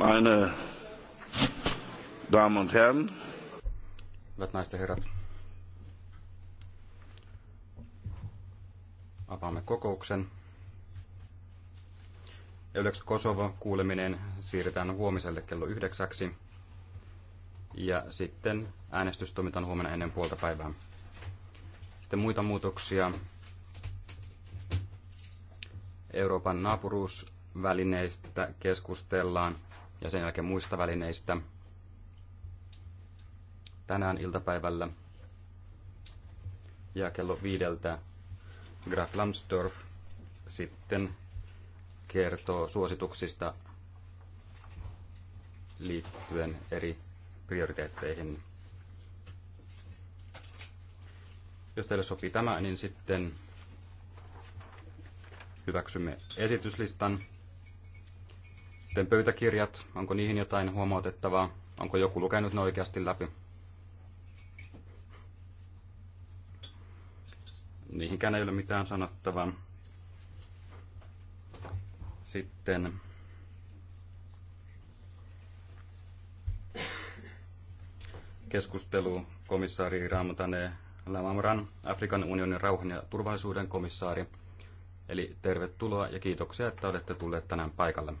Meine Damen und Herren. herrat. Avaamme kokouksen. Eulex Kosovo-kuuleminen siirretään huomiselle kello yhdeksäksi. Ja sitten äänestys toimitaan huomenna ennen puolta päivää. Sitten muita muutoksia. Euroopan naapuruusvälineistä keskustellaan – ja sen jälkeen muista välineistä. Tänään iltapäivällä ja kello viideltä Graf Lambsdorff sitten kertoo suosituksista liittyen eri prioriteetteihin. Jos teille sopii tämä, niin sitten hyväksymme esityslistan. Sitten pöytäkirjat, onko niihin jotain huomautettavaa? Onko joku lukenut ne oikeasti läpi? Niihinkään ei ole mitään sanottavaa. Sitten keskustelu komissaari Ramtane Lamamran, Afrikan unionin rauhan ja turvallisuuden komissaari. Eli tervetuloa ja kiitoksia, että olette tulleet tänään paikalle.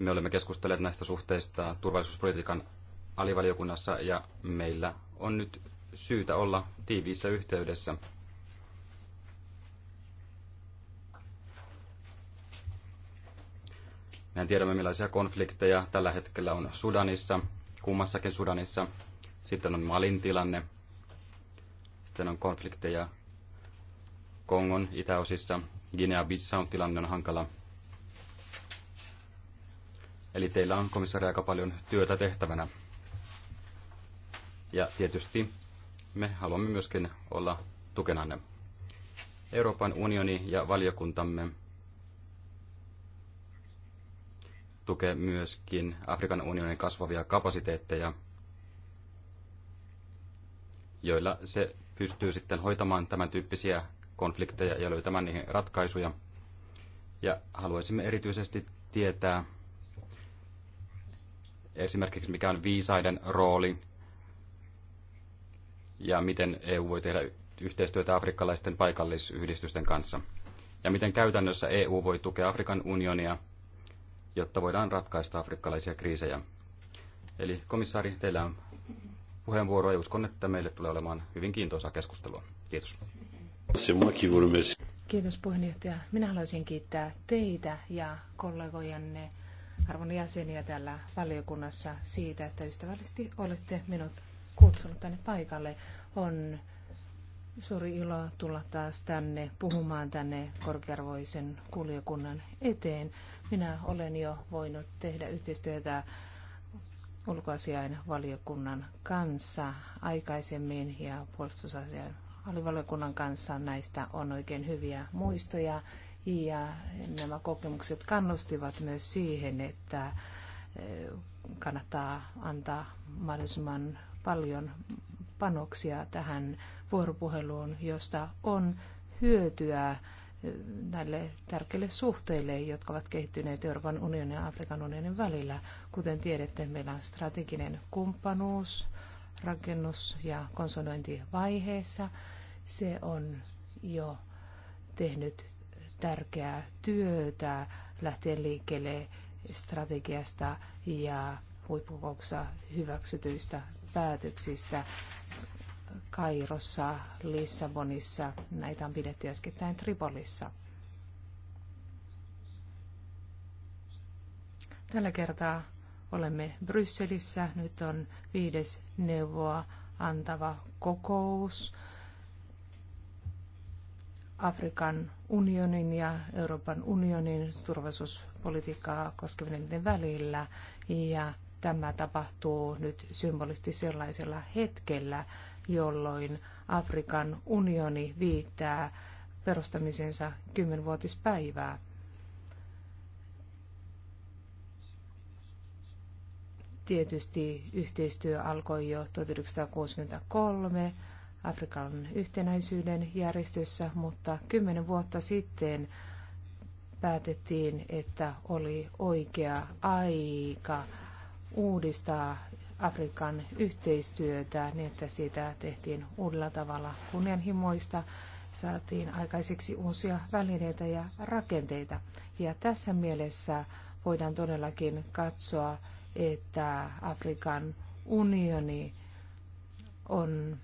Me olemme keskustelleet näistä suhteista turvallisuuspolitiikan alivaliokunnassa ja meillä on nyt syytä olla tiiviissä yhteydessä. Mehän tiedämme, millaisia konflikteja tällä hetkellä on Sudanissa, kummassakin Sudanissa. Sitten on Malin tilanne. Sitten on konflikteja Kongon itäosissa. guinea bissau tilanne on hankala. Eli teillä on komissari aika paljon työtä tehtävänä. Ja tietysti me haluamme myöskin olla tukenanne. Euroopan unioni ja valiokuntamme tukee myöskin Afrikan unionin kasvavia kapasiteetteja, joilla se pystyy sitten hoitamaan tämän tyyppisiä konflikteja ja löytämään niihin ratkaisuja. Ja haluaisimme erityisesti tietää, esimerkiksi mikä on viisaiden rooli ja miten EU voi tehdä yhteistyötä afrikkalaisten paikallisyhdistysten kanssa ja miten käytännössä EU voi tukea Afrikan unionia, jotta voidaan ratkaista afrikkalaisia kriisejä. Eli komissaari, teillä on puheenvuoro ja uskon, että meille tulee olemaan hyvin kiintoisaa keskustelua. Kiitos. Kiitos puheenjohtaja. Minä haluaisin kiittää teitä ja kollegojanne arvon jäseniä täällä valiokunnassa siitä, että ystävällisesti olette minut kutsunut tänne paikalle. On suuri ilo tulla taas tänne puhumaan tänne korkearvoisen kuljekunnan eteen. Minä olen jo voinut tehdä yhteistyötä ulkoasiain valiokunnan kanssa aikaisemmin ja puolustusasian alivaliokunnan kanssa näistä on oikein hyviä muistoja ja nämä kokemukset kannustivat myös siihen, että eh, kannattaa antaa mahdollisimman paljon panoksia tähän vuoropuheluun, josta on hyötyä eh, näille tärkeille suhteille, jotka ovat kehittyneet Euroopan unionin ja Afrikan unionin välillä. Kuten tiedätte, meillä on strateginen kumppanuus rakennus- ja konsonointivaiheessa. Se on jo tehnyt tärkeää työtä lähteä liikkeelle strategiasta ja huippukouksessa hyväksytyistä päätöksistä. Kairossa, Lissabonissa, näitä on pidetty äskettäin Tripolissa. Tällä kertaa olemme Brysselissä. Nyt on viides neuvoa antava kokous Afrikan unionin ja Euroopan unionin turvallisuuspolitiikkaa koskevien välillä. Ja tämä tapahtuu nyt symbolisesti sellaisella hetkellä, jolloin Afrikan unioni viittää perustamisensa kymmenvuotispäivää. Tietysti yhteistyö alkoi jo 1963 Afrikan yhtenäisyyden järjestössä, mutta kymmenen vuotta sitten päätettiin, että oli oikea aika uudistaa Afrikan yhteistyötä niin, että siitä tehtiin uudella tavalla kunnianhimoista, saatiin aikaiseksi uusia välineitä ja rakenteita. Ja tässä mielessä voidaan todellakin katsoa, että Afrikan unioni on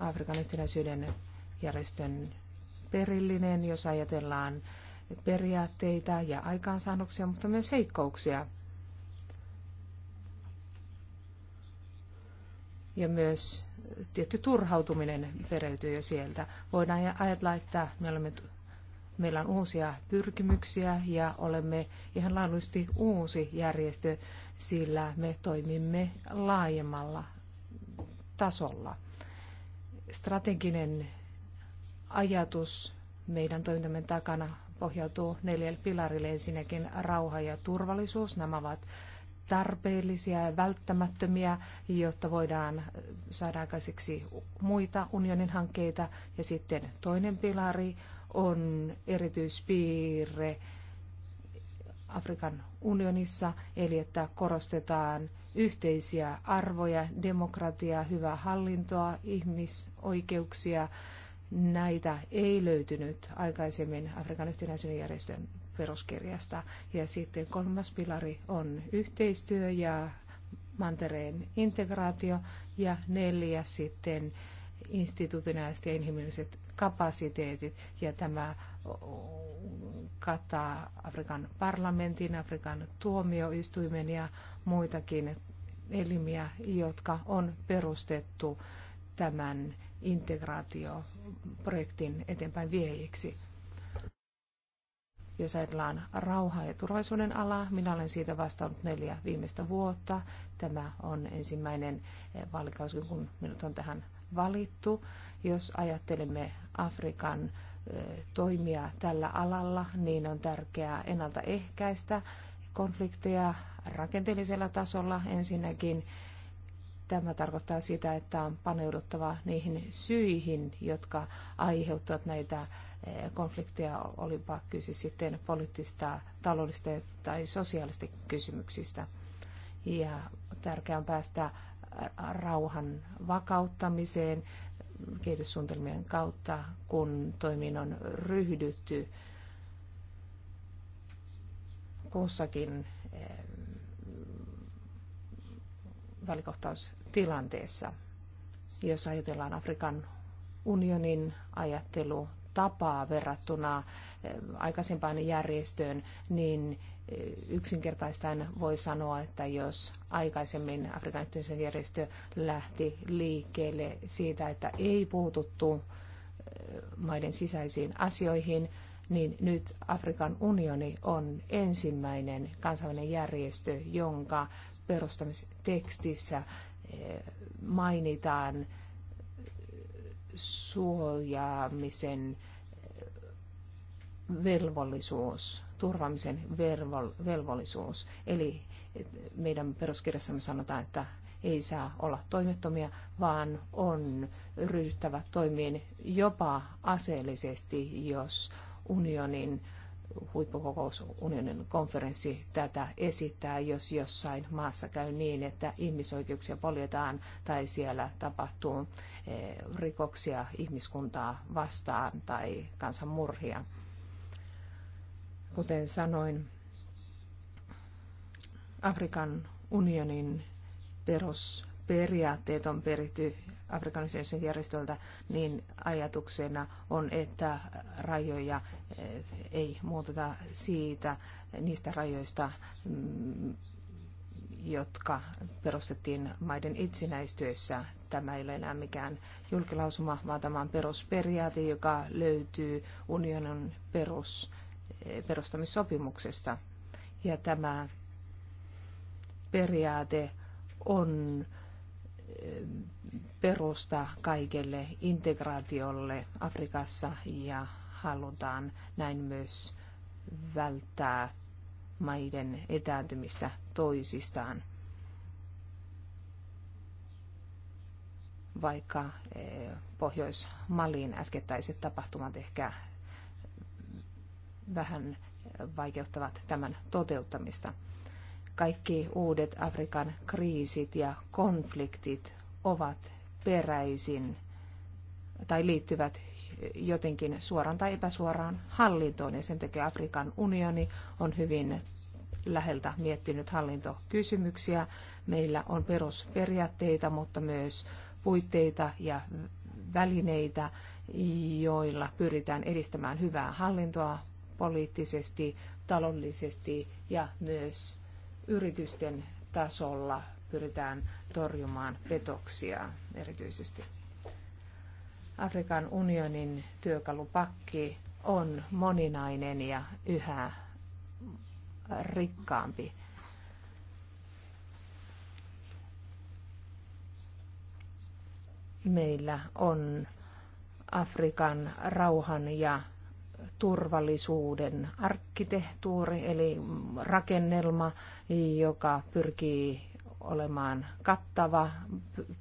Afrikan yhtenäisyyden järjestön perillinen, jos ajatellaan periaatteita ja aikaansaannoksia, mutta myös heikkouksia. Ja myös tietty turhautuminen pereytyy jo sieltä. Voidaan ajatella, että me olemme, meillä on uusia pyrkimyksiä ja olemme ihan laadullisesti uusi järjestö, sillä me toimimme laajemmalla tasolla – strateginen ajatus meidän toimintamme takana pohjautuu neljälle pilarille. Ensinnäkin rauha ja turvallisuus. Nämä ovat tarpeellisia ja välttämättömiä, jotta voidaan saada aikaiseksi muita unionin hankkeita. Ja sitten toinen pilari on erityispiirre Afrikan unionissa, eli että korostetaan yhteisiä arvoja, demokratiaa, hyvää hallintoa, ihmisoikeuksia. Näitä ei löytynyt aikaisemmin Afrikan yhtenäisyyden järjestön peruskirjasta. Ja sitten kolmas pilari on yhteistyö ja mantereen integraatio ja neljäs sitten instituutinaiset ja inhimilliset kapasiteetit ja tämä kattaa Afrikan parlamentin, Afrikan tuomioistuimen ja muitakin elimiä, jotka on perustettu tämän integraatioprojektin eteenpäin viejiksi. Jos ajatellaan rauhaa ja turvallisuuden alaa, minä olen siitä vastannut neljä viimeistä vuotta. Tämä on ensimmäinen eh, vaalikausi, kun minut on tähän valittu. Jos ajattelemme Afrikan toimia tällä alalla, niin on tärkeää ennaltaehkäistä konflikteja rakenteellisella tasolla ensinnäkin. Tämä tarkoittaa sitä, että on paneuduttava niihin syihin, jotka aiheuttavat näitä konflikteja, olipa kyse sitten poliittista, taloudellista tai sosiaalista kysymyksistä. Ja tärkeää on päästä rauhan vakauttamiseen, kehityssuunnitelmien kautta, kun toimiin on ryhdytty kussakin eh, välikohtaustilanteessa. Jos ajatellaan Afrikan unionin ajattelu tapaa verrattuna eh, aikaisempaan järjestöön, niin eh, yksinkertaistaan voi sanoa, että jos aikaisemmin Afrikan yhteisön järjestö lähti liikkeelle siitä, että ei puututtu eh, maiden sisäisiin asioihin, niin nyt Afrikan unioni on ensimmäinen kansainvälinen järjestö, jonka perustamistekstissä mainitaan suojaamisen velvollisuus, turvaamisen velvollisuus. Eli meidän peruskirjassamme sanotaan, että ei saa olla toimettomia, vaan on ryhtävä toimiin jopa aseellisesti, jos unionin huippukokous, unionin konferenssi tätä esittää, jos jossain maassa käy niin, että ihmisoikeuksia poljetaan tai siellä tapahtuu eh, rikoksia ihmiskuntaa vastaan tai kansanmurhia. Kuten sanoin, Afrikan unionin perusperiaatteet on peritty Afrikan järjestöltä, niin ajatuksena on, että rajoja eh, ei muuteta siitä, niistä rajoista, mm, jotka perustettiin maiden itsenäistyessä. Tämä ei ole enää mikään julkilausuma, vaan tämä on perusperiaate, joka löytyy unionin perus, eh, perustamissopimuksesta. Ja tämä periaate on eh, perusta kaikelle integraatiolle Afrikassa ja halutaan näin myös välttää maiden etääntymistä toisistaan. Vaikka eh, Pohjois-Malin äskettäiset tapahtumat ehkä vähän vaikeuttavat tämän toteuttamista. Kaikki uudet Afrikan kriisit ja konfliktit ovat peräisin tai liittyvät jotenkin suoraan tai epäsuoraan hallintoon. Ja sen takia Afrikan unioni on hyvin läheltä miettinyt hallintokysymyksiä. Meillä on perusperiaatteita, mutta myös puitteita ja välineitä, joilla pyritään edistämään hyvää hallintoa poliittisesti, taloudellisesti ja myös yritysten tasolla pyritään torjumaan petoksia erityisesti. Afrikan unionin työkalupakki on moninainen ja yhä rikkaampi. Meillä on Afrikan rauhan ja turvallisuuden arkkitehtuuri, eli rakennelma, joka pyrkii olemaan kattava,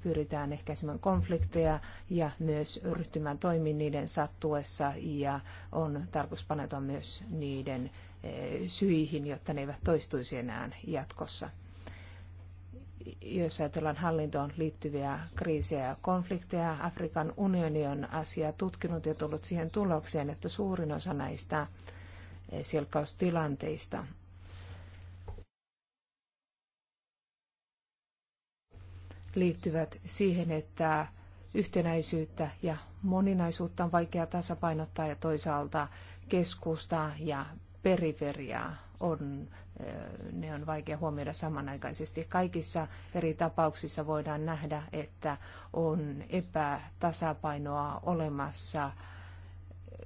pyritään ehkäisemään konflikteja ja myös ryhtymään toimiin niiden sattuessa ja on tarkoitus paneutua myös niiden eh, syihin, jotta ne eivät toistuisi enää jatkossa. Jos ajatellaan hallintoon liittyviä kriisejä ja konflikteja, Afrikan unioni on asiaa tutkinut ja tullut siihen tulokseen, että suurin osa näistä eh, selkkaustilanteista liittyvät siihen, että yhtenäisyyttä ja moninaisuutta on vaikea tasapainottaa ja toisaalta keskusta ja periferiaa on, ne on vaikea huomioida samanaikaisesti. Kaikissa eri tapauksissa voidaan nähdä, että on epätasapainoa olemassa,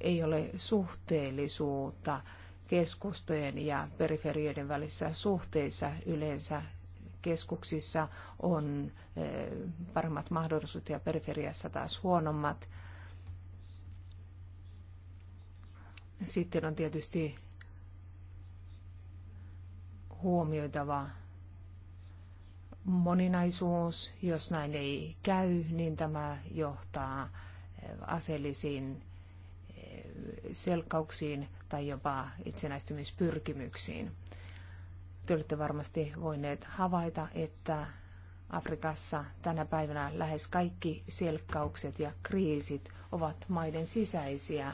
ei ole suhteellisuutta keskustojen ja periferioiden välissä suhteissa yleensä keskuksissa on eh, paremmat mahdollisuudet ja periferiassa taas huonommat. Sitten on tietysti huomioitava moninaisuus. Jos näin ei käy, niin tämä johtaa eh, aseellisiin eh, selkkauksiin tai jopa itsenäistymispyrkimyksiin. Te olette varmasti voineet havaita, että Afrikassa tänä päivänä lähes kaikki selkkaukset ja kriisit ovat maiden sisäisiä,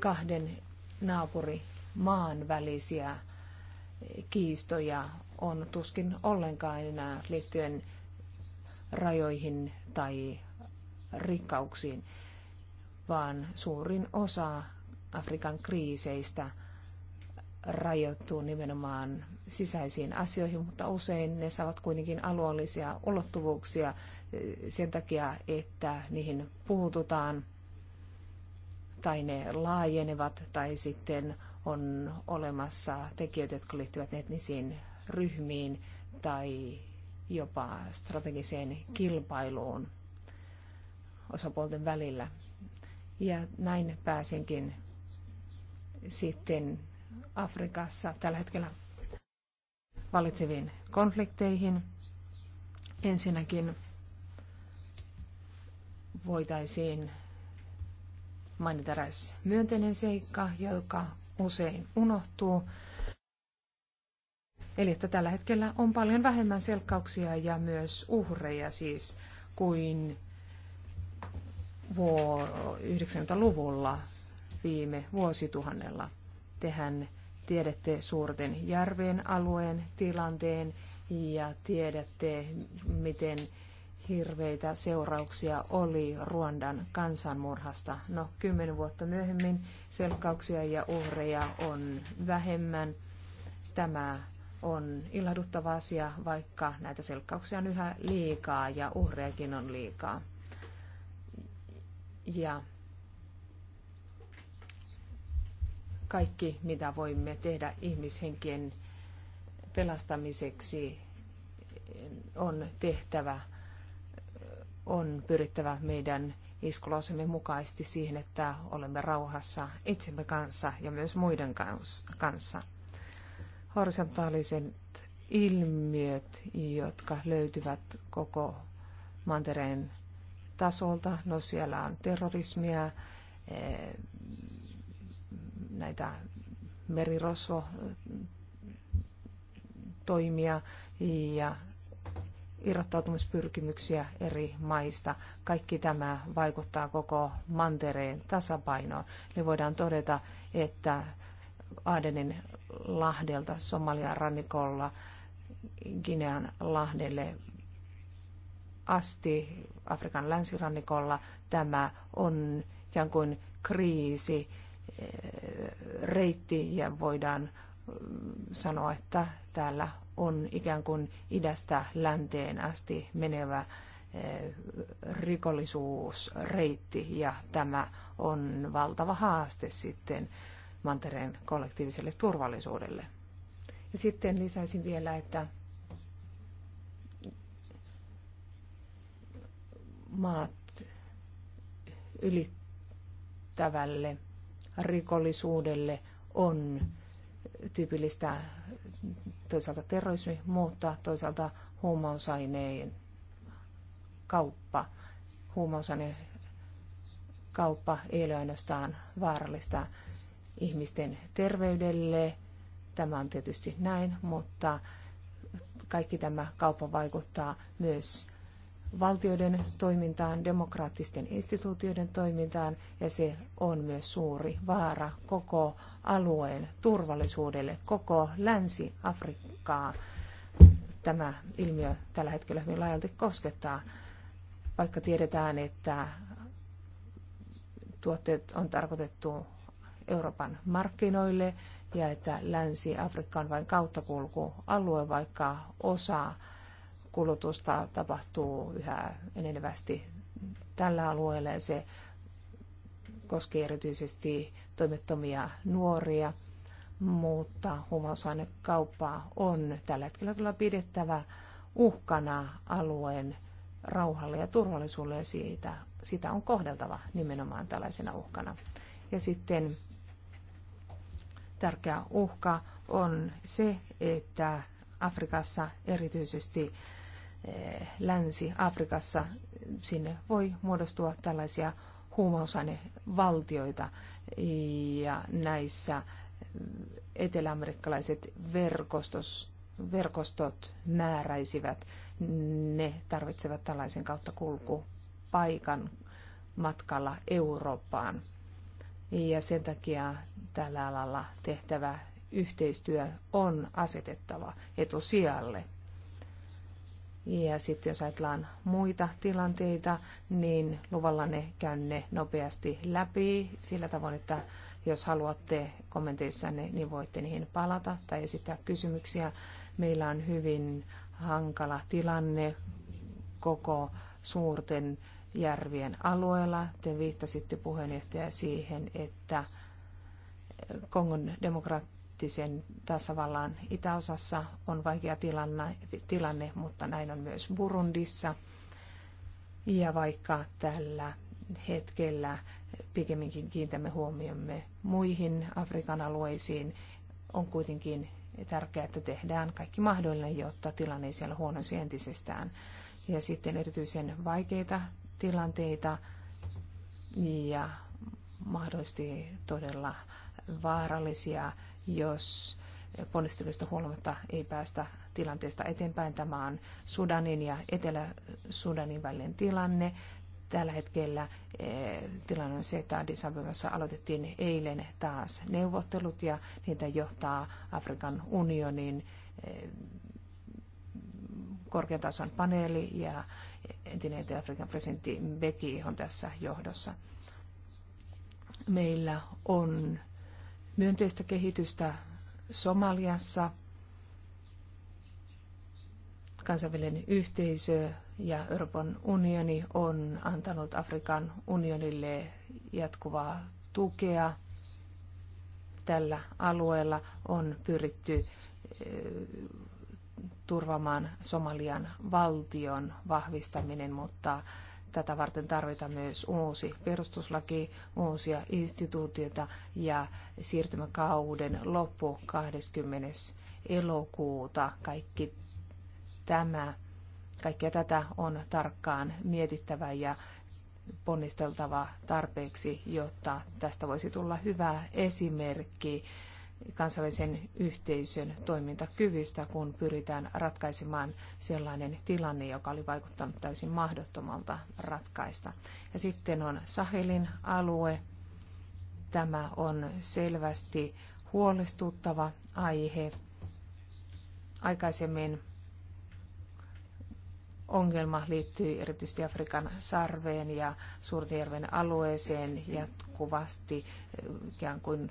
kahden naapurimaan välisiä kiistoja on tuskin ollenkaan enää liittyen rajoihin tai rikkauksiin, vaan suurin osa Afrikan kriiseistä – rajoittuu nimenomaan sisäisiin asioihin, mutta usein ne saavat kuitenkin alueellisia ulottuvuuksia eh, sen takia, että niihin puututaan tai ne laajenevat tai sitten on olemassa tekijöitä, jotka liittyvät etnisiin ryhmiin tai jopa strategiseen kilpailuun osapuolten välillä. Ja näin pääsinkin sitten Afrikassa tällä hetkellä valitseviin konflikteihin. Ensinnäkin voitaisiin mainita eräs myönteinen seikka, joka usein unohtuu. Eli että tällä hetkellä on paljon vähemmän selkkauksia ja myös uhreja siis kuin 90-luvulla viime vuosituhannella. Tehän tiedätte suurten järven alueen tilanteen ja tiedätte, miten hirveitä seurauksia oli Ruandan kansanmurhasta. No, kymmenen vuotta myöhemmin selkkauksia ja uhreja on vähemmän. Tämä on ilahduttava asia, vaikka näitä selkkauksia on yhä liikaa ja uhrejakin on liikaa. Ja kaikki, mitä voimme tehdä ihmishenkien pelastamiseksi, on tehtävä, on pyrittävä meidän iskulausemme mukaisesti siihen, että olemme rauhassa itsemme kanssa ja myös muiden kanssa. Horisontaaliset ilmiöt, jotka löytyvät koko mantereen tasolta, no siellä on terrorismia, eh, näitä merirosvo toimia ja irrottautumispyrkimyksiä eri maista. Kaikki tämä vaikuttaa koko mantereen tasapainoon. Eli voidaan todeta, että Adenin lahdelta Somalian rannikolla Ginean lahdelle asti Afrikan länsirannikolla tämä on ikään kuin kriisi, reitti ja voidaan mm, sanoa, että täällä on ikään kuin idästä länteen asti menevä eh, rikollisuusreitti ja tämä on valtava haaste sitten mantereen kollektiiviselle turvallisuudelle. Ja sitten lisäisin vielä, että maat ylittävälle rikollisuudelle on tyypillistä toisaalta terrorismi, mutta toisaalta huumausaineen kauppa. Huumausaineen kauppa ei ole ainoastaan vaarallista ihmisten terveydelle. Tämä on tietysti näin, mutta kaikki tämä kauppa vaikuttaa myös valtioiden toimintaan, demokraattisten instituutioiden toimintaan ja se on myös suuri vaara koko alueen turvallisuudelle, koko Länsi-Afrikkaa. Tämä ilmiö tällä hetkellä hyvin laajalti koskettaa, vaikka tiedetään, että tuotteet on tarkoitettu Euroopan markkinoille ja että Länsi-Afrikka on vain kauttakulkualue, vaikka osa kulutusta tapahtuu yhä enenevästi tällä alueella ja se koskee erityisesti toimettomia nuoria, mutta huumausainekauppa on tällä hetkellä kyllä pidettävä uhkana alueen rauhalle ja turvallisuudelle siitä, sitä on kohdeltava nimenomaan tällaisena uhkana. Ja sitten tärkeä uhka on se, että Afrikassa erityisesti Eh, Länsi-Afrikassa sinne voi muodostua tällaisia huumausainevaltioita ja näissä eh, eteläamerikkalaiset verkostos, verkostot määräisivät. Ne tarvitsevat tällaisen kautta kulkupaikan matkalla Eurooppaan. Ja sen takia tällä alalla tehtävä yhteistyö on asetettava etusijalle – ja sitten jos ajatellaan muita tilanteita, niin luvalla ne käyn ne nopeasti läpi sillä tavoin, että jos haluatte kommenteissanne, niin voitte niihin palata tai esittää kysymyksiä. Meillä on hyvin hankala tilanne koko suurten järvien alueella. Te viittasitte puheenjohtaja siihen, että Kongon demokraat poliittisen tasavallan itäosassa on vaikea tilanne, tilanne, mutta näin on myös Burundissa. Ja vaikka tällä hetkellä pikemminkin kiintämme huomiomme muihin Afrikan alueisiin, on kuitenkin tärkeää, että tehdään kaikki mahdollinen, jotta tilanne ei siellä huonosi entisestään. Ja sitten erityisen vaikeita tilanteita ja mahdollisesti todella vaarallisia jos ponnisteluista huolimatta ei päästä tilanteesta eteenpäin. Tämä on Sudanin ja Etelä-Sudanin välinen tilanne. Tällä hetkellä eh, tilanne on se, että Addis Abebassa aloitettiin eilen taas neuvottelut ja niitä johtaa Afrikan unionin eh, korkean tason paneeli ja entinen Etelä-Afrikan presidentti Beki on tässä johdossa. Meillä on myönteistä kehitystä Somaliassa. Kansainvälinen yhteisö ja Euroopan unioni on antanut Afrikan unionille jatkuvaa tukea. Tällä alueella on pyritty eh, turvamaan Somalian valtion vahvistaminen, mutta Tätä varten tarvitaan myös uusi perustuslaki, uusia instituutioita ja siirtymäkauden loppu 20. elokuuta. Kaikki tämä, kaikkea tätä on tarkkaan mietittävä ja ponnisteltava tarpeeksi, jotta tästä voisi tulla hyvä esimerkki kansainvälisen yhteisön toimintakyvystä, kun pyritään ratkaisemaan sellainen tilanne, joka oli vaikuttanut täysin mahdottomalta ratkaista. Ja sitten on Sahelin alue. Tämä on selvästi huolestuttava aihe. Aikaisemmin ongelma liittyy erityisesti Afrikan sarveen ja Suurtijärven alueeseen jatkuvasti eh, ikään kuin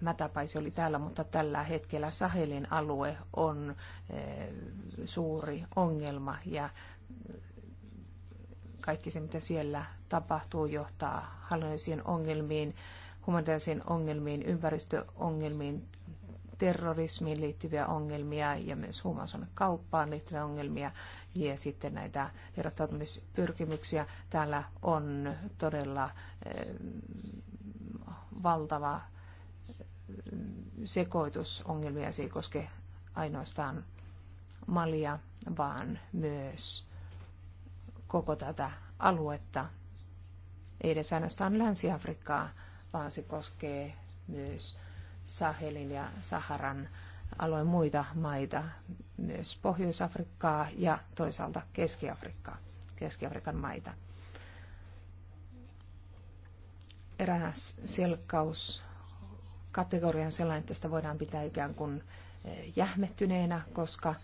mätäpaisi oli täällä, mutta tällä hetkellä Sahelin alue on eh, suuri ongelma ja kaikki se, mitä siellä tapahtuu, johtaa hallinnollisiin ongelmiin, humanitaarisiin ongelmiin, ympäristöongelmiin, terrorismiin liittyviä ongelmia ja myös kauppaan liittyviä ongelmia ja sitten näitä erottautumispyrkimyksiä. Täällä on todella eh, valtava sekoitusongelmia. Se ei koske ainoastaan malia, vaan myös koko tätä aluetta. Ei edes ainoastaan Länsi-Afrikkaa, vaan se koskee myös Sahelin ja Saharan alueen muita maita, myös Pohjois-Afrikkaa ja toisaalta Keski-Afrikkaa, Keski-Afrikan maita. Eräs selkkaus kategoria on sellainen, että sitä voidaan pitää ikään kuin eh, jähmettyneenä, koska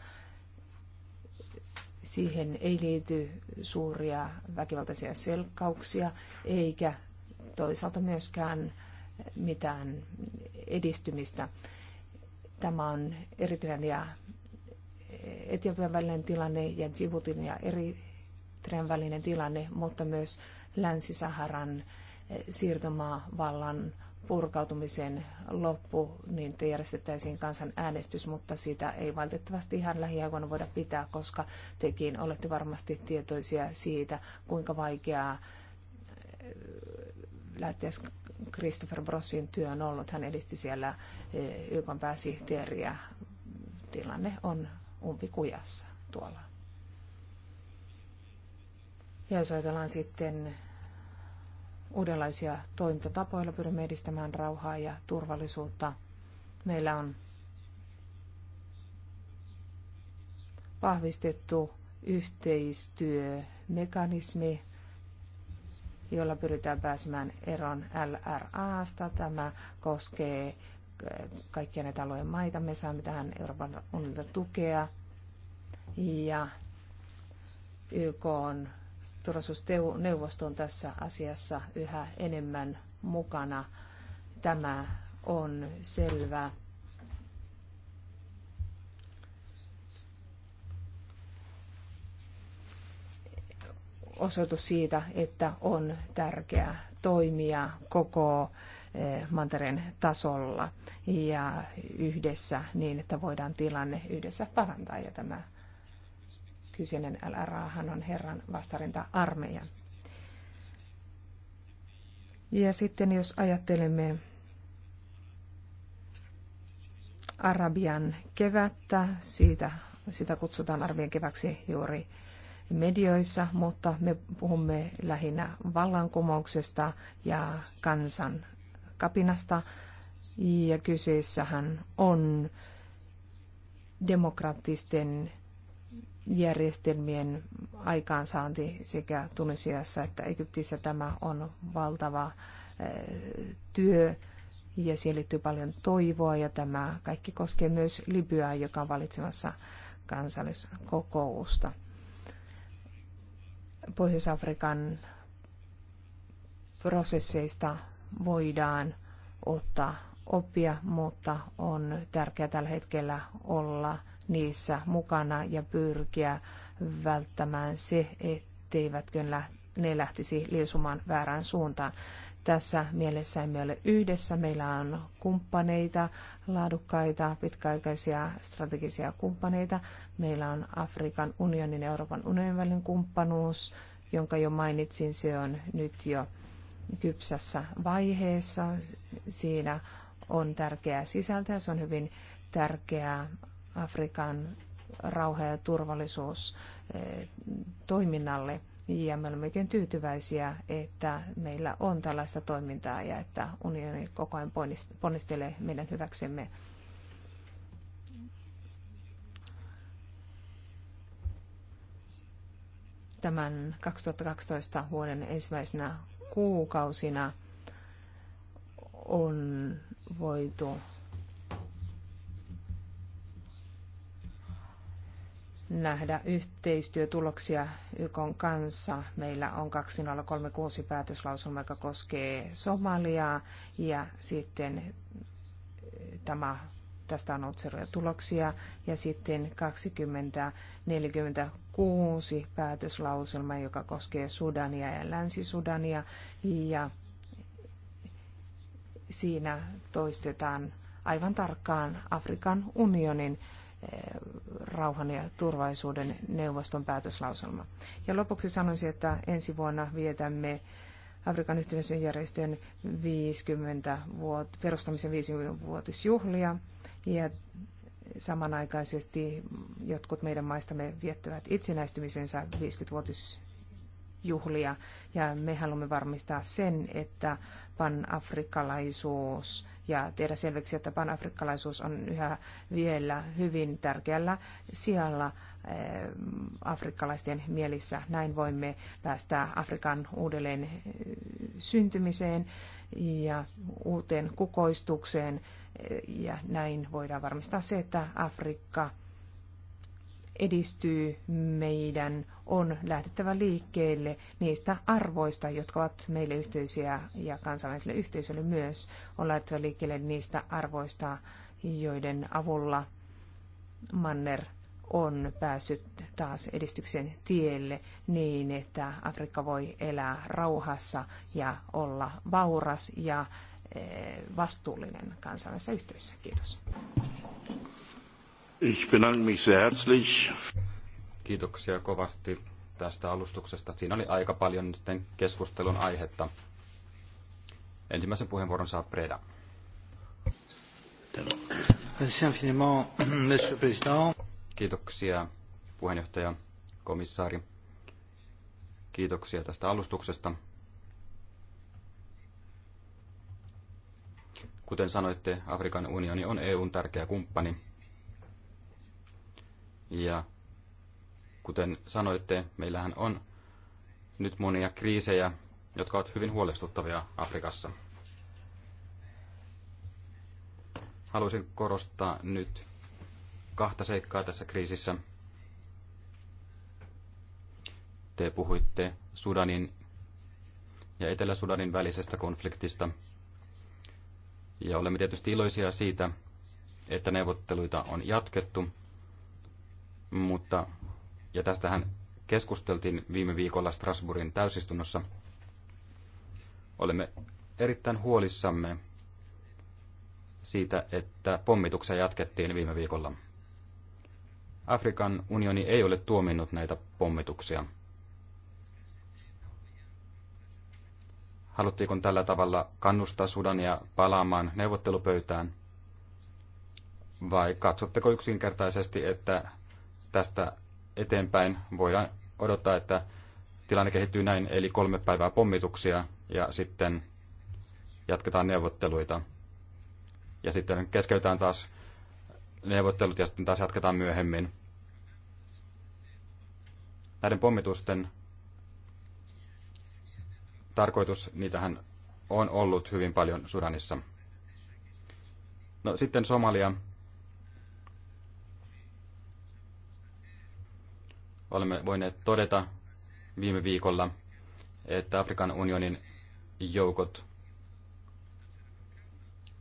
siihen ei liity suuria väkivaltaisia selkkauksia eikä toisaalta myöskään mitään edistymistä. Tämä on Eritrean ja eh, Etiopian välinen tilanne ja Djiboutin ja Eritrean välinen tilanne, mutta myös Länsi-Saharan eh, siirtomaavallan purkautumisen loppu, niin järjestettäisiin kansan äänestys, mutta sitä ei valitettavasti ihan lähiaikoina voida pitää, koska tekin olette varmasti tietoisia siitä, kuinka vaikeaa eh, lähteä Christopher Brossin työ on ollut. Hän edisti siellä eh, YK pääsihteeriä. Tilanne on umpikujassa tuolla. Ja jos ajatellaan sitten uudenlaisia toimintatapoja, pyrimme edistämään rauhaa ja turvallisuutta. Meillä on vahvistettu yhteistyömekanismi, jolla pyritään pääsemään eroon LRAsta. Tämä koskee kaikkia näitä alueen maita. Me saamme tähän Euroopan unilta tukea ja YK on turvallisuusneuvosto on tässä asiassa yhä enemmän mukana. Tämä on selvä. osoitus siitä, että on tärkeää toimia koko eh, mantereen tasolla ja yhdessä niin, että voidaan tilanne yhdessä parantaa ja tämä Kyseinen LRA on herran vastarinta-armeija. Ja sitten jos ajattelemme Arabian kevättä, siitä, sitä kutsutaan Arabian keväksi juuri medioissa, mutta me puhumme lähinnä vallankumouksesta ja kansan kapinasta. Ja kyseessähän on demokraattisten järjestelmien aikaansaanti sekä Tunisiassa että Egyptissä tämä on valtava eh, työ ja siihen liittyy paljon toivoa ja tämä kaikki koskee myös Libyaa, joka on valitsemassa kansalliskokousta. Pohjois-Afrikan prosesseista voidaan ottaa oppia, mutta on tärkeää tällä hetkellä olla niissä mukana ja pyrkiä välttämään se, etteivätkö ne lähtisi liisumaan väärään suuntaan. Tässä mielessä emme ole yhdessä. Meillä on kumppaneita, laadukkaita, pitkäaikaisia strategisia kumppaneita. Meillä on Afrikan unionin ja Euroopan unionin välinen kumppanuus, jonka jo mainitsin. Se on nyt jo kypsässä vaiheessa. Siinä on tärkeää sisältöä, se on hyvin tärkeää Afrikan rauha- ja turvallisuustoiminnalle. Eh, ja me olemme oikein tyytyväisiä, että meillä on tällaista toimintaa ja että unioni koko ajan ponnistelee meidän hyväksemme. Tämän 2012 vuoden ensimmäisenä kuukausina on voitu nähdä yhteistyötuloksia YK kanssa. Meillä on 2036 päätöslauselma, joka koskee Somaliaa ja sitten eh, tämä, tästä on otseroja tuloksia ja sitten 2046 päätöslauselma, joka koskee Sudania ja Länsi-Sudania ja siinä toistetaan aivan tarkkaan Afrikan unionin rauhan ja turvallisuuden neuvoston päätöslauselma. Ja lopuksi sanoisin, että ensi vuonna vietämme Afrikan yhteisön järjestön 50 vuot, perustamisen 50-vuotisjuhlia ja samanaikaisesti jotkut meidän maistamme viettävät itsenäistymisensä 50-vuotisjuhlia ja me haluamme varmistaa sen, että pan-afrikkalaisuus ja tehdä selväksi, että panafrikkalaisuus on yhä vielä hyvin tärkeällä sijalla eh, afrikkalaisten mielissä. Näin voimme päästä Afrikan uudelleen eh, syntymiseen ja uuteen kukoistukseen eh, ja näin voidaan varmistaa se, että Afrikka edistyy, meidän on lähdettävä liikkeelle niistä arvoista, jotka ovat meille yhteisiä ja kansainväliselle yhteisölle myös. On lähdettävä liikkeelle niistä arvoista, joiden avulla Manner on päässyt taas edistyksen tielle niin, että Afrikka voi elää rauhassa ja olla vauras ja eh, vastuullinen kansainvälisessä yhteisössä. Kiitos. Ich bedanke mich sehr herzlich. Kiitoksia kovasti tästä alustuksesta. Siinä oli aika paljon sitten keskustelun aihetta. Ensimmäisen puheenvuoron saa Preda. Kiitoksia puheenjohtaja, komissaari. Kiitoksia tästä alustuksesta. Kuten sanoitte, Afrikan unioni on EUn tärkeä kumppani ja kuten sanoitte, meillähän on nyt monia kriisejä, jotka ovat hyvin huolestuttavia Afrikassa. Haluaisin korostaa nyt kahta seikkaa tässä kriisissä. Te puhuitte Sudanin ja Etelä-Sudanin välisestä konfliktista. Ja olemme tietysti iloisia siitä, että neuvotteluita on jatkettu mutta, ja tästähän keskusteltiin viime viikolla Strasbourgin täysistunnossa. Olemme erittäin huolissamme siitä, että pommituksia jatkettiin viime viikolla. Afrikan unioni ei ole tuominnut näitä pommituksia. Haluttiinko tällä tavalla kannustaa Sudania palaamaan neuvottelupöytään? Vai katsotteko yksinkertaisesti, että tästä eteenpäin voidaan odottaa, että tilanne kehittyy näin, eli kolme päivää pommituksia ja sitten jatketaan neuvotteluita. Ja sitten keskeytään taas neuvottelut ja sitten taas jatketaan myöhemmin. Näiden pommitusten tarkoitus, niitähän on ollut hyvin paljon Sudanissa. No sitten Somalia. Olemme voineet todeta viime viikolla, että Afrikan unionin joukot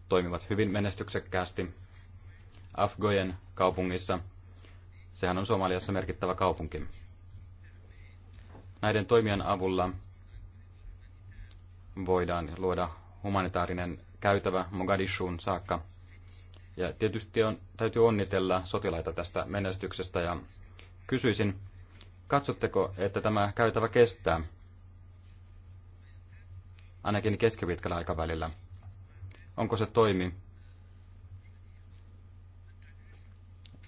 toimivat hyvin menestyksekkäästi Afgojen kaupungissa. Sehän on Somaliassa merkittävä kaupunki. Näiden toimien avulla voidaan luoda humanitaarinen käytävä Mogadishuun saakka. Ja tietysti on, täytyy onnitella sotilaita tästä menestyksestä ja kysyisin, Katsotteko, että tämä käytävä kestää? Ainakin keskipitkällä aikavälillä. Onko se toimi,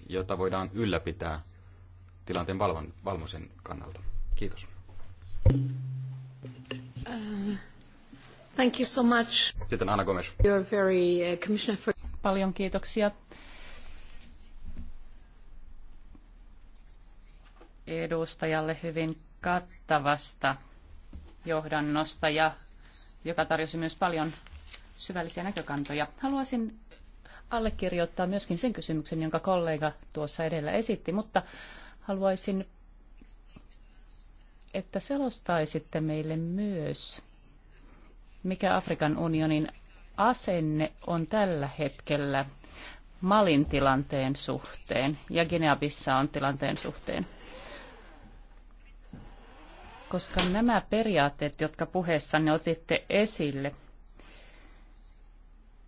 jota voidaan ylläpitää tilanteen valvon, valvomisen kannalta? Kiitos. Uh, thank you so much. Sitten Anna Gomes. You're very, uh, commissioner for... Paljon kiitoksia edustajalle hyvin kattavasta johdannosta ja joka tarjosi myös paljon syvällisiä näkökantoja. Haluaisin allekirjoittaa myöskin sen kysymyksen, jonka kollega tuossa edellä esitti, mutta haluaisin, että selostaisitte meille myös, mikä Afrikan unionin asenne on tällä hetkellä Malin tilanteen suhteen ja guinea on tilanteen suhteen koska nämä periaatteet, jotka puheessanne otitte esille,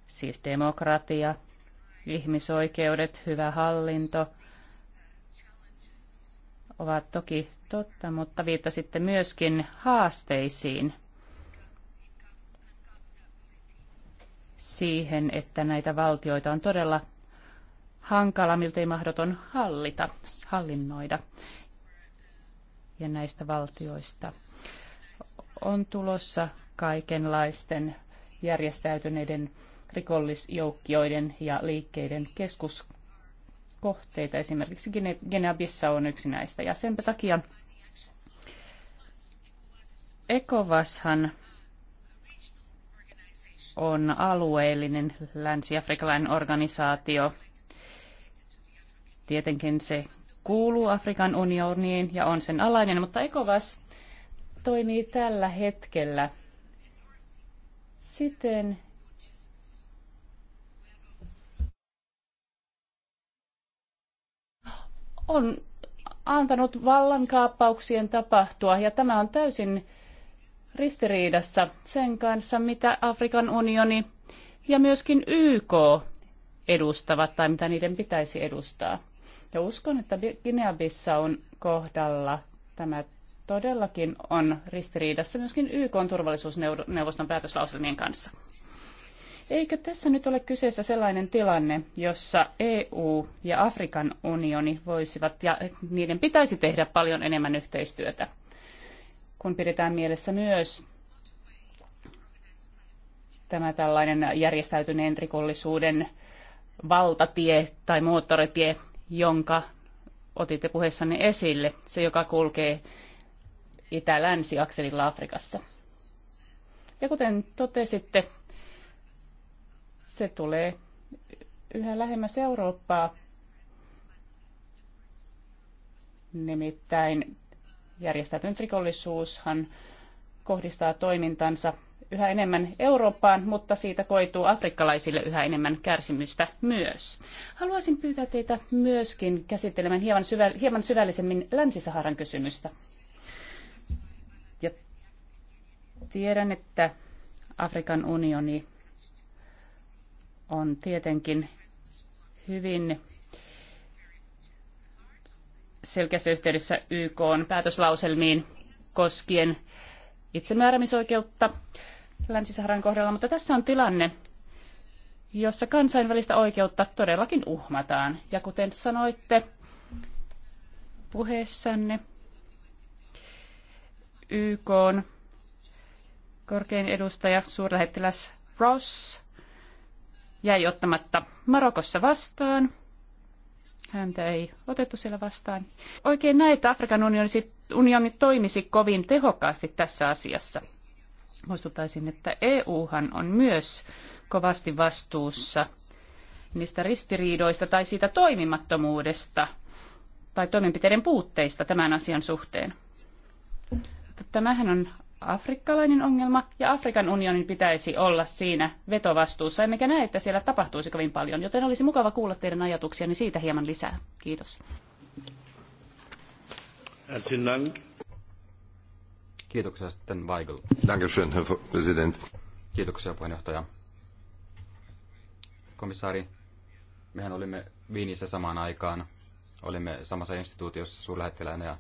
siis demokratia, ihmisoikeudet, hyvä hallinto, ovat toki totta, mutta viittasitte myöskin haasteisiin siihen, että näitä valtioita on todella hankala, miltei mahdoton hallita, hallinnoida ja näistä valtioista on tulossa kaikenlaisten järjestäytyneiden rikollisjoukkioiden ja liikkeiden keskuskohteita. Esimerkiksi Genabissa on yksi näistä. Ja sen takia ECOWAShan on alueellinen länsi afrikalainen organisaatio. Tietenkin se kuuluu Afrikan unioniin ja on sen alainen, mutta ECOWAS toimii tällä hetkellä siten, on antanut vallankaappauksien tapahtua ja tämä on täysin ristiriidassa sen kanssa, mitä Afrikan unioni ja myöskin YK edustavat tai mitä niiden pitäisi edustaa. Ja uskon, että guinea on kohdalla tämä todellakin on ristiriidassa myöskin YK turvallisuusneuvoston päätöslauselmien kanssa. Eikö tässä nyt ole kyseessä sellainen tilanne, jossa EU ja Afrikan unioni voisivat ja niiden pitäisi tehdä paljon enemmän yhteistyötä, kun pidetään mielessä myös tämä tällainen järjestäytyneen rikollisuuden valtatie tai moottoritie jonka otitte puheessanne esille, se joka kulkee itä-länsi-akselilla Afrikassa. Ja kuten totesitte, se tulee yhä lähemmäs Eurooppaa. Nimittäin järjestäytynyt rikollisuushan kohdistaa toimintansa yhä enemmän Eurooppaan, mutta siitä koituu afrikkalaisille yhä enemmän kärsimystä myös. Haluaisin pyytää teitä myöskin käsittelemään hieman, syvä, hieman syvällisemmin Länsi-Saharan kysymystä. Ja tiedän, että Afrikan unioni on tietenkin hyvin selkeässä yhteydessä YK on päätöslauselmiin koskien itsemääräämisoikeutta Länsi-Saharan kohdalla, mutta tässä on tilanne, jossa kansainvälistä oikeutta todellakin uhmataan. Ja kuten sanoitte puheessanne, YK on korkein edustaja suurlähettiläs Ross jäi ottamatta Marokossa vastaan. Häntä ei otettu siellä vastaan. Oikein näin, että Afrikan unioni, unioni toimisi kovin tehokkaasti tässä asiassa muistuttaisin, että EUhan on myös kovasti vastuussa niistä ristiriidoista tai siitä toimimattomuudesta tai toimenpiteiden puutteista tämän asian suhteen. Tämähän on afrikkalainen ongelma ja Afrikan unionin pitäisi olla siinä vetovastuussa, emmekä näe, että siellä tapahtuisi kovin paljon, joten olisi mukava kuulla teidän ajatuksianne siitä hieman lisää. Kiitos. Herzlichen Dank. Kiitoksia sitten Weigel. Dankeschön, Herr President. Kiitoksia puheenjohtaja. Komissaari, mehän olimme Viinissä samaan aikaan. Olimme samassa instituutiossa suurlähettiläänä ja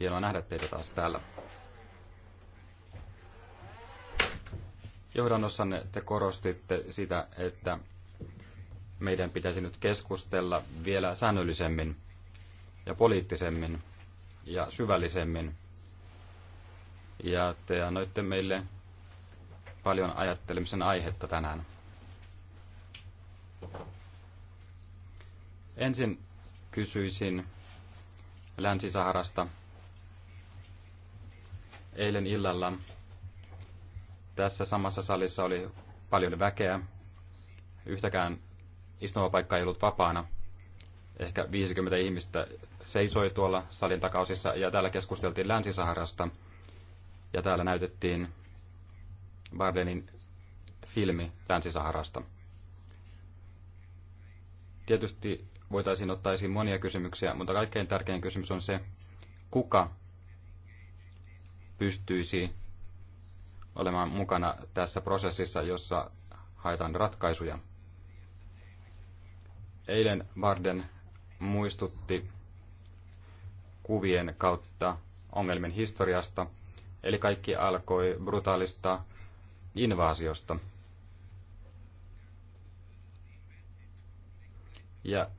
hienoa nähdä teitä taas täällä. Johdannossanne te korostitte sitä, että meidän pitäisi nyt keskustella vielä säännöllisemmin ja poliittisemmin ja syvällisemmin ja te annoitte meille paljon ajattelemisen aihetta tänään. Ensin kysyisin Länsi-Saharasta. Eilen illalla tässä samassa salissa oli paljon väkeä. Yhtäkään istumapaikka ei ollut vapaana. Ehkä 50 ihmistä seisoi tuolla salin takaosissa ja täällä keskusteltiin Länsi-Saharasta – ja täällä näytettiin Bardenin filmi Länsi-Saharasta. Tietysti voitaisiin ottaa esiin monia kysymyksiä, mutta kaikkein tärkein kysymys on se, kuka pystyisi olemaan mukana tässä prosessissa, jossa haetaan ratkaisuja. Eilen Varden muistutti kuvien kautta ongelmien historiasta – Eli kaikki alkoi brutaalista invaasiosta. Ja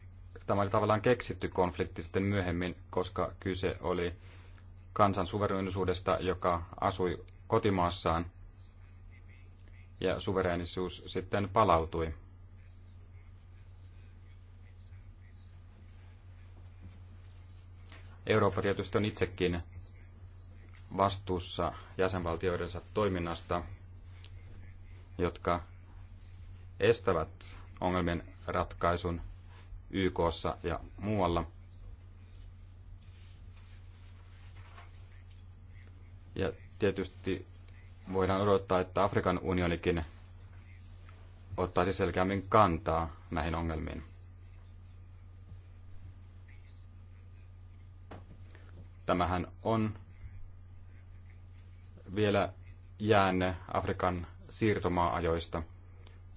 tämä oli tavallaan keksitty konflikti sitten myöhemmin, koska kyse oli kansan suverenisuudesta, joka asui kotimaassaan, ja suverenisuus sitten palautui. Eurooppa tietysti on itsekin vastuussa jäsenvaltioidensa toiminnasta, jotka estävät ongelmien ratkaisun YKssa ja muualla. Ja tietysti voidaan odottaa, että Afrikan unionikin ottaisi selkeämmin kantaa näihin ongelmiin. Tämähän on vielä jäänne Afrikan siirtomaa-ajoista,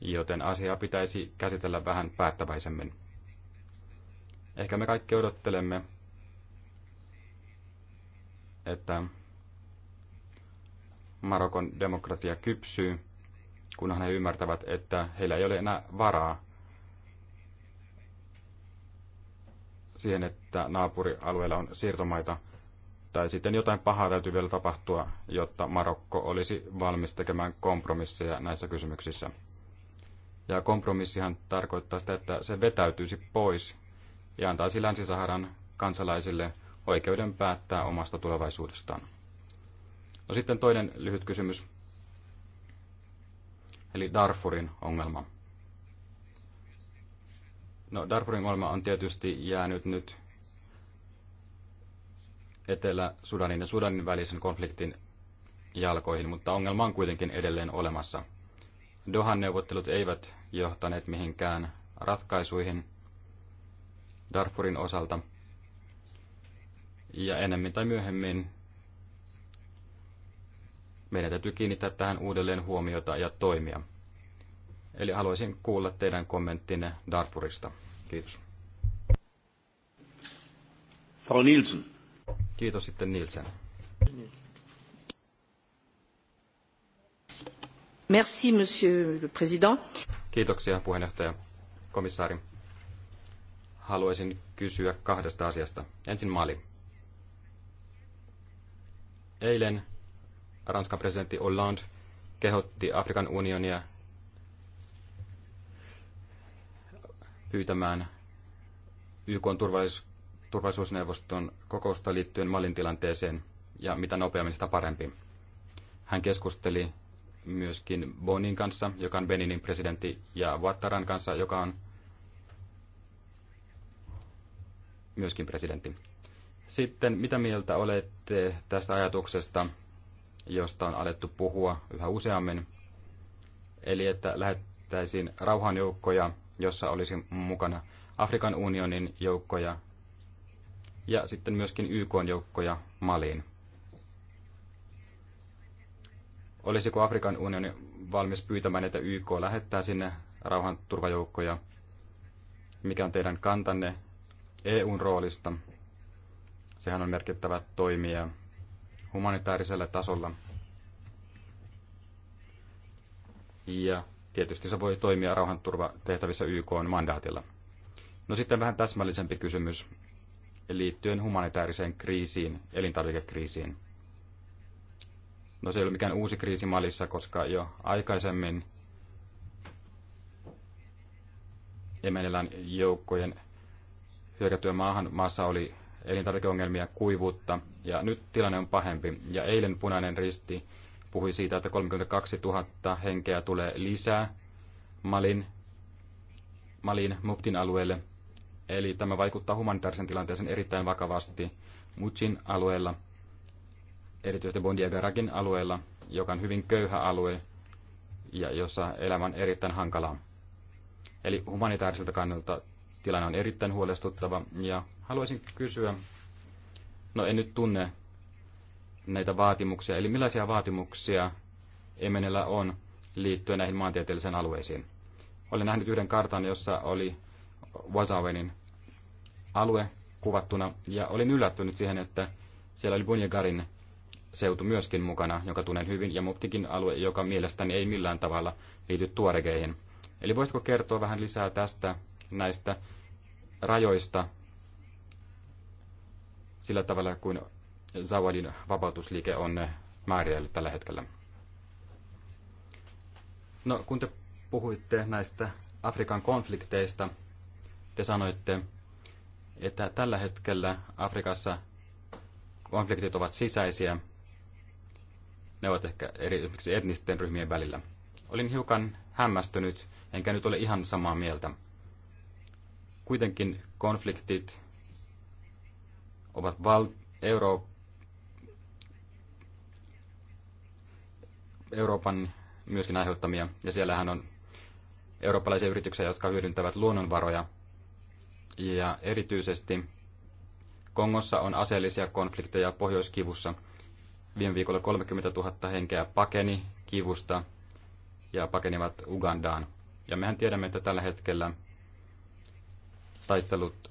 joten asiaa pitäisi käsitellä vähän päättäväisemmin. Ehkä me kaikki odottelemme, että Marokon demokratia kypsyy, kunhan he ymmärtävät, että heillä ei ole enää varaa siihen, että naapurialueella on siirtomaita, tai sitten jotain pahaa täytyy vielä tapahtua, jotta Marokko olisi valmis tekemään kompromisseja näissä kysymyksissä. Ja kompromissihan tarkoittaa sitä, että se vetäytyisi pois ja antaisi Länsi-Saharan kansalaisille oikeuden päättää omasta tulevaisuudestaan. No sitten toinen lyhyt kysymys, eli Darfurin ongelma. No Darfurin ongelma on tietysti jäänyt nyt Etelä-Sudanin ja Sudanin välisen konfliktin jalkoihin, mutta ongelma on kuitenkin edelleen olemassa. Dohan neuvottelut eivät johtaneet mihinkään ratkaisuihin Darfurin osalta, ja enemmän tai myöhemmin meidän täytyy kiinnittää tähän uudelleen huomiota ja toimia. Eli haluaisin kuulla teidän kommenttinne Darfurista. Kiitos. Frau Nielsen. Kiitos sitten Nielsen. Merci, monsieur le président. Kiitoksia puheenjohtaja, komissaari. Haluaisin kysyä kahdesta asiasta. Ensin Mali. Eilen Ranskan presidentti Hollande kehotti Afrikan unionia pyytämään YK turvallisuus turvallisuusneuvoston kokousta liittyen Malin tilanteeseen, ja mitä nopeammin sitä parempi. Hän keskusteli myöskin Bonin kanssa, joka on Beninin presidentti, ja Vattaran kanssa, joka on myöskin presidentti. Sitten, mitä mieltä olette tästä ajatuksesta, josta on alettu puhua yhä useammin, eli että lähettäisiin rauhanjoukkoja, jossa olisi mukana Afrikan unionin joukkoja ja sitten myöskin YK-joukkoja Maliin. Olisiko Afrikan unioni valmis pyytämään, että YK lähettää sinne rauhanturvajoukkoja? Mikä on teidän kantanne EUn roolista? Sehän on merkittävä toimija humanitaarisella tasolla. Ja tietysti se voi toimia rauhanturvatehtävissä YK mandaatilla. No sitten vähän täsmällisempi kysymys liittyen humanitaariseen kriisiin, elintarvikekriisiin. No se ei ole mikään uusi kriisi Malissa, koska jo aikaisemmin Emenelän joukkojen hyökätyä maahan maassa oli elintarvikeongelmia, kuivuutta ja nyt tilanne on pahempi. Ja eilen punainen risti puhui siitä, että 32 000 henkeä tulee lisää Malin, Malin Muptin alueelle – Eli tämä vaikuttaa humanitaarisen tilanteeseen erittäin vakavasti Mutsin alueella, erityisesti Bondiagarakin alueella, joka on hyvin köyhä alue ja jossa elämä on erittäin hankalaa. Eli humanitaariselta kannalta tilanne on erittäin huolestuttava ja haluaisin kysyä, no en nyt tunne näitä vaatimuksia, eli millaisia vaatimuksia Emenellä on liittyen näihin maantieteellisiin alueisiin. Olen nähnyt yhden kartan, jossa oli Wasawenin alue kuvattuna, ja olin yllättynyt siihen, että siellä oli Bunyagarin seutu myöskin mukana, jonka tunnen hyvin, ja Muptikin alue, joka mielestäni ei millään tavalla liity tuoregeihin. Eli voisitko kertoa vähän lisää tästä, näistä rajoista, sillä tavalla kuin Zawadin vapautusliike on määritellyt tällä hetkellä? No, kun te puhuitte näistä Afrikan konflikteista, te sanoitte, että tällä hetkellä Afrikassa konfliktit ovat sisäisiä. Ne ovat ehkä erityisesti etnisten ryhmien välillä. Olin hiukan hämmästynyt, enkä nyt ole ihan samaa mieltä. Kuitenkin konfliktit ovat val- Euro- Euroopan myöskin aiheuttamia, ja siellähän on eurooppalaisia yrityksiä, jotka hyödyntävät luonnonvaroja ja erityisesti Kongossa on aseellisia konflikteja Pohjoiskivussa. Viime viikolla 30 000 henkeä pakeni kivusta ja pakenivat Ugandaan. Ja mehän tiedämme, että tällä hetkellä taistelut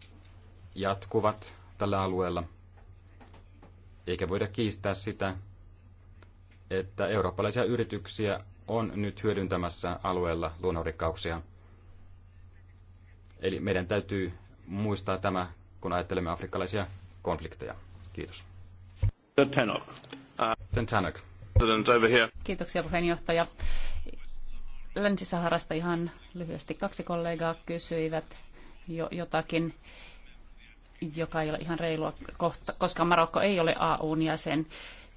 jatkuvat tällä alueella. Eikä voida kiistää sitä, että eurooppalaisia yrityksiä on nyt hyödyntämässä alueella luonnonrikkauksia. Eli meidän täytyy muistaa tämä, kun ajattelemme afrikkalaisia konflikteja. Kiitos. Tanok. Tanok. Uh, Kiitoksia puheenjohtaja. Länsi-Saharasta ihan lyhyesti kaksi kollegaa kysyivät jo jotakin, joka ei ole ihan reilua, kohta, koska Marokko ei ole AUn jäsen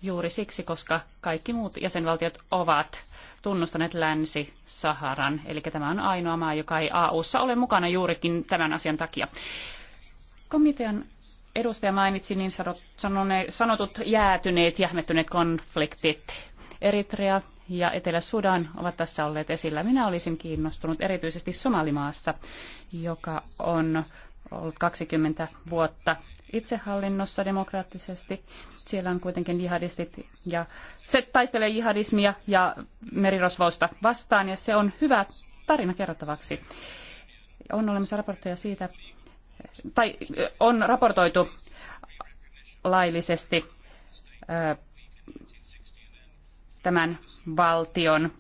juuri siksi, koska kaikki muut jäsenvaltiot ovat tunnustaneet Länsi-Saharan. Eli tämä on ainoa maa, joka ei AUssa ole mukana juurikin tämän asian takia. Komitean edustaja mainitsi niin sanotut jäätyneet, jähmettyneet konfliktit. Eritrea ja Etelä-Sudan ovat tässä olleet esillä. Minä olisin kiinnostunut erityisesti Somalimaasta, joka on ollut 20 vuotta itsehallinnossa demokraattisesti. Siellä on kuitenkin jihadistit ja se taistelee jihadismia ja merirosvousta vastaan ja se on hyvä tarina kerrottavaksi. On olemassa raportteja siitä, tai on raportoitu laillisesti tämän valtion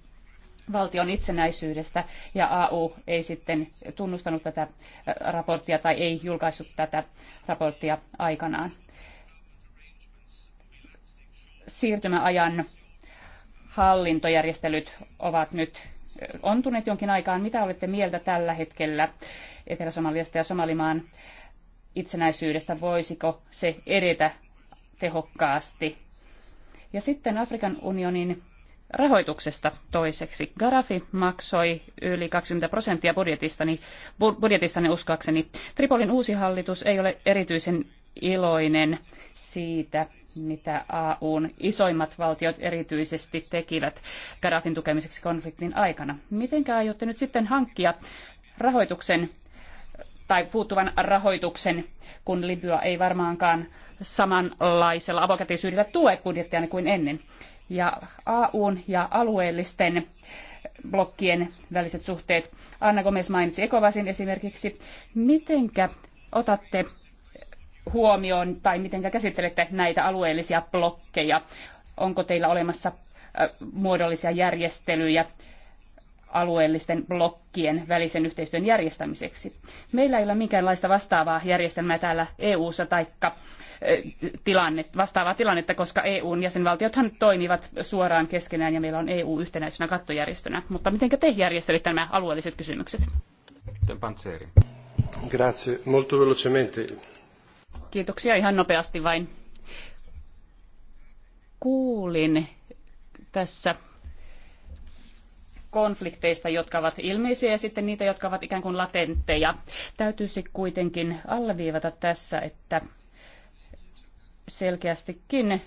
valtion itsenäisyydestä ja AU ei sitten tunnustanut tätä äh, raporttia tai ei julkaissut tätä raporttia aikanaan. Siirtymäajan hallintojärjestelyt ovat nyt äh, ontuneet jonkin aikaan. Mitä olette mieltä tällä hetkellä Etelä-Somaliasta ja Somalimaan itsenäisyydestä? Voisiko se edetä tehokkaasti? Ja sitten Afrikan unionin rahoituksesta toiseksi. Garafi maksoi yli 20 prosenttia budjetistani, budjetistani uskoakseni. Tripolin uusi hallitus ei ole erityisen iloinen siitä, mitä AUn isoimmat valtiot erityisesti tekivät Gaddafin tukemiseksi konfliktin aikana. Miten aiotte nyt sitten hankkia rahoituksen tai puuttuvan rahoituksen, kun Libya ei varmaankaan samanlaisella avokätisyydellä tue budjettiani kuin ennen ja AUn ja alueellisten blokkien väliset suhteet. Anna Gomez mainitsi Ekovasin esimerkiksi. Mitenkä otatte huomioon tai miten käsittelette näitä alueellisia blokkeja? Onko teillä olemassa muodollisia järjestelyjä alueellisten blokkien välisen yhteistyön järjestämiseksi? Meillä ei ole minkäänlaista vastaavaa järjestelmää täällä EU-ssa taikka tilannet, vastaavaa tilannetta, koska EUn jäsenvaltiothan toimivat suoraan keskenään ja meillä on EU yhtenäisenä kattojärjestönä. Mutta miten te järjestelitte nämä alueelliset kysymykset? Grazie, molto velocemente. Kiitoksia ihan nopeasti vain. Kuulin tässä konflikteista, jotka ovat ilmeisiä ja sitten niitä, jotka ovat ikään kuin latentteja. Täytyisi kuitenkin alleviivata tässä, että selkeästikin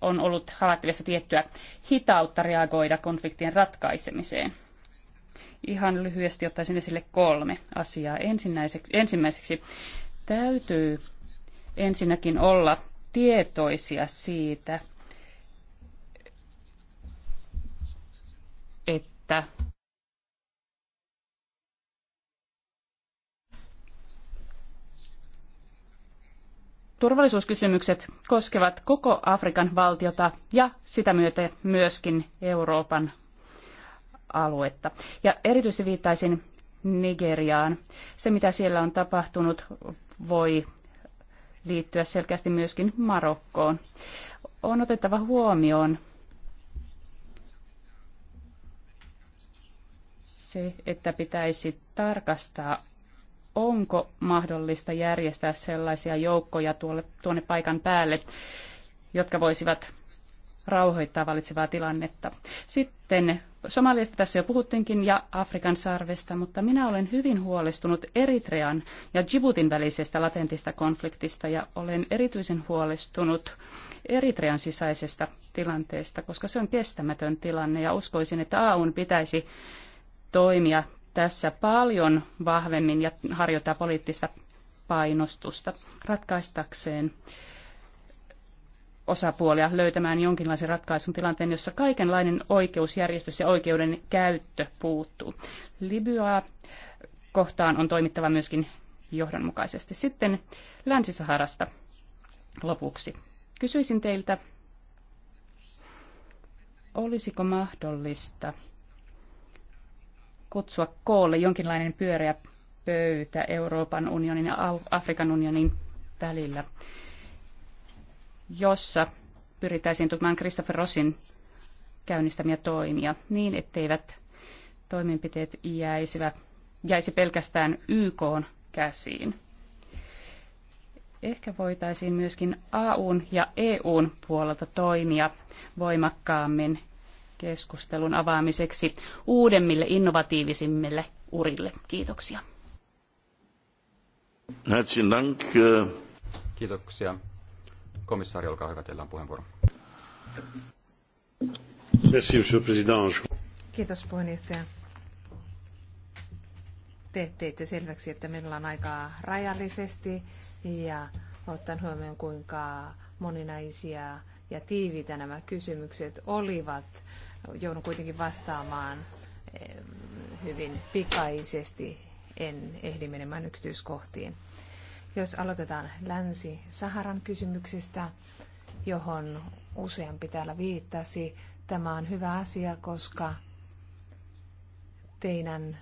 on ollut havaittavissa tiettyä hitautta reagoida konfliktien ratkaisemiseen. Ihan lyhyesti ottaisin esille kolme asiaa. Ensimmäiseksi täytyy ensinnäkin olla tietoisia siitä, että turvallisuuskysymykset koskevat koko Afrikan valtiota ja sitä myötä myöskin Euroopan aluetta. Ja erityisesti viittaisin Nigeriaan. Se, mitä siellä on tapahtunut, voi liittyä selkeästi myöskin Marokkoon. On otettava huomioon se, että pitäisi tarkastaa onko mahdollista järjestää sellaisia joukkoja tuolle, tuonne paikan päälle, jotka voisivat rauhoittaa valitsevaa tilannetta. Sitten Somaliasta tässä jo puhuttiinkin ja Afrikan sarvesta, mutta minä olen hyvin huolestunut Eritrean ja Djiboutin välisestä latentista konfliktista ja olen erityisen huolestunut Eritrean sisäisestä tilanteesta, koska se on kestämätön tilanne ja uskoisin, että AUn pitäisi toimia tässä paljon vahvemmin ja harjoittaa poliittista painostusta ratkaistakseen osapuolia löytämään jonkinlaisen ratkaisun tilanteen, jossa kaikenlainen oikeusjärjestys ja oikeuden käyttö puuttuu. Libyaa kohtaan on toimittava myöskin johdonmukaisesti. Sitten Länsi-Saharasta lopuksi. Kysyisin teiltä, olisiko mahdollista kutsua koolle jonkinlainen pyöreä pöytä Euroopan unionin ja Afrikan unionin välillä, jossa pyrittäisiin tukemaan Christopher Rossin käynnistämiä toimia niin, etteivät toimenpiteet jäisi, jäisi pelkästään YK käsiin. Ehkä voitaisiin myöskin AUn ja EUn puolelta toimia voimakkaammin keskustelun avaamiseksi uudemmille innovatiivisimmille urille. Kiitoksia. Herzlichen Dank. Kiitoksia. Komissaari, olkaa hyvä, teillä on puheenvuoro. Merci, monsieur président. Kiitos puheenjohtaja. Te teitte selväksi, että meillä on aikaa rajallisesti ja ottaen huomioon kuinka moninaisia ja tiiviitä nämä kysymykset olivat joudun kuitenkin vastaamaan hyvin pikaisesti. En ehdi menemään yksityiskohtiin. Jos aloitetaan Länsi-Saharan kysymyksestä, johon useampi täällä viittasi, tämä on hyvä asia, koska teidän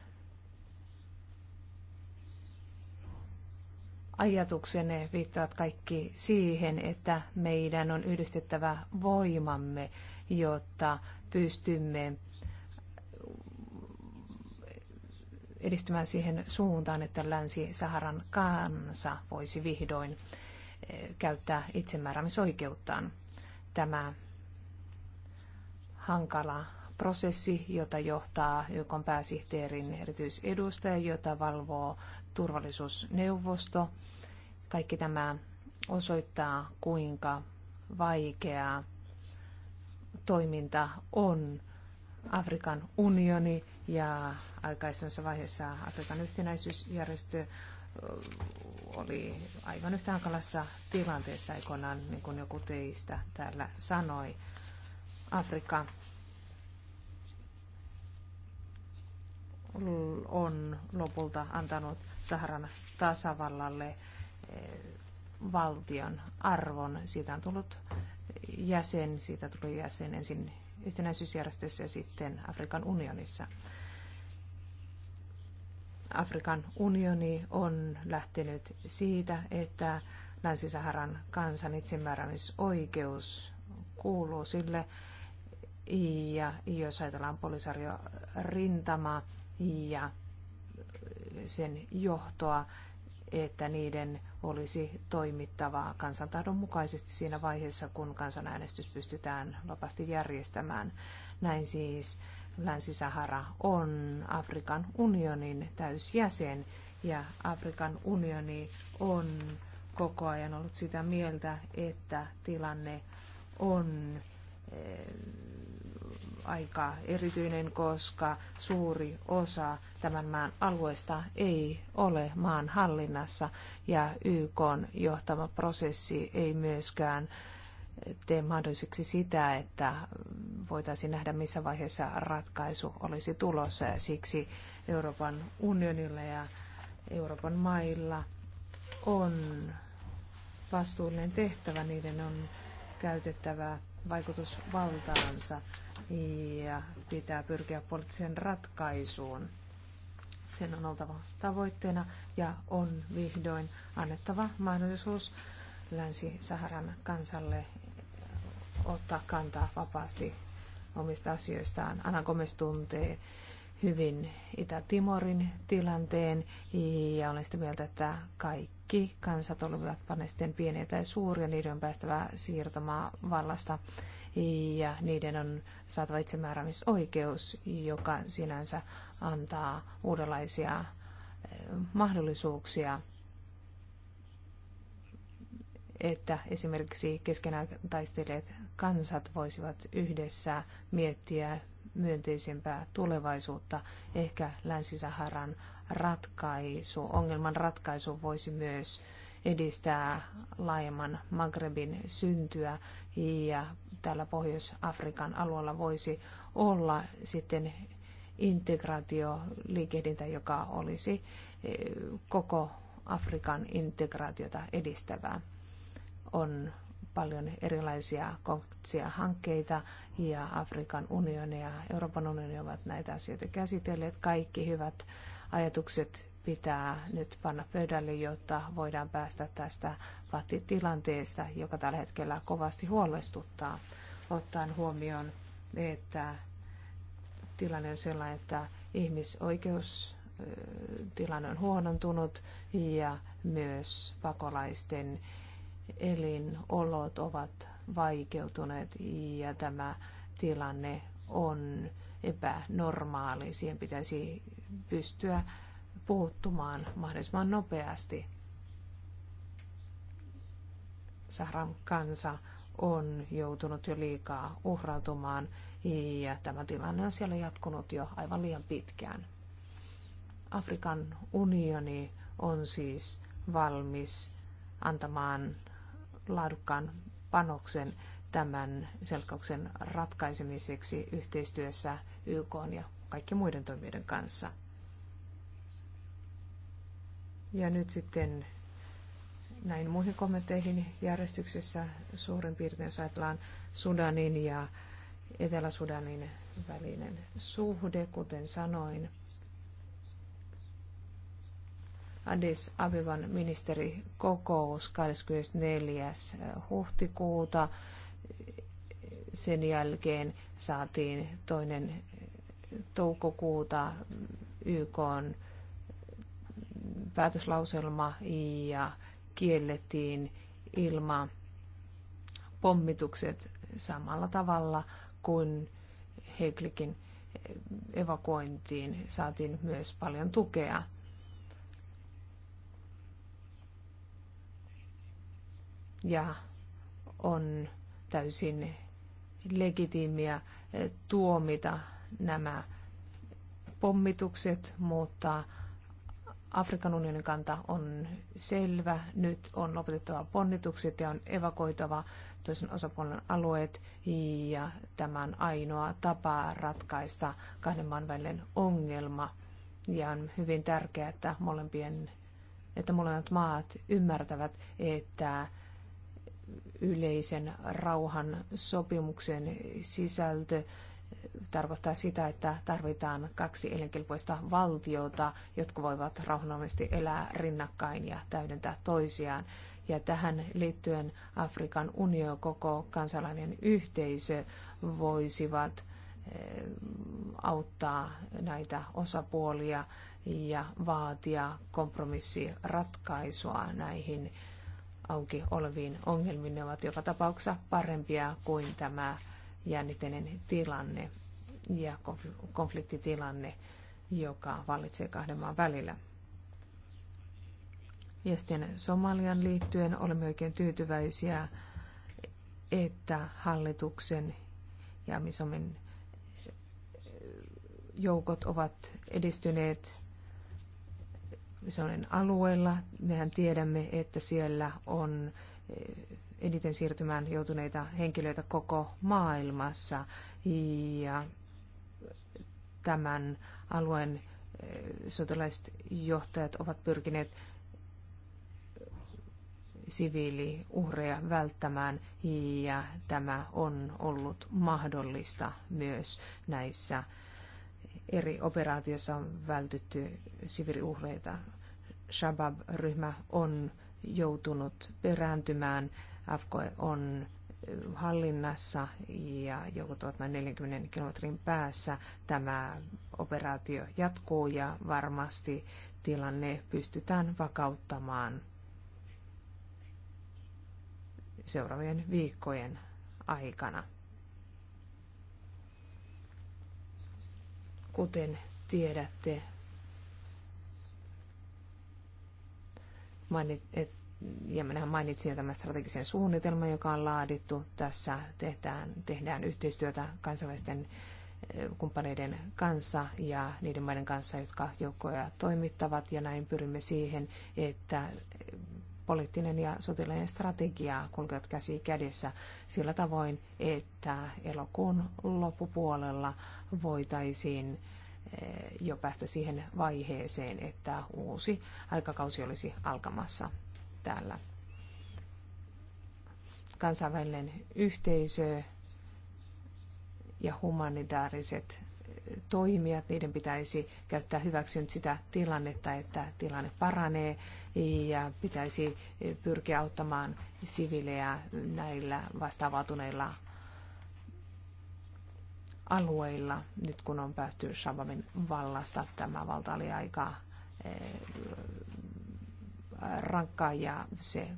ajatuksenne viittaat kaikki siihen, että meidän on yhdistettävä voimamme, jotta pystymme edistymään siihen suuntaan, että Länsi-Saharan kansa voisi vihdoin eh, käyttää itsemääräämisoikeuttaan. Tämä hankala prosessi, jota johtaa YK pääsihteerin erityisedustaja, jota valvoo turvallisuusneuvosto. Kaikki tämä osoittaa, kuinka vaikeaa toiminta on. Afrikan unioni ja aikaisemmassa vaiheessa Afrikan yhtenäisyysjärjestö oli aivan yhtä hankalassa tilanteessa aikoinaan, niin kuin joku teistä täällä sanoi. Afrikka on lopulta antanut Saharan tasavallalle eh, valtion arvon. Siitä on tullut jäsen, siitä tuli jäsen ensin yhtenäisyysjärjestössä ja sitten Afrikan unionissa. Afrikan unioni on lähtenyt siitä, että Länsi-Saharan kansan itsemääräämisoikeus kuuluu sille. Ja jos ajatellaan polisario rintamaa, ja sen johtoa, että niiden olisi toimittava kansantahdon mukaisesti siinä vaiheessa, kun kansanäänestys pystytään vapaasti järjestämään. Näin siis Länsi-Sahara on Afrikan unionin täysjäsen ja Afrikan unioni on koko ajan ollut sitä mieltä, että tilanne on eh, aika erityinen, koska suuri osa tämän maan alueesta ei ole maan hallinnassa ja YK johtama prosessi ei myöskään tee mahdolliseksi sitä, että voitaisiin nähdä, missä vaiheessa ratkaisu olisi tulossa. Ja siksi Euroopan unionilla ja Euroopan mailla on vastuullinen tehtävä, niiden on käytettävä vaikutusvaltaansa ja pitää pyrkiä poliittiseen ratkaisuun. Sen on oltava tavoitteena ja on vihdoin annettava mahdollisuus Länsi-Saharan kansalle ottaa kantaa vapaasti omista asioistaan. Anna Gomes tuntee hyvin Itä-Timorin tilanteen ja olen sitä mieltä, että kaikki kansat olivat panesten pieniä tai suuria, niiden on päästävä siirtomaan vallasta ja niiden on saatava itsemääräämisoikeus, joka sinänsä antaa uudenlaisia eh, mahdollisuuksia että esimerkiksi keskenään taistelijat kansat voisivat yhdessä miettiä myönteisempää tulevaisuutta. Ehkä Länsi-Saharan ratkaisu, ongelman ratkaisu voisi myös edistää laajemman Magrebin syntyä ja täällä Pohjois-Afrikan alueella voisi olla sitten integraatio, joka olisi eh, koko Afrikan integraatiota edistävää. On paljon erilaisia konkreettisia hankkeita ja Afrikan unioni ja Euroopan unioni ovat näitä asioita käsitelleet. Kaikki hyvät ajatukset pitää nyt panna pöydälle, jotta voidaan päästä tästä tilanteesta, joka tällä hetkellä kovasti huolestuttaa, ottaen huomioon, että tilanne on sellainen, että ihmisoikeustilanne on huonontunut ja myös pakolaisten elinolot ovat vaikeutuneet ja tämä tilanne on epänormaali. Siihen pitäisi pystyä puuttumaan mahdollisimman nopeasti. Sahran kansa on joutunut jo liikaa uhrautumaan ja tämä tilanne on siellä jatkunut jo aivan liian pitkään. Afrikan unioni on siis valmis antamaan laadukkaan panoksen tämän selkauksen ratkaisemiseksi yhteistyössä YK ja kaikkien muiden toimijoiden kanssa. Ja nyt sitten näin muihin kommentteihin järjestyksessä suurin piirtein, jos ajatellaan Sudanin ja Etelä-Sudanin välinen suhde, kuten sanoin. Addis Abeban ministerikokous 24. huhtikuuta. Sen jälkeen saatiin toinen toukokuuta YK päätöslauselma ja kiellettiin ilma pommitukset samalla tavalla kuin Heglikin evakuointiin saatiin myös paljon tukea. Ja on täysin legitiimiä tuomita nämä pommitukset, mutta Afrikan unionin kanta on selvä. Nyt on lopetettava ponnitukset ja on evakuoitava toisen osapuolen alueet ja tämän ainoa tapa ratkaista kahden maan välinen ongelma. Ja on hyvin tärkeää, että molempien että molemmat maat ymmärtävät, että yleisen rauhan sopimuksen sisältö tarkoittaa sitä, että tarvitaan kaksi elinkelpoista valtiota, jotka voivat rauhanomaisesti elää rinnakkain ja täydentää toisiaan. Ja tähän liittyen Afrikan unio koko kansalainen yhteisö voisivat eh, auttaa näitä osapuolia ja vaatia kompromissiratkaisua näihin auki oleviin ongelmiin. Ne ovat joka tapauksessa parempia kuin tämä jännitteinen tilanne ja konfliktitilanne, joka vallitsee kahden maan välillä. Ja sitten Somalian liittyen olemme oikein tyytyväisiä, että hallituksen ja misomin joukot ovat edistyneet Misomin alueella. Mehän tiedämme, että siellä on eh, eniten siirtymään joutuneita henkilöitä koko maailmassa. Ja tämän alueen eh, sotilaiset johtajat ovat pyrkineet siviiliuhreja välttämään ja tämä on ollut mahdollista myös näissä eri operaatioissa on vältytty siviiliuhreita. Shabab-ryhmä on joutunut perääntymään AFKE on hallinnassa ja joku noin 40 kilometrin päässä. Tämä operaatio jatkuu ja varmasti tilanne pystytään vakauttamaan seuraavien viikkojen aikana. Kuten tiedätte, mainit, että ja minähän mainitsin jo tämän strategisen suunnitelman, joka on laadittu. Tässä tehdään, tehdään yhteistyötä kansainvälisten eh, kumppaneiden kanssa ja niiden maiden kanssa, jotka joukkoja toimittavat. Ja näin pyrimme siihen, että eh, poliittinen ja sotilainen strategia kulkevat käsi kädessä sillä tavoin, että elokuun loppupuolella voitaisiin eh, jo päästä siihen vaiheeseen, että uusi aikakausi olisi alkamassa täällä. Kansainvälinen yhteisö ja humanitaariset toimijat, niiden pitäisi käyttää hyväksi nyt sitä tilannetta, että tilanne paranee ja pitäisi pyrkiä auttamaan sivilejä näillä vastaavautuneilla alueilla, nyt kun on päästy Shabamin vallasta. Tämä valta oli aika eh, rankkaa ja se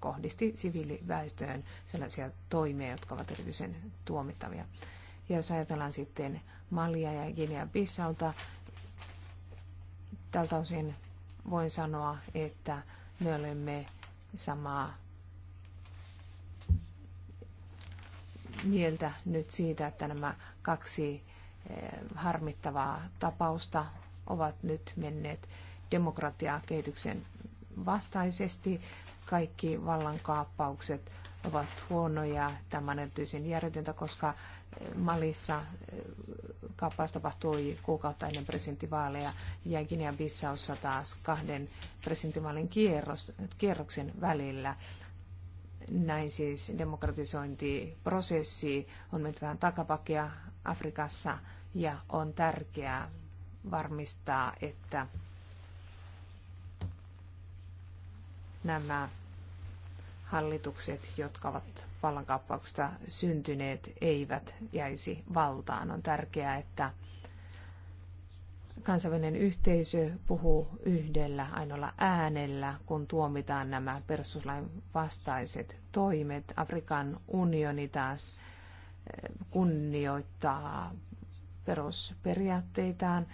kohdisti siviiliväestöön sellaisia toimia, jotka ovat erityisen tuomittavia. Ja jos ajatellaan sitten Malia ja Guinea Bissauta, tältä osin voin sanoa, että me olemme samaa mieltä nyt siitä, että nämä kaksi eh, harmittavaa tapausta ovat nyt menneet demokratiaa kehityksen vastaisesti. Kaikki vallankaappaukset ovat huonoja. Tämä on erityisen järjetöntä, koska eh, Malissa eh, kaappaus tapahtui kuukautta ennen presidentinvaaleja ja Guinea-Bissaussa taas kahden presidentinvaalin kierros, kierroksen välillä. Näin siis demokratisointiprosessi on mennyt vähän takapakia Afrikassa ja on tärkeää varmistaa, että nämä hallitukset, jotka ovat vallankaappauksesta syntyneet, eivät jäisi valtaan. On tärkeää, että kansainvälinen yhteisö puhuu yhdellä ainoalla äänellä, kun tuomitaan nämä perustuslain vastaiset toimet. Afrikan unioni taas eh, kunnioittaa perusperiaatteitaan,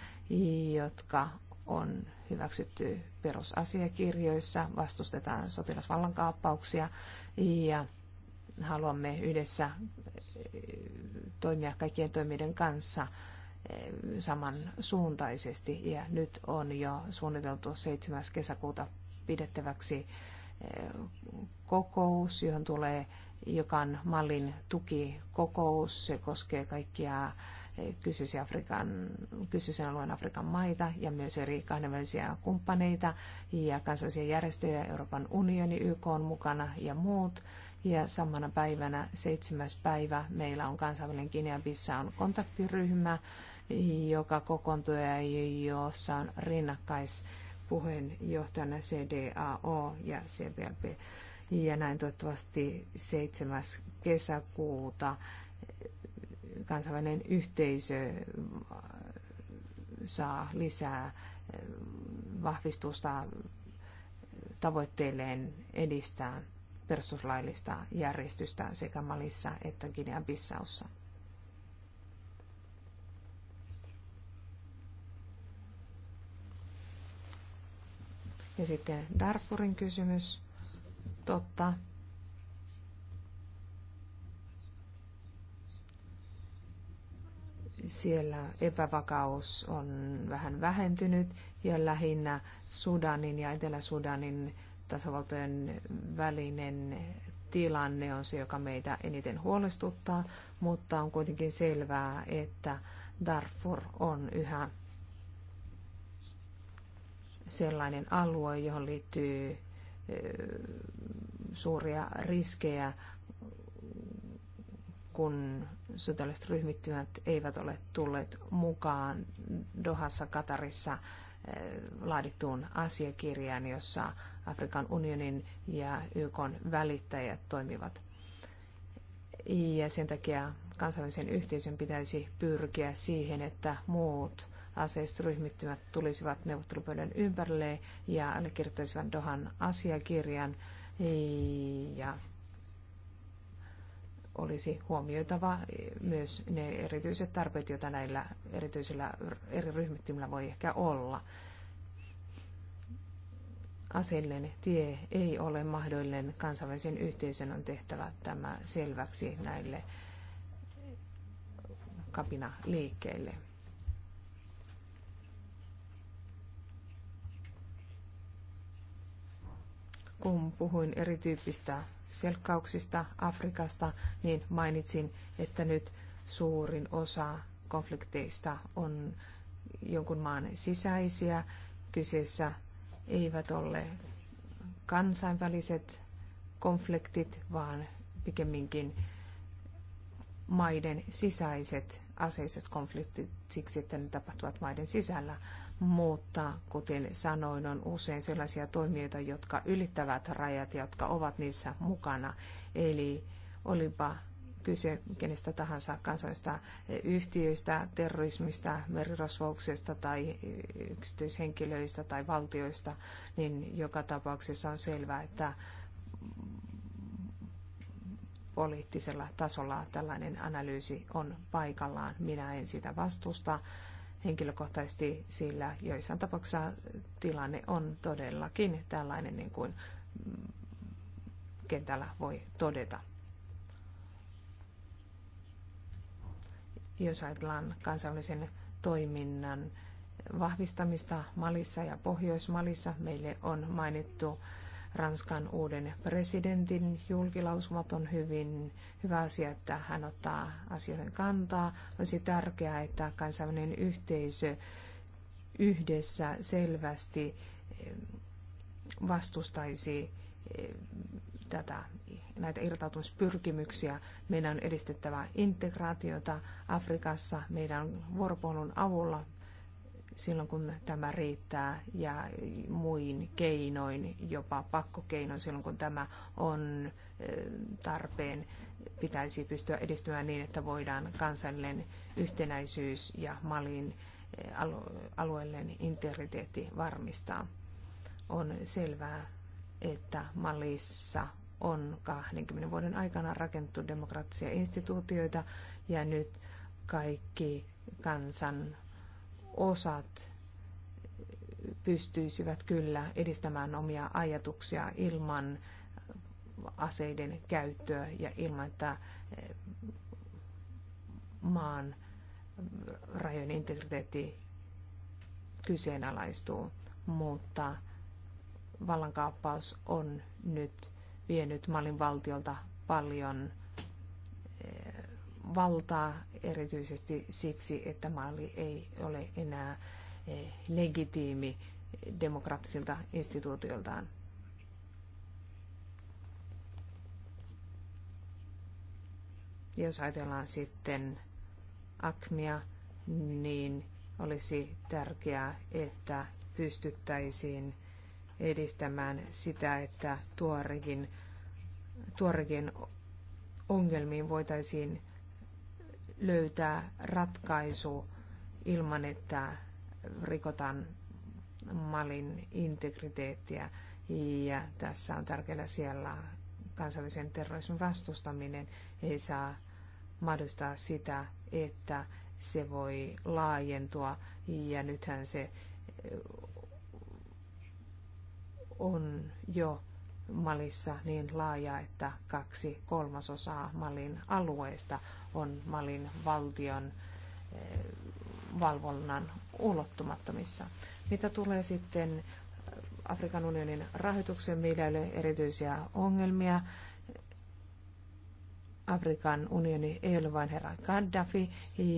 jotka on hyväksytty perusasiakirjoissa vastustetaan sotilasvallankaappauksia ja haluamme yhdessä eh, toimia kaikkien toimijoiden kanssa eh, samansuuntaisesti. Ja nyt on jo suunniteltu 7. kesäkuuta pidettäväksi eh, kokous, johon tulee, joka on mallin tukikokous. Se koskee kaikkia kyseisen, Afrikan, kyseisen alueen Afrikan maita ja myös eri kahdenvälisiä kumppaneita ja kansallisia järjestöjä, Euroopan unioni, YK on mukana ja muut. Ja samana päivänä, seitsemäs päivä, meillä on kansainvälinen Kineabissa on kontaktiryhmä, joka kokoontuu ja jossa on rinnakkaispuheenjohtajana CDAO ja CBLP. Ja näin toivottavasti 7. kesäkuuta kansainvälinen yhteisö saa lisää eh, vahvistusta tavoitteilleen edistää perustuslaillista järjestystä sekä Malissa että Guinea-Bissaussa. Ja sitten Darfurin kysymys. Totta, Siellä epävakaus on vähän vähentynyt ja lähinnä Sudanin ja Etelä-Sudanin tasavaltojen välinen tilanne on se, joka meitä eniten huolestuttaa, mutta on kuitenkin selvää, että Darfur on yhä sellainen alue, johon liittyy suuria riskejä kun sotilaalliset ryhmittymät eivät ole tulleet mukaan Dohassa Katarissa eh, laadittuun asiakirjaan, jossa Afrikan unionin ja YK välittäjät toimivat. Ja sen takia kansainvälisen yhteisön pitäisi pyrkiä siihen, että muut aseiset ryhmittymät tulisivat neuvottelupöydän ympärille ja allekirjoittaisivat Dohan asiakirjan ja olisi huomioitava e, myös ne erityiset tarpeet, joita näillä erityisillä eri ryhmittymillä voi ehkä olla. Aseellinen tie ei ole mahdollinen. Kansainvälisen yhteisön on tehtävä tämä selväksi näille kapinaliikkeille. Kun puhuin erityyppistä selkkauksista Afrikasta, niin mainitsin, että nyt suurin osa konflikteista on jonkun maan sisäisiä. Kyseessä eivät ole kansainväliset konfliktit, vaan pikemminkin maiden sisäiset aseiset konfliktit siksi, että ne tapahtuvat maiden sisällä mutta kuten sanoin, on usein sellaisia toimijoita, jotka ylittävät rajat, jotka ovat niissä mukana. Eli olipa kyse kenestä tahansa kansallisista yhtiöistä, terrorismista, merirosvouksesta tai yksityishenkilöistä tai valtioista, niin joka tapauksessa on selvää, että poliittisella tasolla tällainen analyysi on paikallaan. Minä en sitä vastusta, henkilökohtaisesti, sillä joissain tapauksissa tilanne on todellakin tällainen, niin kuin kentällä voi todeta. Jos ajatellaan kansainvälisen toiminnan vahvistamista Malissa ja Pohjois-Malissa, meille on mainittu Ranskan uuden presidentin julkilausumat on hyvin hyvä asia, että hän ottaa asioihin kantaa. Olisi tärkeää, että kansainvälinen yhteisö yhdessä selvästi eh, vastustaisi eh, tätä, näitä irtautumispyrkimyksiä. Meidän on edistettävä integraatiota Afrikassa, meidän vuoropuhelun avulla silloin, kun tämä riittää ja muin keinoin, jopa pakkokeinoin silloin, kun tämä on eh, tarpeen, pitäisi pystyä edistymään niin, että voidaan kansallinen yhtenäisyys ja Malin eh, alueellinen integriteetti varmistaa. On selvää, että Malissa on 20 vuoden aikana rakennettu demokraattisia instituutioita ja nyt kaikki kansan osat pystyisivät kyllä edistämään omia ajatuksia ilman aseiden käyttöä ja ilman, että eh, maan rajojen integriteetti kyseenalaistuu, mutta vallankaappaus on nyt vienyt Malin valtiolta paljon eh, valtaa erityisesti siksi, että Mali ei ole enää eh, legitiimi demokraattisilta instituutioiltaan. Jos ajatellaan sitten akmia, niin olisi tärkeää, että pystyttäisiin edistämään sitä, että tuorikin tuorikin ongelmiin voitaisiin löytää ratkaisu ilman, että rikotaan Malin integriteettiä. Ja tässä on tärkeää siellä kansainvälisen terrorismin vastustaminen. Ei saa mahdollistaa sitä, että se voi laajentua. Ja nythän se on jo Malissa niin laaja, että kaksi kolmasosaa Malin alueesta on Malin valtion eh, valvonnan ulottumattomissa. Mitä tulee sitten Afrikan unionin rahoitukseen, meillä ei ole erityisiä ongelmia. Afrikan unioni ei ole vain herra Gaddafi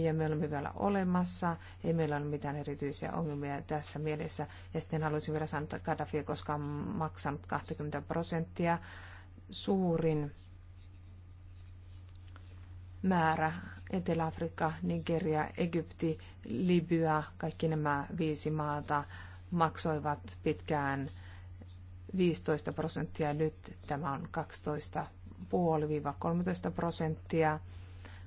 ja me olemme vielä olemassa, ei meillä ole mitään erityisiä ongelmia tässä mielessä. Ja sitten haluaisin vielä sanoa, että Gaddafi ei koskaan maksanut 20 prosenttia. Suurin määrä Etelä-Afrikka, Nigeria, Egypti, Libya, kaikki nämä viisi maata maksoivat pitkään 15 prosenttia, nyt tämä on 12 12,5-13 prosenttia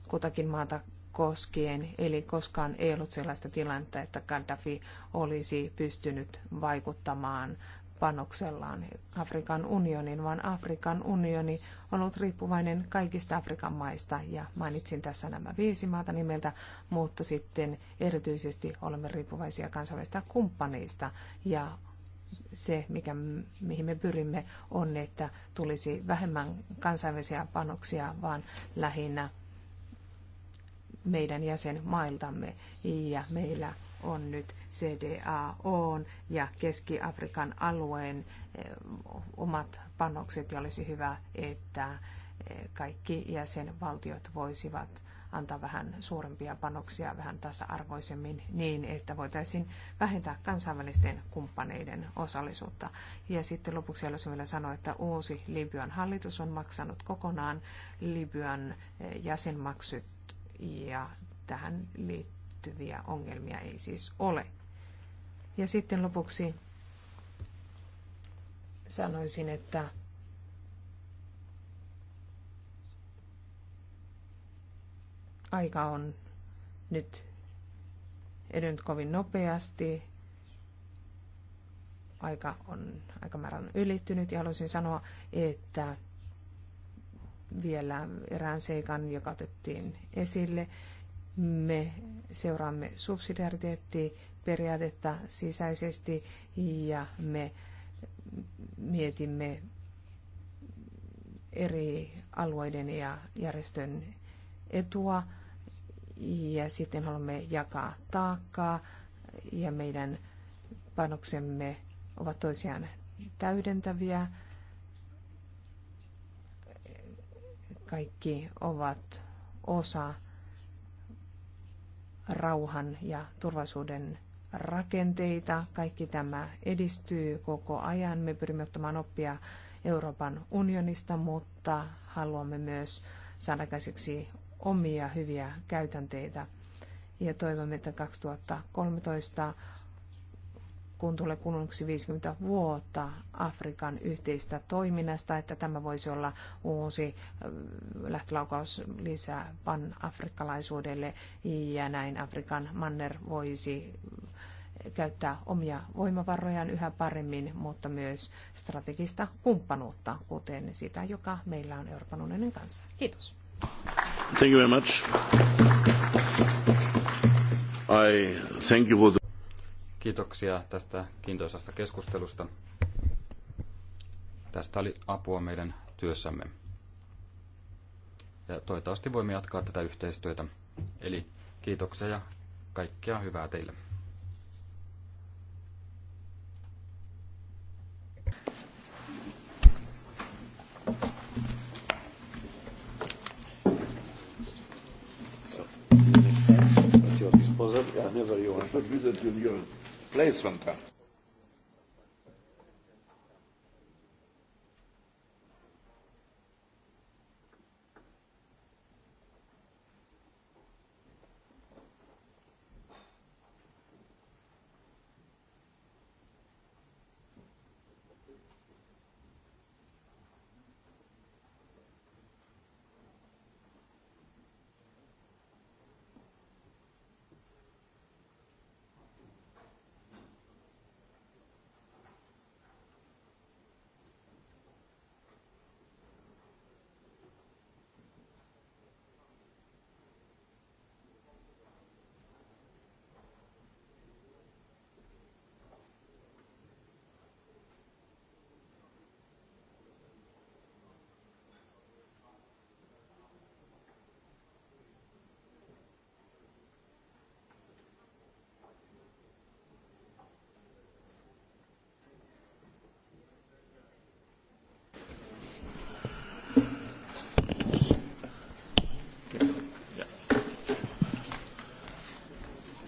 kutakin maata koskien, eli koskaan ei ollut sellaista tilannetta, että Gaddafi olisi pystynyt vaikuttamaan panoksellaan Afrikan unionin, vaan Afrikan unioni on ollut riippuvainen kaikista Afrikan maista, ja mainitsin tässä nämä viisi maata nimeltä, mutta sitten erityisesti olemme riippuvaisia kansainvälistä kumppaneista, ja se, mikä, mihin me pyrimme, on, että tulisi vähemmän kansainvälisiä panoksia, vaan lähinnä meidän jäsenmailtamme. Ja meillä on nyt CDAO ja Keski-Afrikan alueen eh, omat panokset, ja olisi hyvä, että eh, kaikki jäsenvaltiot voisivat antaa vähän suurempia panoksia vähän tasa-arvoisemmin niin, että voitaisiin vähentää kansainvälisten kumppaneiden osallisuutta. Ja sitten lopuksi haluaisin vielä sanoa, että uusi Libyan hallitus on maksanut kokonaan Libyan eh, jäsenmaksut ja tähän liittyviä ongelmia ei siis ole. Ja sitten lopuksi sanoisin, että aika on nyt edennyt kovin nopeasti. Aika on, aika on ylittynyt ja haluaisin sanoa, että vielä erään seikan, joka otettiin esille. Me seuraamme subsidiariteettiperiaatetta sisäisesti ja me mietimme eri alueiden ja järjestön etua ja sitten haluamme jakaa taakkaa ja meidän panoksemme ovat toisiaan täydentäviä. Kaikki ovat osa rauhan ja turvallisuuden rakenteita. Kaikki tämä edistyy koko ajan. Me pyrimme ottamaan oppia Euroopan unionista, mutta haluamme myös saada käsiksi omia hyviä käytänteitä. Ja toivomme, että 2013, kun tulee kunnuksi 50 vuotta Afrikan yhteistä toiminnasta, että tämä voisi olla uusi lähtölaukaus lisää pan-afrikkalaisuudelle ja näin Afrikan manner voisi käyttää omia voimavarojaan yhä paremmin, mutta myös strategista kumppanuutta, kuten sitä, joka meillä on Euroopan unionin kanssa. Kiitos. Thank you very much. I thank you for the... Kiitoksia tästä kiintoisasta keskustelusta. Tästä oli apua meidän työssämme. Ja toivottavasti voimme jatkaa tätä yhteistyötä. Eli kiitoksia ja kaikkea hyvää teille. for that I never used. That should be place one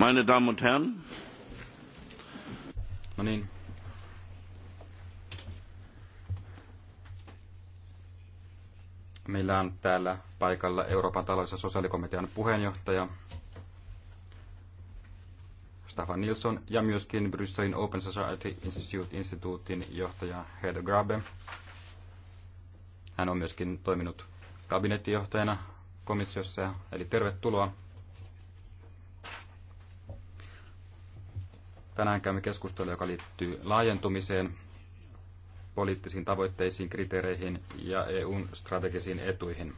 Meine Damen und Herren. No niin. Meillä on täällä paikalla Euroopan talous- ja sosiaalikomitean puheenjohtaja Staffan Nilsson ja myöskin Brysselin Open Society Institute instituutin johtaja Heather Grabe. Hän on myöskin toiminut kabinettijohtajana komissiossa, eli tervetuloa. Tänään käymme keskustelua, joka liittyy laajentumiseen, poliittisiin tavoitteisiin, kriteereihin ja EUn strategisiin etuihin.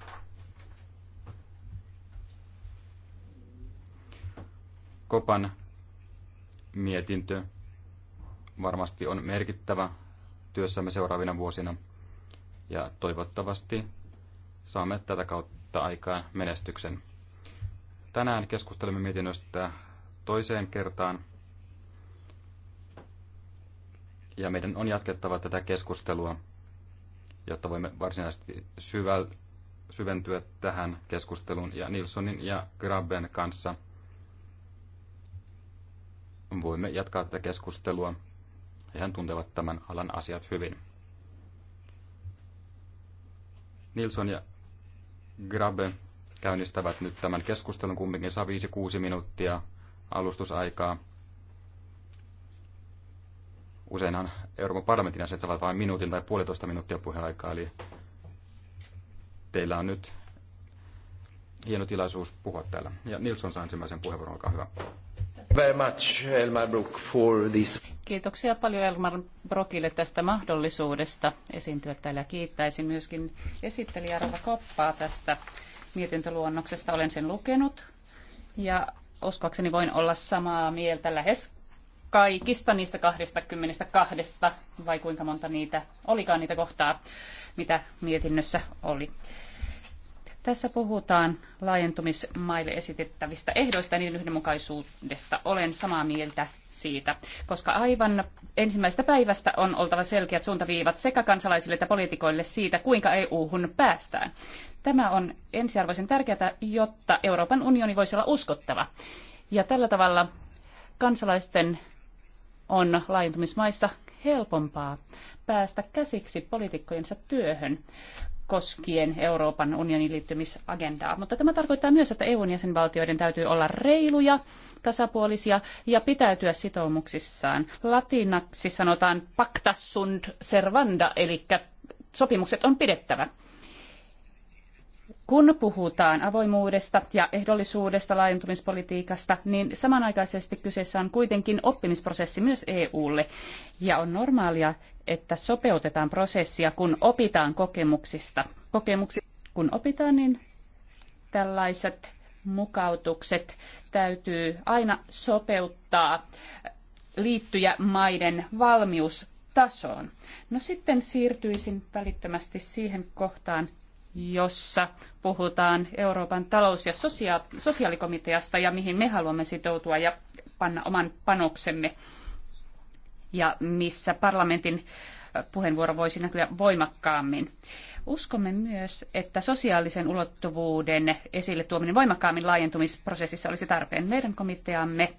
Kopan mietintö varmasti on merkittävä työssämme seuraavina vuosina ja toivottavasti saamme tätä kautta aikaan menestyksen. Tänään keskustelemme mietinnöstä toiseen kertaan. Ja meidän on jatkettava tätä keskustelua, jotta voimme varsinaisesti syväl, syventyä tähän keskusteluun. Ja Nilssonin ja Graben kanssa voimme jatkaa tätä keskustelua. Hehän tuntevat tämän alan asiat hyvin. Nilsson ja Grabe käynnistävät nyt tämän keskustelun. Kumminkin saa 5-6 minuuttia alustusaikaa. Useinhan Euroopan parlamentin asiat saavat vain minuutin tai puolitoista minuuttia puheaikaa, eli teillä on nyt hieno tilaisuus puhua täällä. Ja Nilsson saa ensimmäisen puheenvuoron, olkaa hyvä. Very much, Elmar Brook, for this. Kiitoksia paljon Elmar Brokille tästä mahdollisuudesta esiintyä täällä. Kiittäisin myöskin esittelijä Rava Koppaa tästä mietintöluonnoksesta. Olen sen lukenut ja uskoakseni voin olla samaa mieltä lähes kaikista niistä 22, vai kuinka monta niitä olikaan niitä kohtaa, mitä mietinnössä oli. Tässä puhutaan laajentumismaille esitettävistä ehdoista ja niiden yhdenmukaisuudesta. Olen samaa mieltä siitä, koska aivan ensimmäisestä päivästä on oltava selkeät suuntaviivat sekä kansalaisille että poliitikoille siitä, kuinka EU-hun päästään. Tämä on ensiarvoisen tärkeää, jotta Euroopan unioni voisi olla uskottava. Ja tällä tavalla kansalaisten on laajentumismaissa helpompaa päästä käsiksi poliitikkojensa työhön koskien Euroopan unionin liittymisagendaa. Mutta tämä tarkoittaa myös, että EUn jäsenvaltioiden täytyy olla reiluja, tasapuolisia ja pitäytyä sitoumuksissaan. Latinaksi sanotaan pacta sunt servanda, eli sopimukset on pidettävä. Kun puhutaan avoimuudesta ja ehdollisuudesta laajentumispolitiikasta, niin samanaikaisesti kyseessä on kuitenkin oppimisprosessi myös EUlle. Ja on normaalia, että sopeutetaan prosessia, kun opitaan kokemuksista. Kokemuksi, kun opitaan, niin tällaiset mukautukset täytyy aina sopeuttaa liittyjämaiden valmiustasoon. No sitten siirtyisin välittömästi siihen kohtaan, jossa puhutaan Euroopan talous- ja sosia- sosiaalikomiteasta ja mihin me haluamme sitoutua ja panna oman panoksemme ja missä parlamentin äh, puheenvuoro voisi näkyä voimakkaammin. Uskomme myös, että sosiaalisen ulottuvuuden esille tuominen voimakkaammin laajentumisprosessissa olisi tarpeen. Meidän komiteamme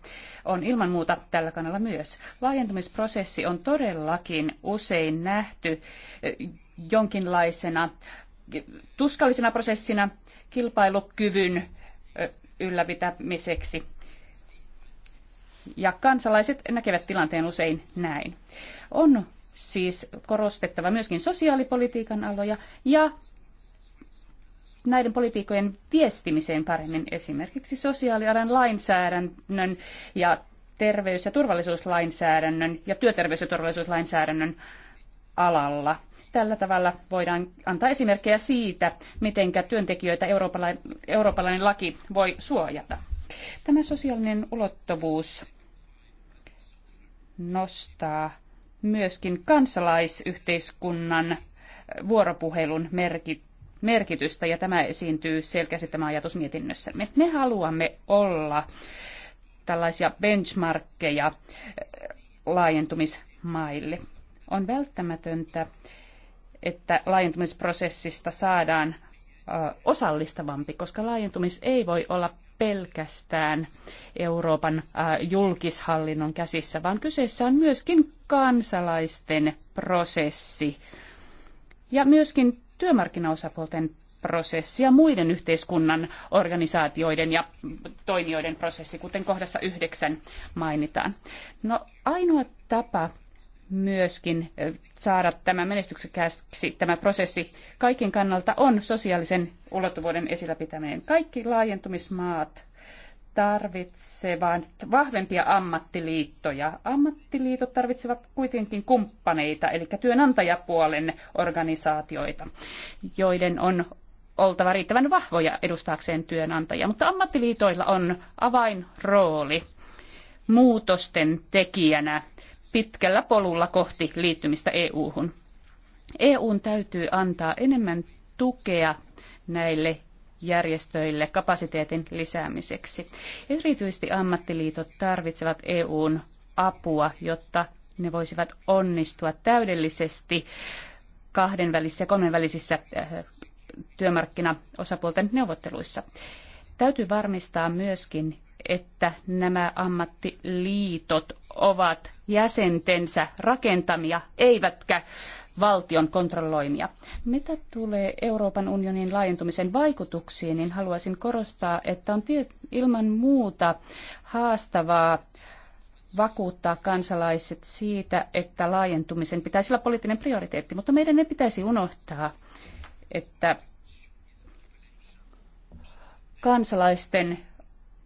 on ilman muuta tällä kannalla myös. Laajentumisprosessi on todellakin usein nähty äh, jonkinlaisena tuskallisena prosessina kilpailukyvyn ylläpitämiseksi. Ja kansalaiset näkevät tilanteen usein näin. On siis korostettava myöskin sosiaalipolitiikan aloja ja näiden politiikojen viestimiseen paremmin esimerkiksi sosiaalialan lainsäädännön ja terveys- ja turvallisuuslainsäädännön ja työterveys- ja turvallisuuslainsäädännön alalla Tällä tavalla voidaan antaa esimerkkejä siitä, miten työntekijöitä eurooppalainen laki voi suojata. Tämä sosiaalinen ulottuvuus nostaa myöskin kansalaisyhteiskunnan äh, vuoropuhelun merkitystä, ja tämä esiintyy selkeästi tämä ajatus mietinnössämme. Me haluamme olla tällaisia benchmarkkeja äh, laajentumismaille. On välttämätöntä, että laajentumisprosessista saadaan osallistavampi, koska laajentumis ei voi olla pelkästään Euroopan julkishallinnon käsissä, vaan kyseessä on myöskin kansalaisten prosessi ja myöskin työmarkkinaosapuolten prosessi ja muiden yhteiskunnan organisaatioiden ja toimijoiden prosessi, kuten kohdassa yhdeksän mainitaan. No ainoa tapa myöskin saada tämä menestyksekkääksi tämä prosessi kaikin kannalta on sosiaalisen ulottuvuuden esillä pitäminen. Kaikki laajentumismaat tarvitsevat vahvempia ammattiliittoja. Ammattiliitot tarvitsevat kuitenkin kumppaneita, eli työnantajapuolen organisaatioita, joiden on oltava riittävän vahvoja edustaakseen työnantajia. Mutta ammattiliitoilla on avainrooli muutosten tekijänä pitkällä polulla kohti liittymistä EU-hun. EUn täytyy antaa enemmän tukea näille järjestöille kapasiteetin lisäämiseksi. Erityisesti ammattiliitot tarvitsevat EUn apua, jotta ne voisivat onnistua täydellisesti kahdenvälisissä ja kolmenvälisissä äh, työmarkkinaosapuolten neuvotteluissa. Täytyy varmistaa myöskin, että nämä ammattiliitot ovat jäsentensä rakentamia, eivätkä valtion kontrolloimia. Mitä tulee Euroopan unionin laajentumisen vaikutuksiin, niin haluaisin korostaa, että on ilman muuta haastavaa vakuuttaa kansalaiset siitä, että laajentumisen pitäisi olla poliittinen prioriteetti, mutta meidän ei pitäisi unohtaa, että kansalaisten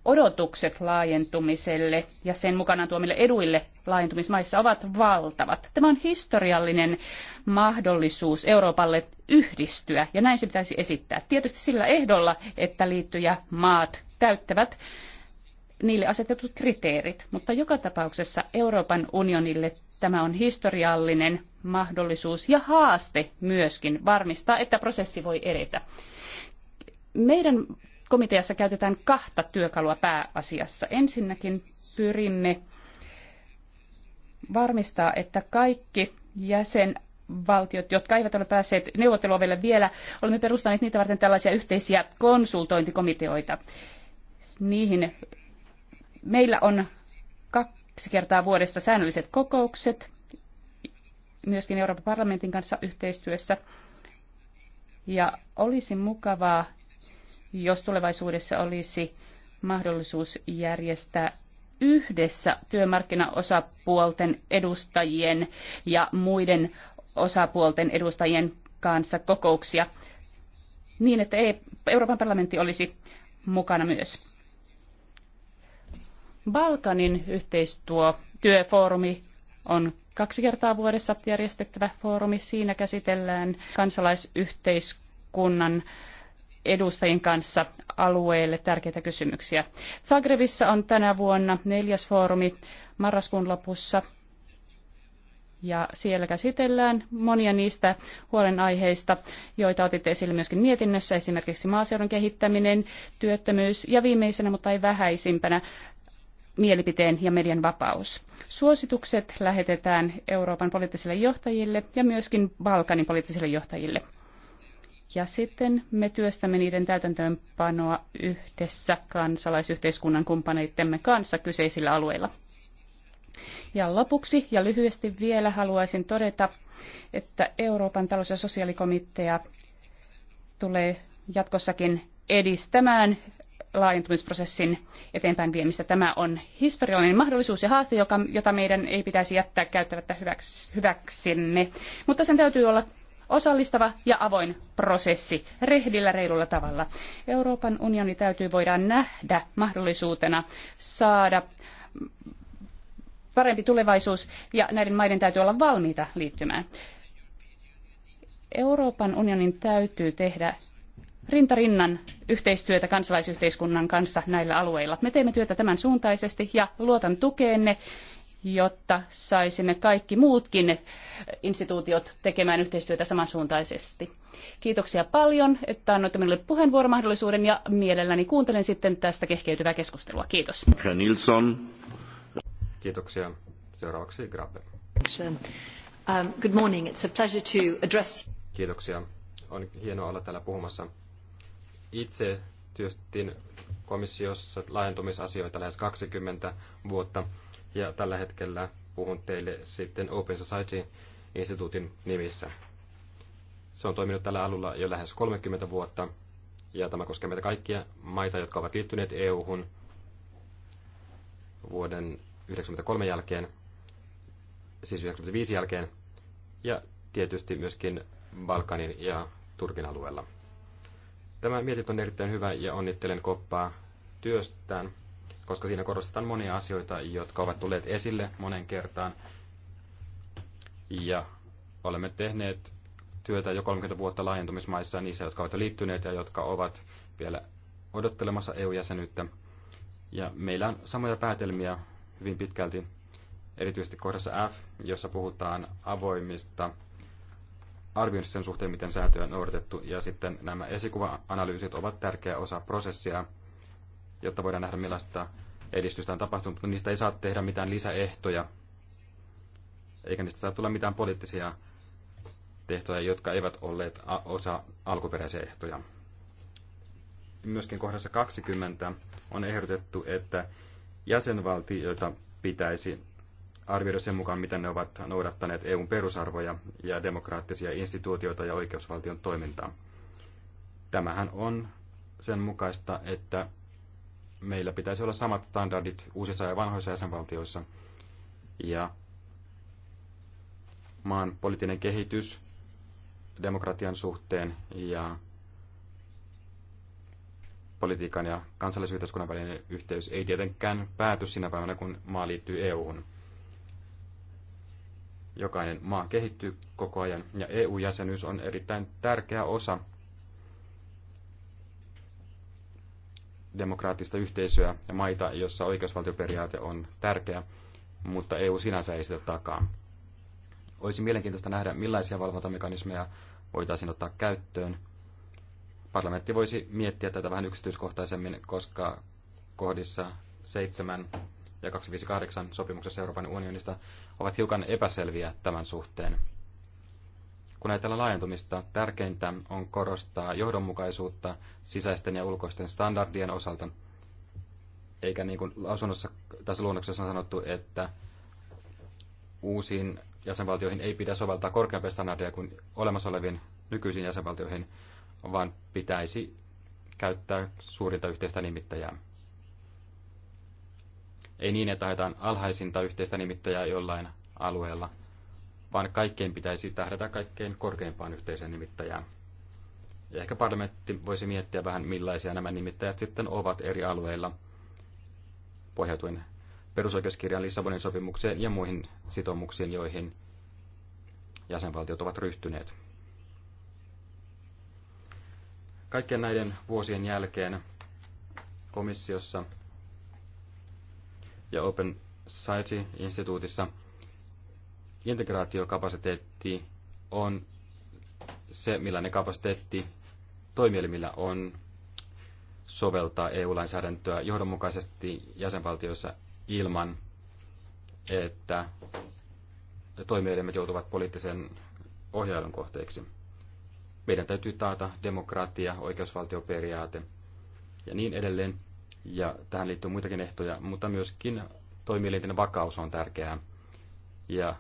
odotukset laajentumiselle ja sen mukanaan tuomille eduille laajentumismaissa ovat valtavat. Tämä on historiallinen mahdollisuus Euroopalle yhdistyä ja näin se pitäisi esittää. Tietysti sillä ehdolla, että liittyjä maat täyttävät niille asetetut kriteerit, mutta joka tapauksessa Euroopan unionille tämä on historiallinen mahdollisuus ja haaste myöskin varmistaa, että prosessi voi edetä. Meidän komiteassa käytetään kahta työkalua pääasiassa. Ensinnäkin pyrimme varmistaa, että kaikki jäsenvaltiot, jotka eivät ole päässeet neuvotteluovelle vielä, olemme perustaneet niitä varten tällaisia yhteisiä konsultointikomiteoita. Niihin meillä on kaksi kertaa vuodessa säännölliset kokoukset, myöskin Euroopan parlamentin kanssa yhteistyössä. Ja olisi mukavaa, jos tulevaisuudessa olisi mahdollisuus järjestää yhdessä työmarkkinaosapuolten edustajien ja muiden osapuolten edustajien kanssa kokouksia niin, että e- Euroopan parlamentti olisi mukana myös. Balkanin yhteistyöfoorumi on kaksi kertaa vuodessa järjestettävä foorumi. Siinä käsitellään kansalaisyhteiskunnan edustajien kanssa alueelle tärkeitä kysymyksiä. Zagrebissa on tänä vuonna neljäs foorumi marraskuun lopussa ja siellä käsitellään monia niistä huolenaiheista, joita otit esille myöskin mietinnössä, esimerkiksi maaseudun kehittäminen, työttömyys ja viimeisenä, mutta ei vähäisimpänä, mielipiteen ja median vapaus. Suositukset lähetetään Euroopan poliittisille johtajille ja myöskin Balkanin poliittisille johtajille – ja sitten me työstämme niiden täytäntöönpanoa yhdessä kansalaisyhteiskunnan kumppaneittemme kanssa kyseisillä alueilla. Ja lopuksi ja lyhyesti vielä haluaisin todeta, että Euroopan talous- ja sosiaalikomitea tulee jatkossakin edistämään laajentumisprosessin eteenpäin viemistä. Tämä on historiallinen mahdollisuus ja haaste, joka, jota meidän ei pitäisi jättää käyttämättä hyväks, hyväksemme, mutta sen täytyy olla osallistava ja avoin prosessi rehdillä reilulla tavalla. Euroopan unioni täytyy voida nähdä mahdollisuutena saada parempi tulevaisuus ja näiden maiden täytyy olla valmiita liittymään. Euroopan unionin täytyy tehdä rintarinnan yhteistyötä kansalaisyhteiskunnan kanssa näillä alueilla. Me teemme työtä tämän suuntaisesti ja luotan tukeenne jotta saisimme kaikki muutkin instituutiot tekemään yhteistyötä samansuuntaisesti. Kiitoksia paljon, että annoitte minulle puheenvuoromahdollisuuden ja mielelläni kuuntelen sitten tästä kehkeytyvää keskustelua. Kiitos. Nilsson. Kiitoksia. Seuraavaksi Grabbe. Um, good morning. It's a pleasure to address Kiitoksia. On hienoa olla täällä puhumassa. Itse työstin komissiossa laajentumisasioita lähes 20 vuotta ja tällä hetkellä puhun teille sitten Open Society-instituutin nimissä. Se on toiminut tällä alulla jo lähes 30 vuotta, ja tämä koskee meitä kaikkia maita, jotka ovat liittyneet EU-hun vuoden 1993 jälkeen, siis 1995 jälkeen, ja tietysti myöskin Balkanin ja Turkin alueella. Tämä mietintö on erittäin hyvä ja onnittelen koppaa työstään koska siinä korostetaan monia asioita, jotka ovat tulleet esille monen kertaan. Ja olemme tehneet työtä jo 30 vuotta laajentumismaissa niissä, jotka ovat liittyneet ja jotka ovat vielä odottelemassa EU-jäsenyyttä. Ja meillä on samoja päätelmiä hyvin pitkälti, erityisesti kohdassa F, jossa puhutaan avoimista arvioinnista sen suhteen, miten sääntöjä on noudatettu, ja sitten nämä esikuva-analyysit ovat tärkeä osa prosessia, jotta voidaan nähdä millaista edistystä on tapahtunut, mutta niistä ei saa tehdä mitään lisäehtoja, eikä niistä saa tulla mitään poliittisia tehtoja, jotka eivät olleet osa alkuperäisiä ehtoja. Myöskin kohdassa 20 on ehdotettu, että jäsenvaltioita pitäisi arvioida sen mukaan, miten ne ovat noudattaneet EUn perusarvoja ja demokraattisia instituutioita ja oikeusvaltion toimintaa. Tämähän on sen mukaista, että meillä pitäisi olla samat standardit uusissa ja vanhoissa jäsenvaltioissa. Ja maan poliittinen kehitys demokratian suhteen ja politiikan ja kansallisyhteiskunnan välinen yhteys ei tietenkään pääty sinä päivänä, kun maa liittyy EU-hun. Jokainen maa kehittyy koko ajan ja EU-jäsenyys on erittäin tärkeä osa demokraattista yhteisöä ja maita, jossa oikeusvaltioperiaate on tärkeä, mutta EU sinänsä ei sitä takaa. Olisi mielenkiintoista nähdä, millaisia valvontamekanismeja voitaisiin ottaa käyttöön. Parlamentti voisi miettiä tätä vähän yksityiskohtaisemmin, koska kohdissa 7 ja 258 sopimuksessa Euroopan unionista ovat hiukan epäselviä tämän suhteen. Kun ajatellaan laajentumista, tärkeintä on korostaa johdonmukaisuutta sisäisten ja ulkoisten standardien osalta, eikä niin kuin lausunnossa tässä luonnoksessa on sanottu, että uusiin jäsenvaltioihin ei pidä soveltaa korkeampia standardeja kuin olemassa oleviin nykyisiin jäsenvaltioihin, vaan pitäisi käyttää suurinta yhteistä nimittäjää. Ei niin, että haetaan alhaisinta yhteistä nimittäjää jollain alueella – vaan kaikkein pitäisi tähdätä kaikkein korkeimpaan yhteiseen nimittäjään. Ja ehkä parlamentti voisi miettiä vähän, millaisia nämä nimittäjät sitten ovat eri alueilla, pohjautuen perusoikeuskirjan Lissabonin sopimukseen ja muihin sitoumuksiin, joihin jäsenvaltiot ovat ryhtyneet. Kaikkien näiden vuosien jälkeen komissiossa ja Open Society-instituutissa – integraatiokapasiteetti on se, millainen kapasiteetti toimielimillä on soveltaa EU-lainsäädäntöä johdonmukaisesti jäsenvaltioissa ilman, että toimielimet joutuvat poliittisen ohjailun kohteeksi. Meidän täytyy taata demokratia, oikeusvaltioperiaate ja niin edelleen. Ja tähän liittyy muitakin ehtoja, mutta myöskin toimielinten vakaus on tärkeää. Ja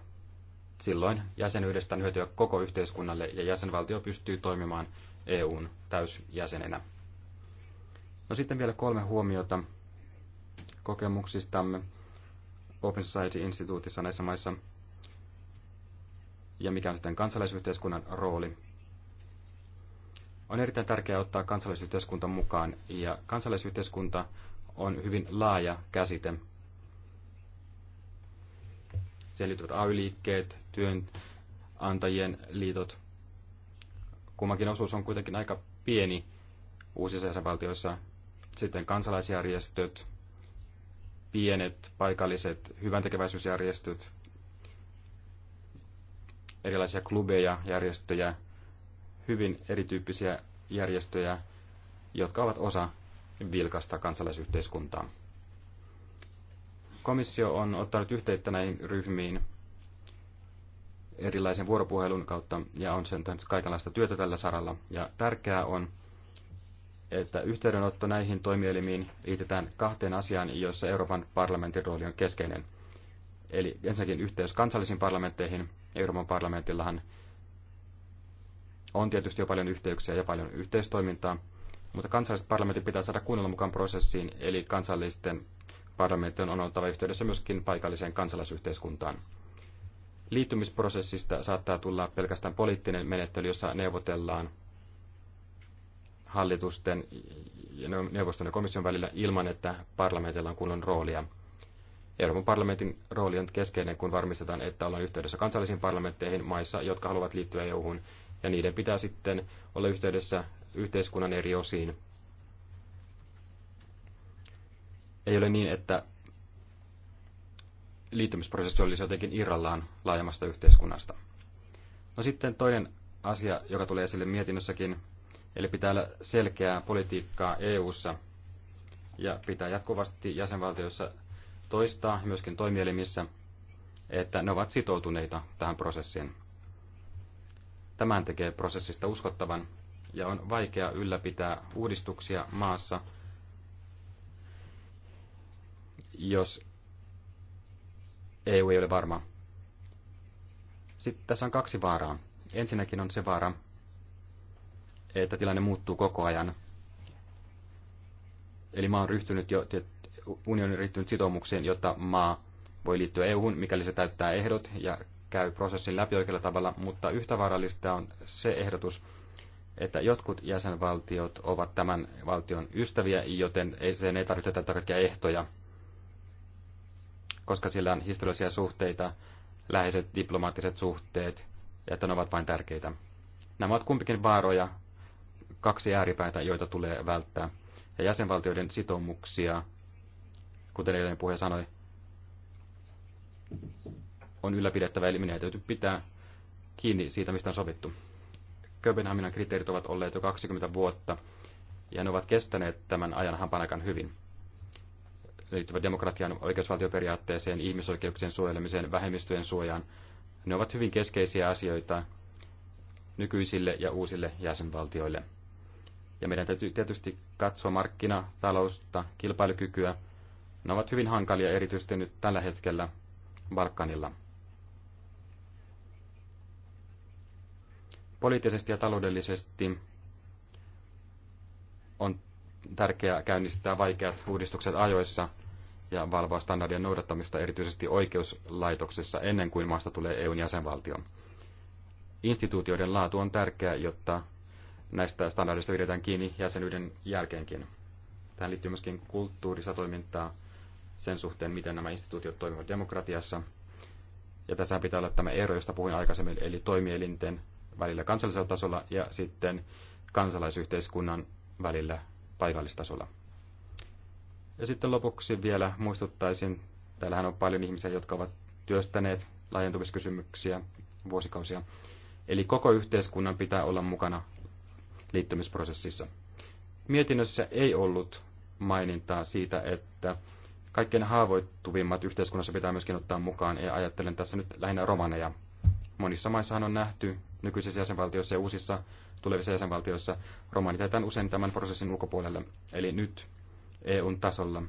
silloin jäsenyydestä on hyötyä koko yhteiskunnalle ja jäsenvaltio pystyy toimimaan EUn täysjäsenenä. No sitten vielä kolme huomiota kokemuksistamme Open Society-instituutissa näissä maissa ja mikä on sitten kansalaisyhteiskunnan rooli. On erittäin tärkeää ottaa kansalaisyhteiskunta mukaan ja kansalaisyhteiskunta on hyvin laaja käsite – Siihen liittyvät AY-liikkeet, työnantajien liitot. Kummankin osuus on kuitenkin aika pieni uusissa jäsenvaltioissa. Sitten kansalaisjärjestöt, pienet paikalliset hyväntekeväisyysjärjestöt, erilaisia klubeja, järjestöjä, hyvin erityyppisiä järjestöjä, jotka ovat osa vilkasta kansalaisyhteiskuntaa. Komissio on ottanut yhteyttä näihin ryhmiin erilaisen vuoropuhelun kautta ja on sen tehnyt kaikenlaista työtä tällä saralla. Ja tärkeää on, että yhteydenotto näihin toimielimiin liitetään kahteen asiaan, joissa Euroopan parlamentin rooli on keskeinen. Eli ensinnäkin yhteys kansallisiin parlamentteihin. Euroopan parlamentillahan on tietysti jo paljon yhteyksiä ja paljon yhteistoimintaa, mutta kansalliset parlamentit pitää saada kuunnella mukaan prosessiin, eli kansallisten parlamentin on oltava yhteydessä myöskin paikalliseen kansalaisyhteiskuntaan. Liittymisprosessista saattaa tulla pelkästään poliittinen menettely, jossa neuvotellaan hallitusten, neuvoston ja komission välillä ilman, että parlamentilla on kunnon roolia. Euroopan parlamentin rooli on keskeinen, kun varmistetaan, että ollaan yhteydessä kansallisiin parlamentteihin maissa, jotka haluavat liittyä EU-hun, ja niiden pitää sitten olla yhteydessä yhteiskunnan eri osiin, ei ole niin, että liittymisprosessi olisi jotenkin irrallaan laajemmasta yhteiskunnasta. No sitten toinen asia, joka tulee esille mietinnössäkin, eli pitää olla selkeää politiikkaa EU:ssa ja pitää jatkuvasti jäsenvaltioissa toistaa myöskin toimielimissä, että ne ovat sitoutuneita tähän prosessiin. Tämän tekee prosessista uskottavan ja on vaikea ylläpitää uudistuksia maassa, jos EU ei ole varma. Sitten tässä on kaksi vaaraa. Ensinnäkin on se vaara, että tilanne muuttuu koko ajan. Eli maa on ryhtynyt jo, unioni on ryhtynyt sitoumuksiin, jotta maa voi liittyä EU-hun, mikäli se täyttää ehdot ja käy prosessin läpi oikealla tavalla, mutta yhtä vaarallista on se ehdotus, että jotkut jäsenvaltiot ovat tämän valtion ystäviä, joten sen ei tarvitse tätä kaikkia ehtoja koska sillä on historiallisia suhteita, läheiset diplomaattiset suhteet ja että ne ovat vain tärkeitä. Nämä ovat kumpikin vaaroja, kaksi ääripäätä, joita tulee välttää. Ja jäsenvaltioiden sitoumuksia, kuten edellinen puhe sanoi, on ylläpidettävä, eli minä täytyy pitää kiinni siitä, mistä on sovittu. Kööpenhaminan kriteerit ovat olleet jo 20 vuotta, ja ne ovat kestäneet tämän ajan hampanakan hyvin liittyvät demokratian oikeusvaltioperiaatteeseen, ihmisoikeuksien suojelemiseen, vähemmistöjen suojaan. Ne ovat hyvin keskeisiä asioita nykyisille ja uusille jäsenvaltioille. Ja meidän täytyy tietysti katsoa markkinataloutta, kilpailukykyä. Ne ovat hyvin hankalia erityisesti nyt tällä hetkellä Balkanilla. Poliittisesti ja taloudellisesti on tärkeää käynnistää vaikeat uudistukset ajoissa, ja valvoa standardien noudattamista erityisesti oikeuslaitoksessa ennen kuin maasta tulee EUn jäsenvaltio. Instituutioiden laatu on tärkeä, jotta näistä standardeista pidetään kiinni jäsenyyden jälkeenkin. Tähän liittyy myöskin kulttuurista toimintaa sen suhteen, miten nämä instituutiot toimivat demokratiassa. Ja tässä pitää olla tämä ero, josta puhuin aikaisemmin, eli toimielinten välillä kansallisella tasolla ja sitten kansalaisyhteiskunnan välillä paikallistasolla. Ja sitten lopuksi vielä muistuttaisin, täällähän on paljon ihmisiä, jotka ovat työstäneet laajentumiskysymyksiä vuosikausia. Eli koko yhteiskunnan pitää olla mukana liittymisprosessissa. Mietinnössä ei ollut mainintaa siitä, että kaikkein haavoittuvimmat yhteiskunnassa pitää myöskin ottaa mukaan, ja ajattelen tässä nyt lähinnä romaneja. Monissa maissahan on nähty nykyisissä jäsenvaltioissa ja uusissa tulevissa jäsenvaltioissa romanit jätetään usein tämän prosessin ulkopuolelle. Eli nyt EUn tasolla.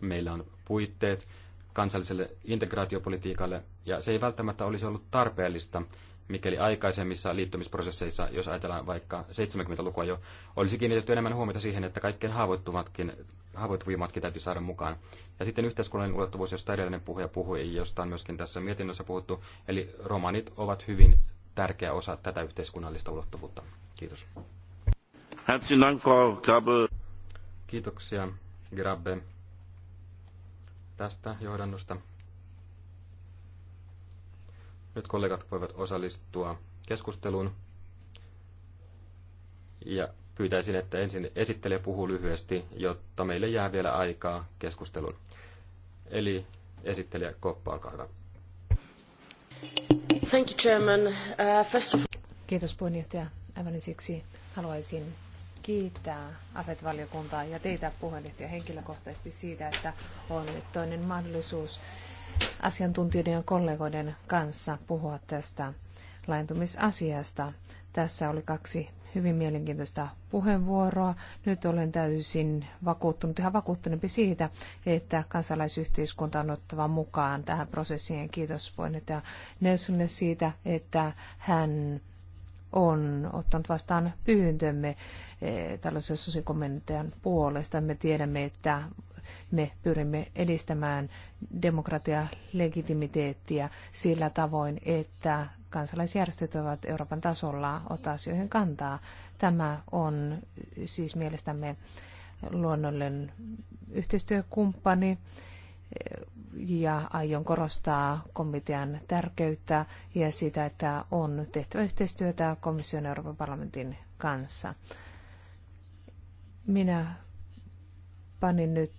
Meillä on puitteet kansalliselle integraatiopolitiikalle, ja se ei välttämättä olisi ollut tarpeellista, mikäli aikaisemmissa liittymisprosesseissa, jos ajatellaan vaikka 70-lukua jo, olisi kiinnitetty enemmän huomiota siihen, että kaikkein haavoittuvimmatkin täytyy saada mukaan. Ja sitten yhteiskunnallinen ulottuvuus, josta edellinen puhuja puhui, josta on myöskin tässä mietinnössä puhuttu, eli romanit ovat hyvin tärkeä osa tätä yhteiskunnallista ulottuvuutta. Kiitos. Herzlichen Dank, Frau Kiitoksia, Grabbe, tästä johdannosta. Nyt kollegat voivat osallistua keskusteluun. Ja pyytäisin, että ensin esittelijä puhuu lyhyesti, jotta meille jää vielä aikaa keskusteluun. Eli esittelijä Koppa, olkaa hyvä. Thank you, Chairman. Uh, first of... Kiitos puheenjohtaja. Aivan siksi haluaisin kiittää AFET-valiokuntaa ja teitä puheenjohtaja henkilökohtaisesti siitä, että on nyt toinen mahdollisuus asiantuntijoiden ja kollegoiden kanssa puhua tästä laajentumisasiasta. Tässä oli kaksi hyvin mielenkiintoista puheenvuoroa. Nyt olen täysin vakuuttunut, ihan vakuuttuneempi siitä, että kansalaisyhteiskunta on ottava mukaan tähän prosessiin. Kiitos puheenjohtaja Nelsonille siitä, että hän on ottanut vastaan pyyntömme eh, tällaisen susikomentajan puolesta. Me tiedämme, että me pyrimme edistämään demokratia legitimiteettiä sillä tavoin, että kansalaisjärjestöt ovat Euroopan tasolla ottaa asioihin kantaa. Tämä on siis mielestämme luonnollinen yhteistyökumppani ja aion korostaa komitean tärkeyttä ja sitä, että on tehtävä yhteistyötä komission ja Euroopan parlamentin kanssa. Minä panin nyt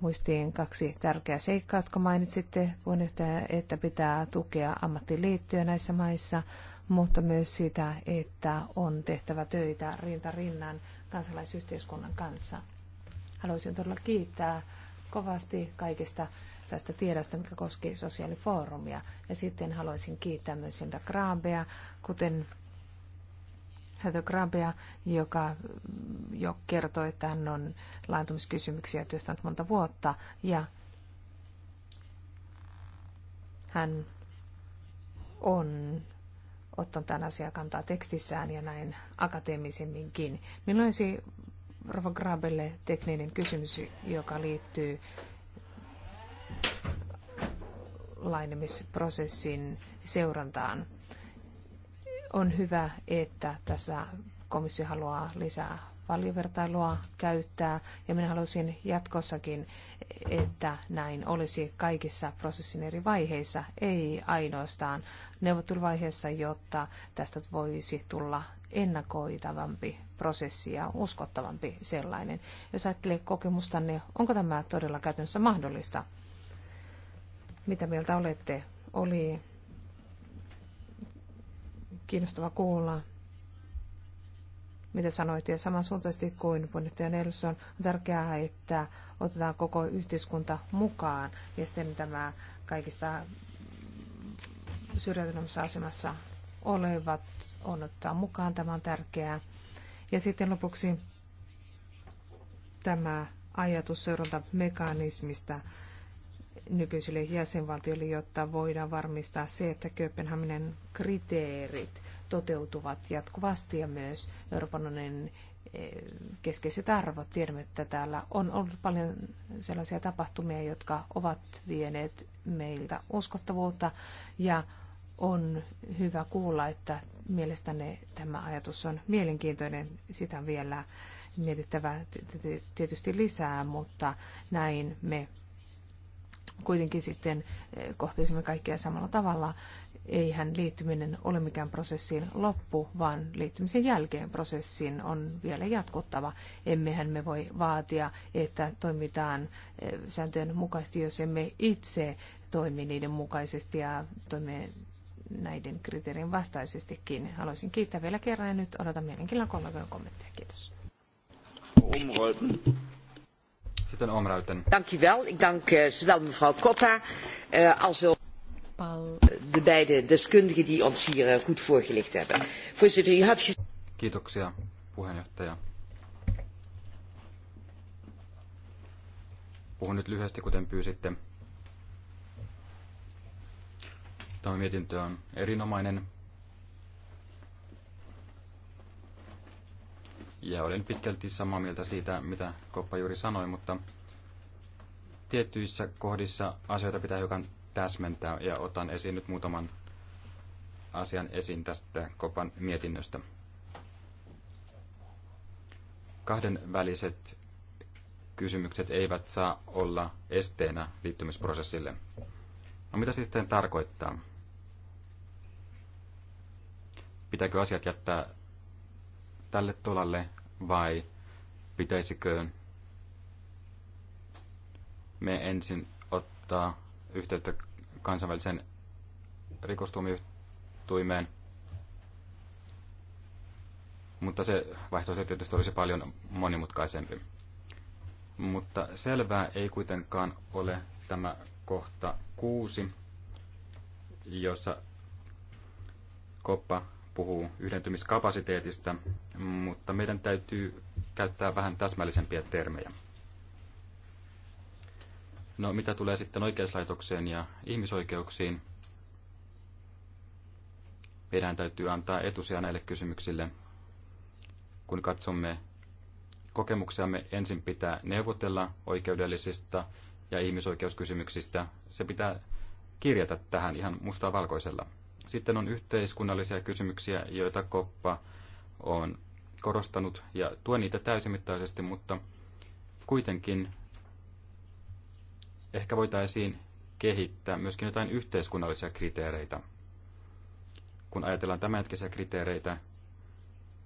muistiin kaksi tärkeää seikkaa, jotka mainitsitte, puheenjohtaja, että pitää tukea ammattiliittyjä näissä maissa, mutta myös sitä, että on tehtävä töitä rinta rinnan kansalaisyhteiskunnan kanssa. Haluaisin todella kiittää kovasti kaikista tästä tiedosta, mikä koski sosiaalifoorumia. Ja sitten haluaisin kiittää myös Hilda Graabea, kuten Heather Graabea, joka jo kertoi, että hän on laantumiskysymyksiä työstänyt monta vuotta. Ja hän on ottanut tämän asian kantaa tekstissään ja näin akateemisemminkin. Minulla olisi Rova Grabelle tekninen kysymys, joka liittyy lainemisprosessin seurantaan. On hyvä, että tässä komissio haluaa lisää vertailua käyttää ja minä haluaisin jatkossakin, että näin olisi kaikissa prosessin eri vaiheissa, ei ainoastaan neuvotteluvaiheessa, jotta tästä voisi tulla ennakoitavampi prosessi ja uskottavampi sellainen. Jos ajattelee kokemustanne, onko tämä todella käytännössä mahdollista? Mitä mieltä olette? Oli kiinnostava kuulla mitä sanoit, ja samansuuntaisesti kuin puheenjohtaja Nelson, on tärkeää, että otetaan koko yhteiskunta mukaan, ja sitten tämä kaikista syrjäytyneessä asemassa olevat on otetaan mukaan, tämä on tärkeää. Ja sitten lopuksi tämä ajatus seurantamekanismista nykyisille jäsenvaltioille, jotta voidaan varmistaa se, että Kööpenhaminen kriteerit toteutuvat jatkuvasti ja myös Euroopan unionin eh, keskeiset arvot. Tiedämme, että täällä on ollut paljon sellaisia tapahtumia, jotka ovat vieneet meiltä uskottavuutta ja on hyvä kuulla, että mielestäni tämä ajatus on mielenkiintoinen. Sitä on vielä mietittävä tietysti lisää, mutta näin me kuitenkin sitten eh, kohtaisimme kaikkia samalla tavalla. Eihän liittyminen ole mikään prosessin loppu, vaan liittymisen jälkeen prosessin on vielä jatkuttava. Emmehän me voi vaatia, että toimitaan eh, sääntöjen mukaisesti, jos emme itse toimi niiden mukaisesti ja toimi näiden kriteerien vastaisestikin. Haluaisin kiittää vielä kerran ja nyt odotan mielenkiinnolla kollegojen kommentteja. Kiitos. Sitten Ik dank eh, zowel mevrouw Koppa eh, als de beide deskundigen die ons hier eh, goed voorgelicht hebben. Voorzitter, u had Kiitoksia, puheenjohtaja. Puhun nyt lyhyesti, kuten pyysitte. Tämä mietintö on erinomainen. Ja olen pitkälti samaa mieltä siitä, mitä Koppa juuri sanoi, mutta tiettyissä kohdissa asioita pitää hiukan täsmentää ja otan esiin nyt muutaman asian esiin tästä Kopan mietinnöstä. Kahden väliset kysymykset eivät saa olla esteenä liittymisprosessille. No mitä sitten tarkoittaa? Pitääkö asiat jättää tälle tolalle vai pitäisikö me ensin ottaa yhteyttä kansainväliseen rikostuomioistuimeen. Mutta se vaihtoehto tietysti olisi paljon monimutkaisempi. Mutta selvää ei kuitenkaan ole tämä kohta kuusi, jossa koppa puhuu yhdentymiskapasiteetista, mutta meidän täytyy käyttää vähän täsmällisempiä termejä. No mitä tulee sitten oikeuslaitokseen ja ihmisoikeuksiin? Meidän täytyy antaa etusia näille kysymyksille. Kun katsomme kokemuksiamme, ensin pitää neuvotella oikeudellisista ja ihmisoikeuskysymyksistä. Se pitää kirjata tähän ihan mustaa valkoisella. Sitten on yhteiskunnallisia kysymyksiä, joita koppa on korostanut ja tuen niitä täysimittaisesti, mutta kuitenkin ehkä voitaisiin kehittää myöskin jotain yhteiskunnallisia kriteereitä. Kun ajatellaan tämänhetkisiä kriteereitä,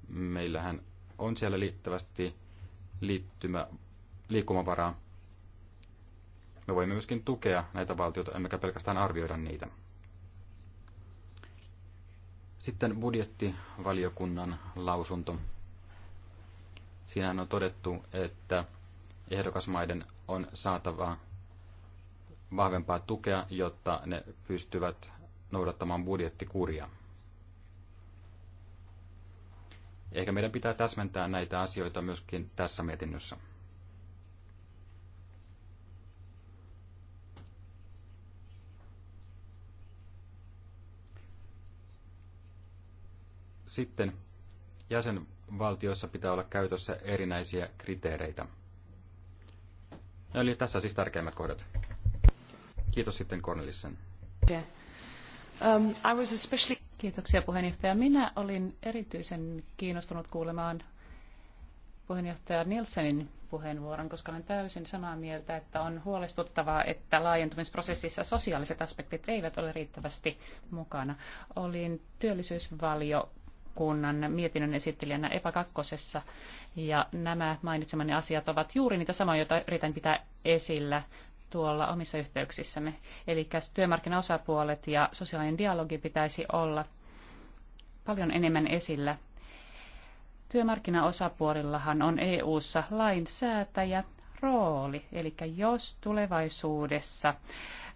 meillähän on siellä liittävästi liittymä, liikkumavaraa. Me voimme myöskin tukea näitä valtioita, emmekä pelkästään arvioida niitä. Sitten budjettivaliokunnan lausunto. Siinähän on todettu, että ehdokasmaiden on saatava vahvempaa tukea, jotta ne pystyvät noudattamaan budjettikuria. Ehkä meidän pitää täsmentää näitä asioita myöskin tässä mietinnössä. Sitten jäsenvaltioissa pitää olla käytössä erinäisiä kriteereitä. Eli tässä siis tärkeimmät kohdat. Kiitos sitten Cornelissen. Um, Kiitoksia puheenjohtaja. Minä olin erityisen kiinnostunut kuulemaan puheenjohtaja Nielsenin puheenvuoron, koska olen täysin samaa mieltä, että on huolestuttavaa, että laajentumisprosessissa sosiaaliset aspektit eivät ole riittävästi mukana. Olin työllisyysvalio valiokunnan mietinnön esittelijänä epäkakkosessa. Ja nämä mainitsemani asiat ovat juuri niitä samoja, joita yritän pitää esillä tuolla omissa yhteyksissämme. Eli työmarkkinaosapuolet ja sosiaalinen dialogi pitäisi olla paljon enemmän esillä. Työmarkkinaosapuolillahan on EU-ssa lainsäätäjä rooli, eli jos tulevaisuudessa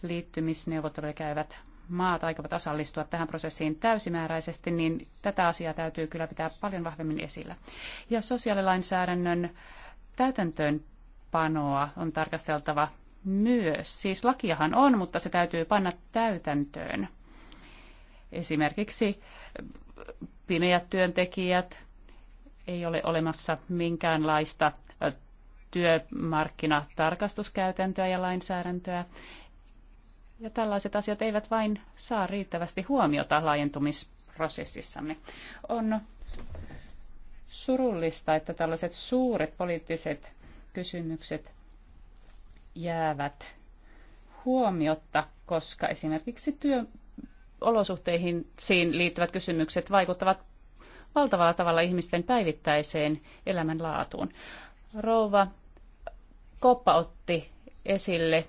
liittymisneuvotteluja käyvät maat aikovat osallistua tähän prosessiin täysimääräisesti, niin tätä asiaa täytyy kyllä pitää paljon vahvemmin esillä. Ja sosiaalilainsäädännön täytäntöönpanoa on tarkasteltava myös. Siis lakiahan on, mutta se täytyy panna täytäntöön. Esimerkiksi pimeät työntekijät, ei ole olemassa minkäänlaista työmarkkinatarkastuskäytäntöä ja lainsäädäntöä. Ja tällaiset asiat eivät vain saa riittävästi huomiota laajentumisprosessissamme. On surullista, että tällaiset suuret poliittiset kysymykset jäävät huomiotta, koska esimerkiksi työolosuhteihin liittyvät kysymykset vaikuttavat valtavalla tavalla ihmisten päivittäiseen elämänlaatuun. Rouva Koppa otti esille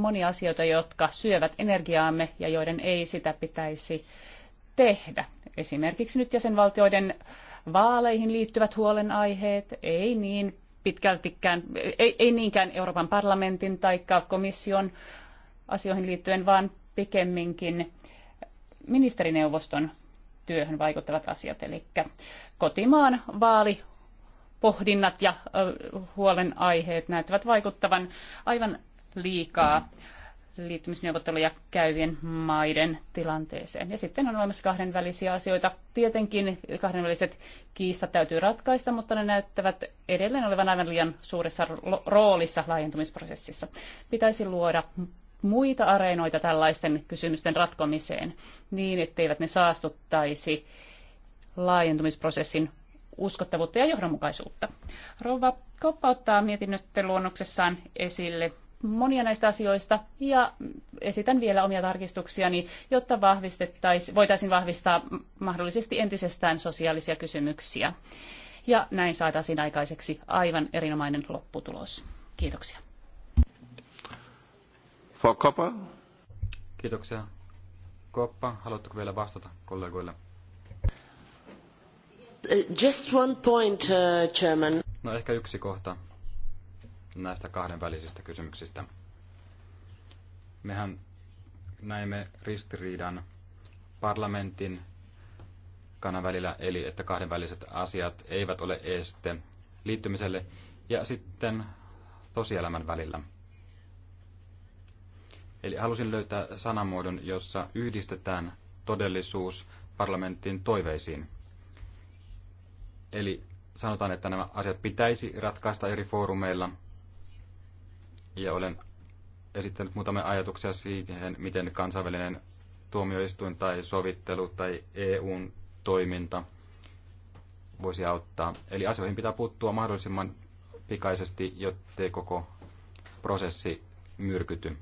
monia asioita, jotka syövät energiaamme ja joiden ei sitä pitäisi tehdä. Esimerkiksi nyt jäsenvaltioiden vaaleihin liittyvät huolenaiheet, ei niin pitkältikään, ei, ei niinkään Euroopan parlamentin tai komission asioihin liittyen, vaan pikemminkin ministerineuvoston työhön vaikuttavat asiat, eli kotimaan vaali pohdinnat ja huolenaiheet näyttävät vaikuttavan aivan liikaa liittymisneuvotteluja käyvien maiden tilanteeseen. Ja sitten on olemassa kahdenvälisiä asioita. Tietenkin kahdenväliset kiistat täytyy ratkaista, mutta ne näyttävät edelleen olevan aivan liian suuressa roolissa laajentumisprosessissa. Pitäisi luoda muita areenoita tällaisten kysymysten ratkomiseen niin, etteivät ne saastuttaisi laajentumisprosessin uskottavuutta ja johdonmukaisuutta. Rouva Koppa ottaa mietinnöstä luonnoksessaan esille monia näistä asioista ja esitän vielä omia tarkistuksiani, jotta voitaisiin vahvistaa mahdollisesti entisestään sosiaalisia kysymyksiä. Ja näin saataisiin aikaiseksi aivan erinomainen lopputulos. Kiitoksia. For Koppa. Kiitoksia. Koppa, haluatteko vielä vastata kollegoille? Uh, just one point, uh, Chairman. No ehkä yksi kohta näistä kahdenvälisistä kysymyksistä. Mehän näimme ristiriidan parlamentin kannan välillä, eli että kahdenväliset asiat eivät ole este liittymiselle, ja sitten tosielämän välillä. Eli halusin löytää sanamuodon, jossa yhdistetään todellisuus parlamentin toiveisiin. Eli sanotaan, että nämä asiat pitäisi ratkaista eri foorumeilla – ja olen esittänyt muutamia ajatuksia siihen, miten kansainvälinen tuomioistuin tai sovittelu tai EUn toiminta voisi auttaa. Eli asioihin pitää puuttua mahdollisimman pikaisesti, jottei koko prosessi myrkyty.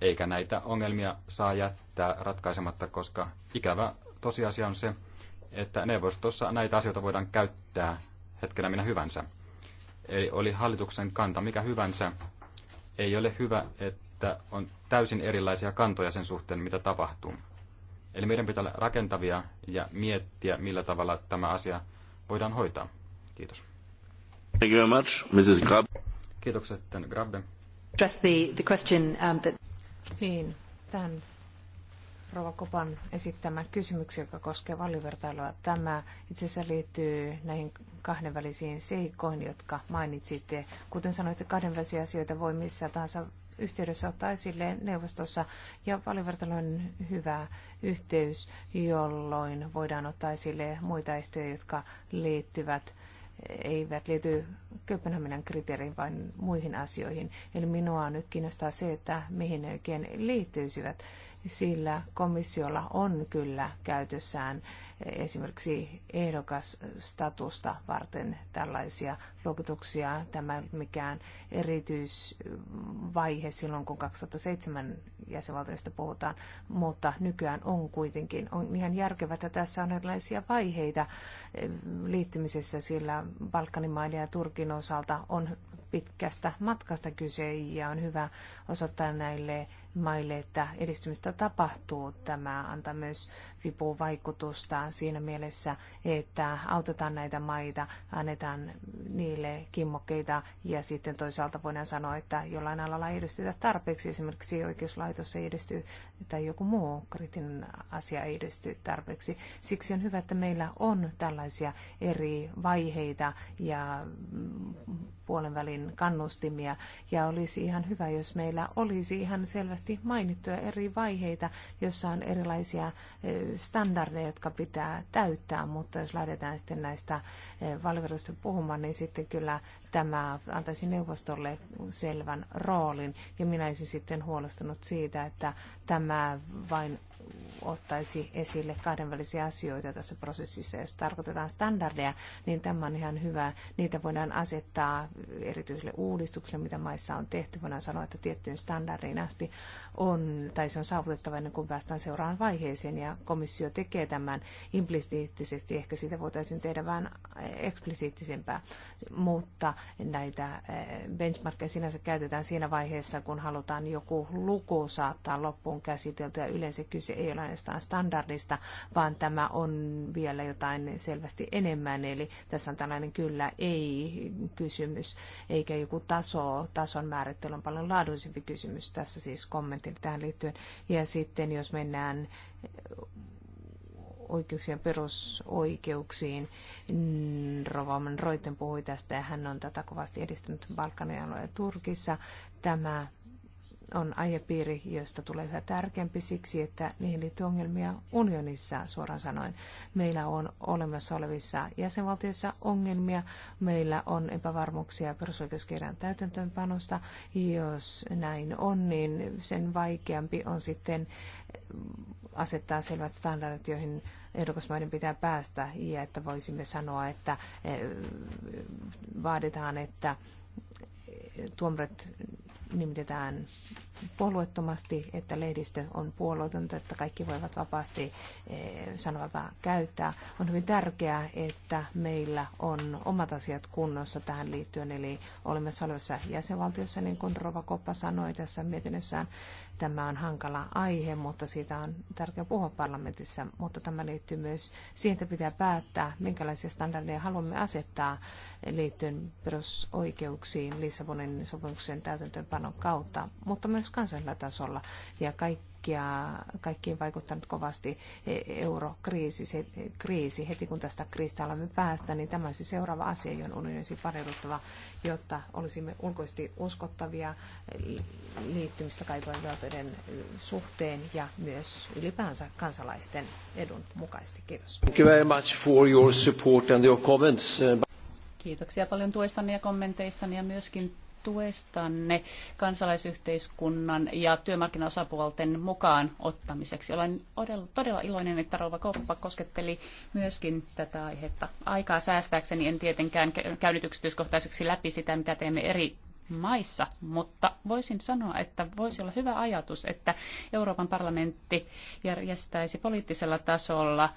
Eikä näitä ongelmia saa jättää ratkaisematta, koska ikävä tosiasia on se, että neuvostossa näitä asioita voidaan käyttää hetkenä minä hyvänsä. Eli oli hallituksen kanta mikä hyvänsä. Ei ole hyvä, että on täysin erilaisia kantoja sen suhteen, mitä tapahtuu. Eli meidän pitää olla rakentavia ja miettiä, millä tavalla tämä asia voidaan hoitaa. Kiitos. Thank you very much, Mrs. Grab. Kiitoksia sitten Grabbe. Address the, the question, um, that... Niin, Rova Kopan esittämä kysymys, joka koskee vallivertailua. Tämä itse asiassa liittyy näihin kahdenvälisiin seikkoihin, jotka mainitsitte. Kuten sanoitte, kahdenvälisiä asioita voi missä tahansa yhteydessä ottaa esille neuvostossa ja on hyvä yhteys, jolloin voidaan ottaa esille muita ehtoja, jotka liittyvät eivät liity Kööpenhaminan kriteeriin, vaan muihin asioihin. Eli minua nyt kiinnostaa se, että mihin ne oikein liittyisivät sillä komissiolla on kyllä käytössään esimerkiksi ehdokasstatusta varten tällaisia luokituksia. Tämä ei mikään erityisvaihe silloin, kun 2007 jäsenvaltioista puhutaan, mutta nykyään on kuitenkin on ihan järkevää, että tässä on erilaisia vaiheita liittymisessä, sillä Balkanimaiden ja Turkin osalta on pitkästä matkasta kyse ja on hyvä osoittaa näille maille, että edistymistä tapahtuu. Tämä antaa myös vipuvaikutusta siinä mielessä, että autetaan näitä maita, annetaan niille kimmokkeita ja sitten toisaalta voidaan sanoa, että jollain alalla ei edistytä tarpeeksi, esimerkiksi oikeuslaitos ei edisty tai joku muu kritinen asia ei edisty tarpeeksi. Siksi on hyvä, että meillä on tällaisia eri vaiheita ja puolenvälin kannustimia ja olisi ihan hyvä, jos meillä olisi ihan selvästi selkeästi mainittuja eri vaiheita, joissa on erilaisia standardeja, jotka pitää täyttää, mutta jos lähdetään sitten näistä valverusten puhumaan, niin sitten kyllä tämä antaisi neuvostolle selvän roolin. Ja minä olisin sitten huolestunut siitä, että tämä vain ottaisi esille kahdenvälisiä asioita tässä prosessissa. Jos tarkoitetaan standardeja, niin tämä on ihan hyvä. Niitä voidaan asettaa erityisille uudistuksille, mitä maissa on tehty. Voidaan sanoa, että tiettyyn standardiin asti on, tai se on saavutettava ennen kuin päästään seuraavaan vaiheeseen, ja komissio tekee tämän implisiittisesti. Ehkä siitä voitaisiin tehdä vähän eksplisiittisempää, mutta näitä eh, benchmarkkeja sinänsä käytetään siinä vaiheessa, kun halutaan joku luku saattaa loppuun käsiteltyä. yleensä kyse ei ole ainoastaan standardista, vaan tämä on vielä jotain selvästi enemmän. Eli tässä on tällainen kyllä ei kysymys, eikä joku taso, tason määrittely on paljon laadullisempi kysymys. Tässä siis kommentin tähän liittyen. Ja sitten jos mennään oikeuksien perusoikeuksiin. Rovaman Roiten puhui tästä ja hän on tätä kovasti edistänyt Balkanin alueella Turkissa. Tämä on aihepiiri, josta tulee yhä tärkeämpi siksi, että niihin liittyy ongelmia unionissa suoraan sanoen. Meillä on olemassa olevissa jäsenvaltioissa ongelmia, meillä on epävarmuuksia perusoikeuskirjan täytäntöönpanosta. Jos näin on, niin sen vaikeampi on sitten asettaa selvät standardit, joihin ehdokasmaiden pitää päästä, ja että voisimme sanoa, että eh, vaaditaan, että tuomarit nimitetään puolueettomasti, että lehdistö on puolueetonta, että kaikki voivat vapaasti eh, sanavapaa käyttää. On hyvin tärkeää, että meillä on omat asiat kunnossa tähän liittyen, eli olemme salvessa jäsenvaltiossa, niin kuin Rova Koppa sanoi tässä mietinnössään, Tämä on hankala aihe, mutta siitä on tärkeää puhua parlamentissa. Mutta tämä liittyy myös siihen, että pitää päättää, minkälaisia standardeja haluamme asettaa liittyen perusoikeuksiin Lissabonin sopimuksen täytäntöönpanon kautta, mutta myös kansallisella tasolla. Ja kaikki kaikkia, kaikkiin vaikuttanut kovasti e, eurokriisi, se e, kriisi. Heti kun tästä kriisistä alamme päästä, niin tämä on se seuraava asia, johon unionisi paneuduttava, jotta olisimme ulkoisesti uskottavia e, liittymistä kaikkojen valtioiden suhteen ja myös ylipäänsä kansalaisten edun mukaisesti. Kiitos. Thank you very much for your support and your comments. Kiitoksia paljon tuestanne ja kommenteistanne ja myöskin tuestanne kansalaisyhteiskunnan ja työmarkkinaosapuolten mukaan ottamiseksi. Olen todella iloinen, että Rouva Koppa kosketteli myöskin tätä aihetta. Aikaa säästääkseni en tietenkään käynyt yksityiskohtaiseksi läpi sitä, mitä teemme eri maissa, mutta voisin sanoa, että voisi olla hyvä ajatus, että Euroopan parlamentti järjestäisi poliittisella tasolla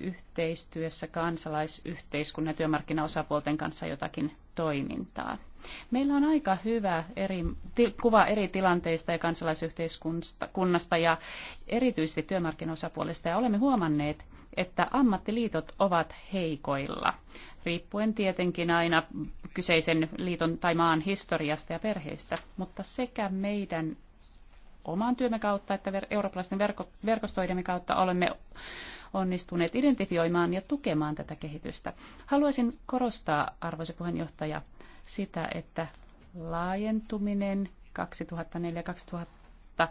yhteistyössä kansalaisyhteiskunnan ja työmarkkinaosapuolten kanssa jotakin toimintaa. Meillä on aika hyvä eri, ti, kuva eri tilanteista ja kansalaisyhteiskunnasta ja erityisesti työmarkkinaosapuolista ja olemme huomanneet, että ammattiliitot ovat heikoilla, riippuen tietenkin aina kyseisen liiton tai maan historiasta ja perheistä, mutta sekä meidän oman työmme kautta että eurooppalaisten verkostoidemme kautta olemme onnistuneet identifioimaan ja tukemaan tätä kehitystä. Haluaisin korostaa, arvoisa puheenjohtaja, sitä, että laajentuminen 2004-2007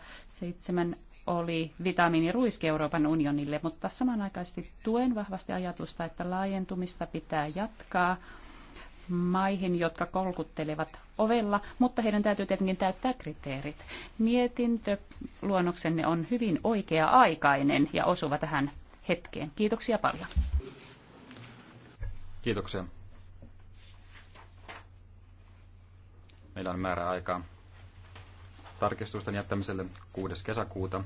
oli vitamiiniruiske Euroopan unionille, mutta samanaikaisesti tuen vahvasti ajatusta, että laajentumista pitää jatkaa maihin, jotka kolkuttelevat ovella, mutta heidän täytyy tietenkin täyttää kriteerit. Mietintö luonnoksenne on hyvin oikea-aikainen ja osuva tähän hetkeen. Kiitoksia paljon. Kiitoksia. Meillä on määrä aikaa tarkistusten jättämiselle 6. kesäkuuta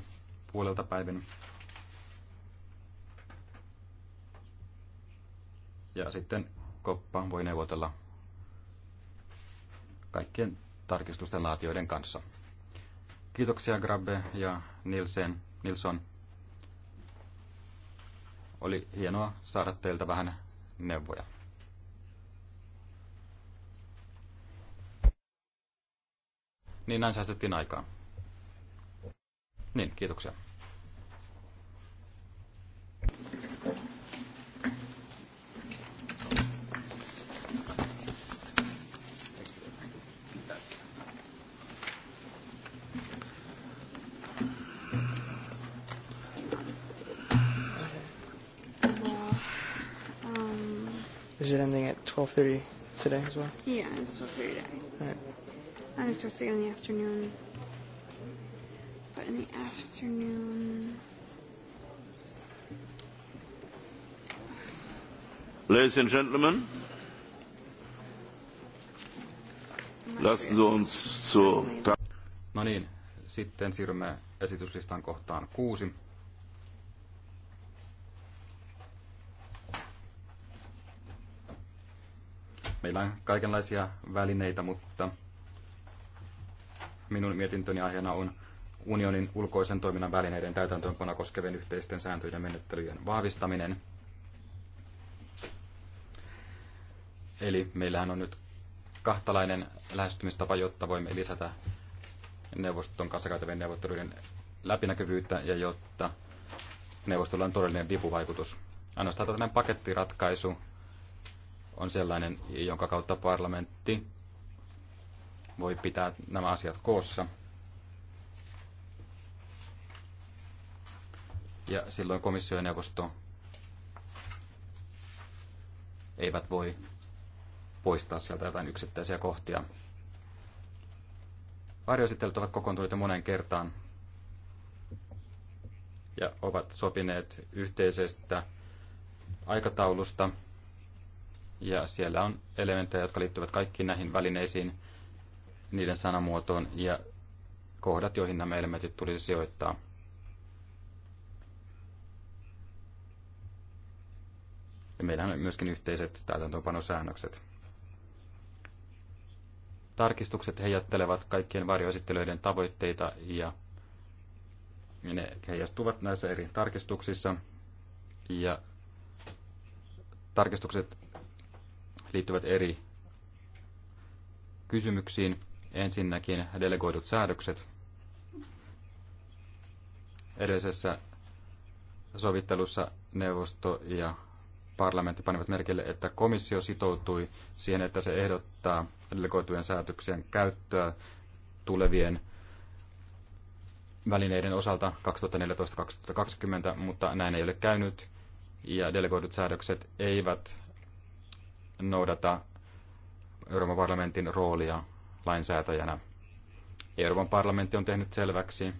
puolelta päivin. Ja sitten koppa voi neuvotella kaikkien tarkistusten laatijoiden kanssa. Kiitoksia Grabbe ja Nilsen, Nilsson. Oli hienoa saada teiltä vähän neuvoja. Niin näin säästettiin aikaa. Niin, kiitoksia. Is it ending at 12.30 today as well? Yeah, it's 12.30 today. All right. And it starts again in the afternoon. But in the afternoon... Ladies and Gentlemen, No niin, sitten siirrymme esityslistan kohtaan kuusi. Meillä on kaikenlaisia välineitä, mutta minun mietintöni aiheena on unionin ulkoisen toiminnan välineiden täytäntöönpanoa koskevien yhteisten sääntöjen ja menettelyjen vahvistaminen. Eli meillähän on nyt kahtalainen lähestymistapa, jotta voimme lisätä neuvoston kanssa käytävien neuvotteluiden läpinäkyvyyttä ja jotta neuvostolla on todellinen vipuvaikutus. Ainoastaan tällainen pakettiratkaisu on sellainen, jonka kautta parlamentti voi pitää nämä asiat koossa. Ja silloin komissio ja neuvosto eivät voi poistaa sieltä jotain yksittäisiä kohtia. Varjoesittelyt ovat kokoontuneet moneen kertaan ja ovat sopineet yhteisestä aikataulusta ja siellä on elementtejä, jotka liittyvät kaikkiin näihin välineisiin, niiden sanamuotoon ja kohdat, joihin nämä elementit tulisi sijoittaa. Ja meillähän on myöskin yhteiset täytäntöönpanosäännökset. Tarkistukset heijattelevat kaikkien varjoesittelyiden tavoitteita ja ne heijastuvat näissä eri tarkistuksissa. Ja tarkistukset liittyvät eri kysymyksiin. Ensinnäkin delegoidut säädökset. Edellisessä sovittelussa neuvosto ja parlamentti panivat merkille, että komissio sitoutui siihen, että se ehdottaa delegoitujen säätöksien käyttöä tulevien välineiden osalta 2014-2020, mutta näin ei ole käynyt, ja delegoidut säädökset eivät noudata Euroopan parlamentin roolia lainsäätäjänä. Euroopan parlamentti on tehnyt selväksi,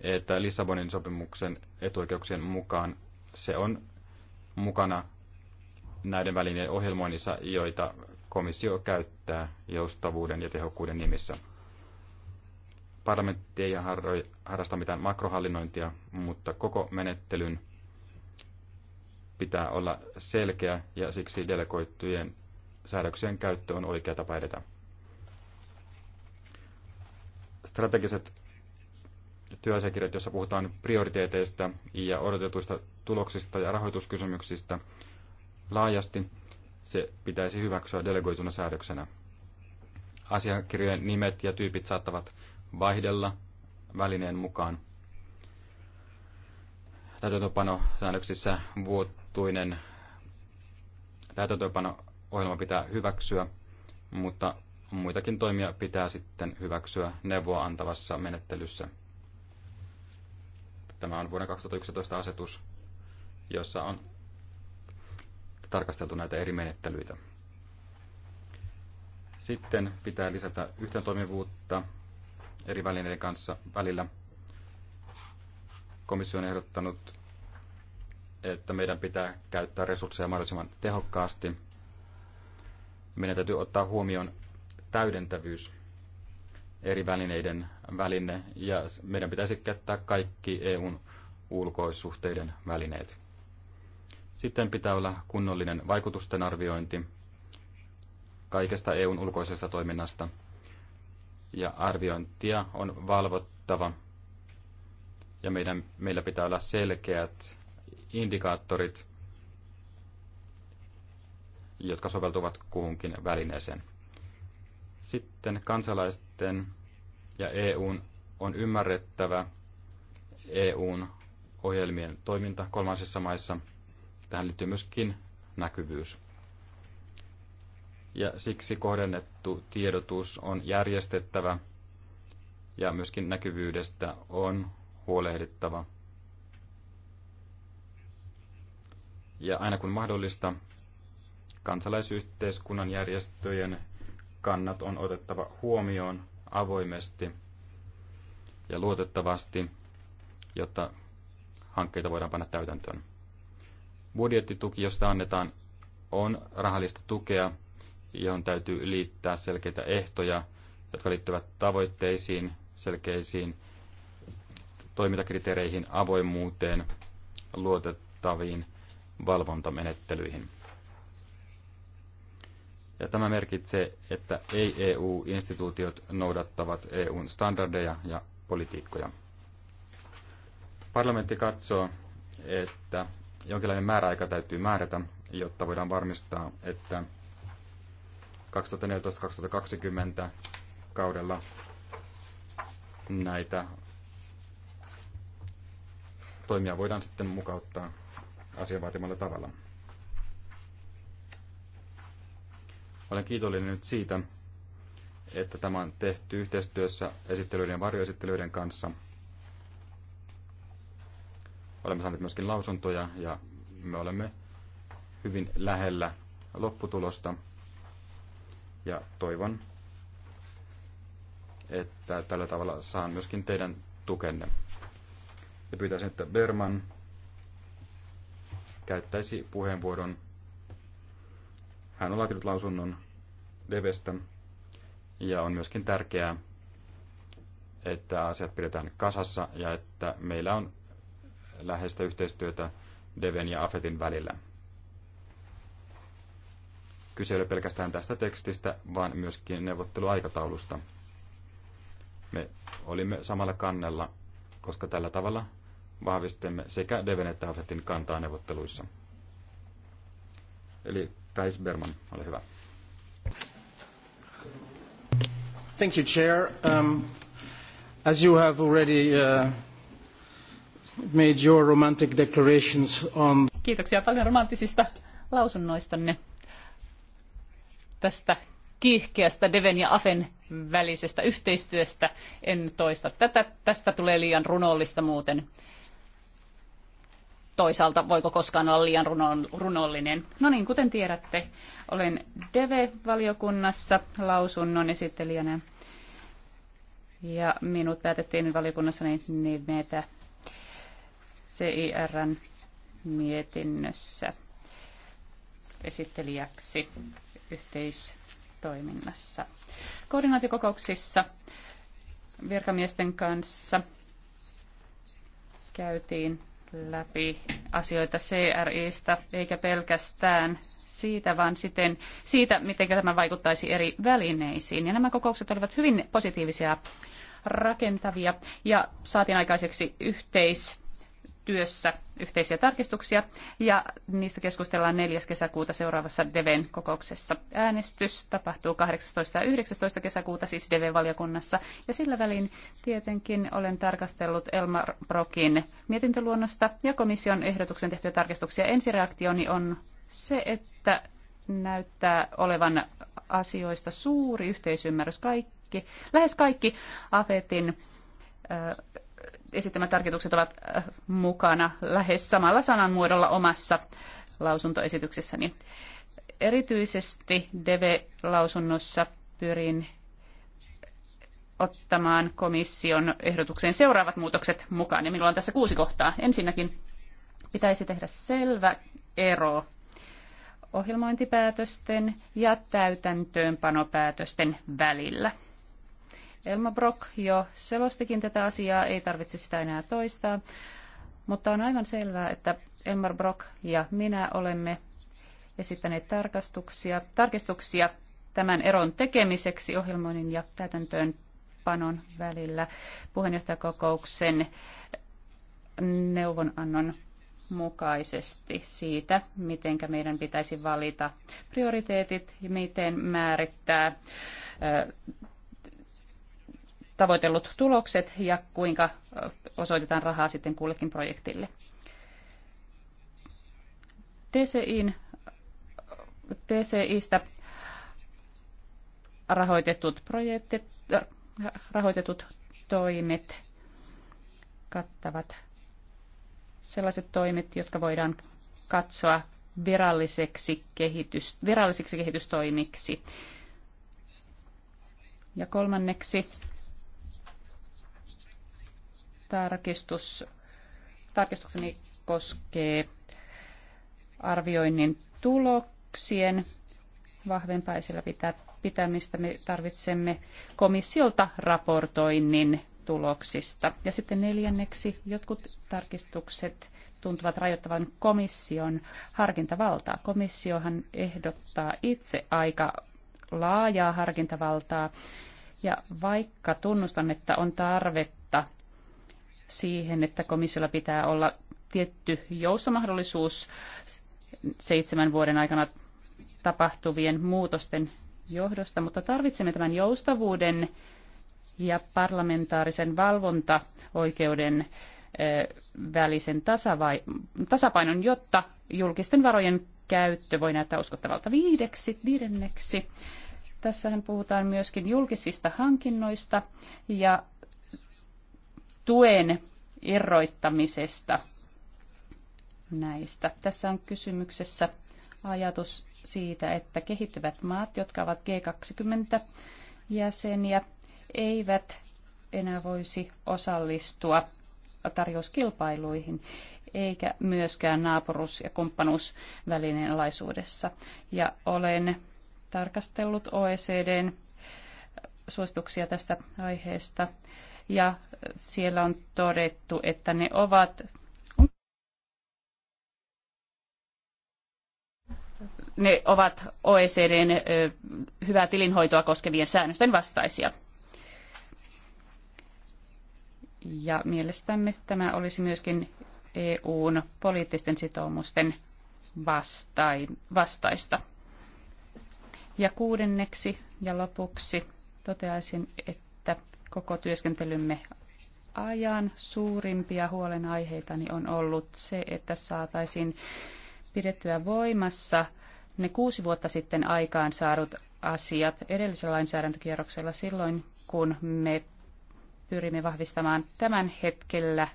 että Lissabonin sopimuksen etuoikeuksien mukaan se on mukana näiden välineiden ohjelmoinnissa, joita komissio käyttää joustavuuden ja tehokkuuden nimissä. Parlamentti ei harrasta mitään makrohallinnointia, mutta koko menettelyn pitää olla selkeä ja siksi delegoittujen säädöksien käyttö on oikea tapa edetä. Strategiset työasiakirjat, joissa puhutaan prioriteeteista ja odotetuista tuloksista ja rahoituskysymyksistä laajasti, se pitäisi hyväksyä delegoituna säädöksenä. Asiakirjojen nimet ja tyypit saattavat vaihdella välineen mukaan. Täytäntöpano säännöksissä vuotta vuotuinen täytäntöönpano-ohjelma pitää hyväksyä, mutta muitakin toimia pitää sitten hyväksyä neuvoa antavassa menettelyssä. Tämä on vuoden 2011 asetus, jossa on tarkasteltu näitä eri menettelyitä. Sitten pitää lisätä toimivuutta eri välineiden kanssa välillä. Komissio on ehdottanut että meidän pitää käyttää resursseja mahdollisimman tehokkaasti. Meidän täytyy ottaa huomioon täydentävyys eri välineiden väline, ja meidän pitäisi käyttää kaikki EUn ulkoissuhteiden välineet. Sitten pitää olla kunnollinen vaikutusten arviointi kaikesta EUn ulkoisesta toiminnasta, ja arviointia on valvottava, ja meidän, meillä pitää olla selkeät indikaattorit, jotka soveltuvat kuhunkin välineeseen. Sitten kansalaisten ja EUn on ymmärrettävä EUn ohjelmien toiminta kolmansissa maissa. Tähän liittyy myöskin näkyvyys. Ja siksi kohdennettu tiedotus on järjestettävä ja myöskin näkyvyydestä on huolehdittava ja aina kun mahdollista, kansalaisyhteiskunnan järjestöjen kannat on otettava huomioon avoimesti ja luotettavasti, jotta hankkeita voidaan panna täytäntöön. Budjettituki, josta annetaan, on rahallista tukea, johon täytyy liittää selkeitä ehtoja, jotka liittyvät tavoitteisiin, selkeisiin toimintakriteereihin, avoimuuteen, luotettaviin valvontamenettelyihin. Ja tämä merkitsee, että ei-EU-instituutiot noudattavat EUn standardeja ja politiikkoja. Parlamentti katsoo, että jonkinlainen määräaika täytyy määrätä, jotta voidaan varmistaa, että 2014-2020 kaudella näitä toimia voidaan sitten mukauttaa asian vaatimalla tavalla. Olen kiitollinen nyt siitä, että tämä on tehty yhteistyössä esittelyiden ja varjoesittelyiden kanssa. Olemme saaneet myöskin lausuntoja ja me olemme hyvin lähellä lopputulosta. Ja toivon, että tällä tavalla saan myöskin teidän tukenne. Ja pyytäisin, että Berman käyttäisi puheenvuoron. Hän on laatinut lausunnon Devestä ja on myöskin tärkeää, että asiat pidetään kasassa ja että meillä on läheistä yhteistyötä Deven ja Afetin välillä. Kyse ei ole pelkästään tästä tekstistä, vaan myöskin neuvotteluaikataulusta. Me olimme samalla kannella, koska tällä tavalla vahvistemme sekä Deven että Hafetin kantaa neuvotteluissa. Eli Kais Berman, ole hyvä. Thank you, Chair. Um, as you have already uh, made your romantic declarations on... Kiitoksia paljon romanttisista lausunnoistanne tästä kiihkeästä Deven ja Afen välisestä yhteistyöstä. En toista tätä, tästä tulee liian runollista muuten toisaalta voiko koskaan olla liian runollinen. No niin, kuten tiedätte, olen DEVE-valiokunnassa lausunnon esittelijänä. Ja minut päätettiin valiokunnassa nimetä CIRn mietinnössä esittelijäksi yhteistoiminnassa. Koordinaatiokokouksissa virkamiesten kanssa käytiin läpi asioita CRIstä, eikä pelkästään siitä, vaan siten siitä, miten tämä vaikuttaisi eri välineisiin. Ja nämä kokoukset olivat hyvin positiivisia, rakentavia ja saatiin aikaiseksi yhteis työssä yhteisiä tarkistuksia ja niistä keskustellaan 4. kesäkuuta seuraavassa Deven kokouksessa. Äänestys tapahtuu 18. ja 19. kesäkuuta siis Deven valiokunnassa ja sillä välin tietenkin olen tarkastellut Elmar Brokin mietintöluonnosta ja komission ehdotuksen tehtyjä tarkistuksia. Ensireaktioni on se, että näyttää olevan asioista suuri yhteisymmärrys kaikki, lähes kaikki AFETin esittämät tarkoitukset ovat äh, mukana lähes samalla sananmuodolla omassa lausuntoesityksessäni. Erityisesti DEVE-lausunnossa pyrin ottamaan komission ehdotukseen seuraavat muutokset mukaan. Ja minulla on tässä kuusi kohtaa. Ensinnäkin pitäisi tehdä selvä ero ohjelmointipäätösten ja täytäntöönpanopäätösten välillä. Elma Brock jo selostikin tätä asiaa, ei tarvitse sitä enää toistaa, mutta on aivan selvää, että Elmar Brock ja minä olemme esittäneet tarkastuksia, tarkistuksia tämän eron tekemiseksi ohjelmoinnin ja täytäntöönpanon välillä puheenjohtajakokouksen neuvonannon mukaisesti siitä, miten meidän pitäisi valita prioriteetit ja miten määrittää tavoitellut tulokset ja kuinka osoitetaan rahaa sitten kullekin projektille. DCIn, DCIstä rahoitetut projektit, rahoitetut toimet kattavat sellaiset toimet, jotka voidaan katsoa viralliseksi, kehitys, virallisiksi kehitystoimiksi. Ja kolmanneksi tarkistus, tarkistukseni koskee arvioinnin tuloksien vahvempaa esillä pitämistä. Me tarvitsemme komissiolta raportoinnin tuloksista. Ja sitten neljänneksi jotkut tarkistukset tuntuvat rajoittavan komission harkintavaltaa. Komissiohan ehdottaa itse aika laajaa harkintavaltaa. Ja vaikka tunnustan, että on tarvetta siihen, että komissiolla pitää olla tietty joustomahdollisuus seitsemän vuoden aikana tapahtuvien muutosten johdosta, mutta tarvitsemme tämän joustavuuden ja parlamentaarisen valvontaoikeuden välisen tasapainon, jotta julkisten varojen käyttö voi näyttää uskottavalta viideksi, viidenneksi. Tässähän puhutaan myöskin julkisista hankinnoista ja tuen irroittamisesta näistä. Tässä on kysymyksessä ajatus siitä, että kehittyvät maat, jotka ovat G20-jäseniä, eivät enää voisi osallistua tarjouskilpailuihin eikä myöskään naapuruus- ja kumppanuusvälineen laisuudessa. Ja olen tarkastellut OECDn suosituksia tästä aiheesta ja siellä on todettu, että ne ovat ne ovat OECDn hyvää tilinhoitoa koskevien säännösten vastaisia. Ja mielestämme tämä olisi myöskin EUn poliittisten sitoumusten vastaista. Ja kuudenneksi ja lopuksi toteaisin, että koko työskentelymme ajan suurimpia huolenaiheitani on ollut se, että saataisiin pidettyä voimassa ne kuusi vuotta sitten aikaan saadut asiat edellisellä lainsäädäntökierroksella silloin, kun me pyrimme vahvistamaan tämän hetkellä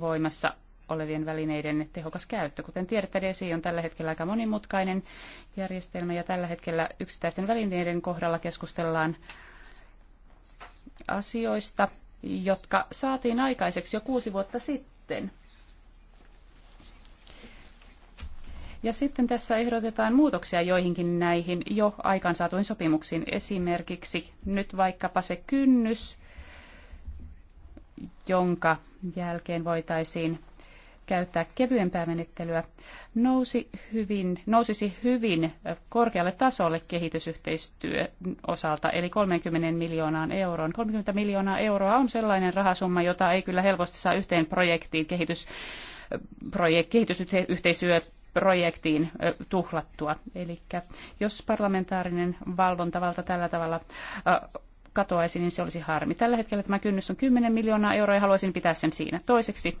voimassa olevien välineiden tehokas käyttö. Kuten tiedätte, DSI on tällä hetkellä aika monimutkainen järjestelmä ja tällä hetkellä yksittäisten välineiden kohdalla keskustellaan asioista, jotka saatiin aikaiseksi jo kuusi vuotta sitten. Ja sitten tässä ehdotetaan muutoksia joihinkin näihin jo aikaansaatuin sopimuksiin. Esimerkiksi nyt vaikkapa se kynnys, jonka jälkeen voitaisiin käyttää kevyempää menettelyä, nousi hyvin, nousisi hyvin korkealle tasolle kehitysyhteistyö osalta, eli 30 miljoonaan euroon. 30 miljoonaa euroa on sellainen rahasumma, jota ei kyllä helposti saa yhteen projektiin, kehitys, projekt, kehitysyhteistyö projektiin tuhlattua. Eli jos parlamentaarinen valvontavalta tällä tavalla katoaisi, niin se olisi harmi. Tällä hetkellä tämä kynnys on 10 miljoonaa euroa ja haluaisin pitää sen siinä. Toiseksi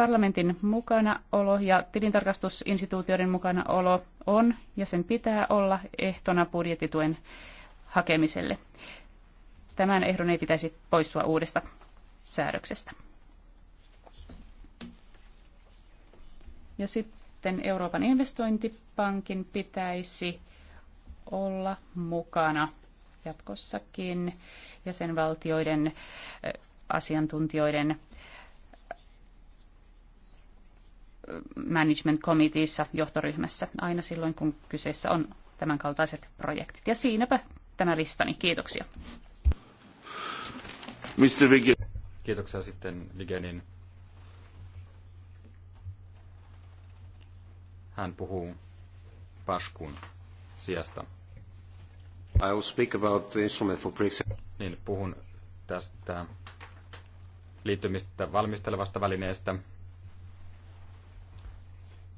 Parlamentin mukanaolo ja tilintarkastusinstituutioiden mukanaolo on ja sen pitää olla ehtona budjettituen hakemiselle. Tämän ehdon ei pitäisi poistua uudesta säädöksestä. Ja sitten Euroopan investointipankin pitäisi olla mukana jatkossakin jäsenvaltioiden asiantuntijoiden management committeessa, johtoryhmässä, aina silloin kun kyseessä on tämänkaltaiset projektit. Ja siinäpä tämä listani. Kiitoksia. Mr. Vigen. Kiitoksia sitten Vigenin. Hän puhuu Paskun sijasta. I will speak about the instrument for Brexit. Niin, puhun tästä liittymistä valmistelevasta välineestä,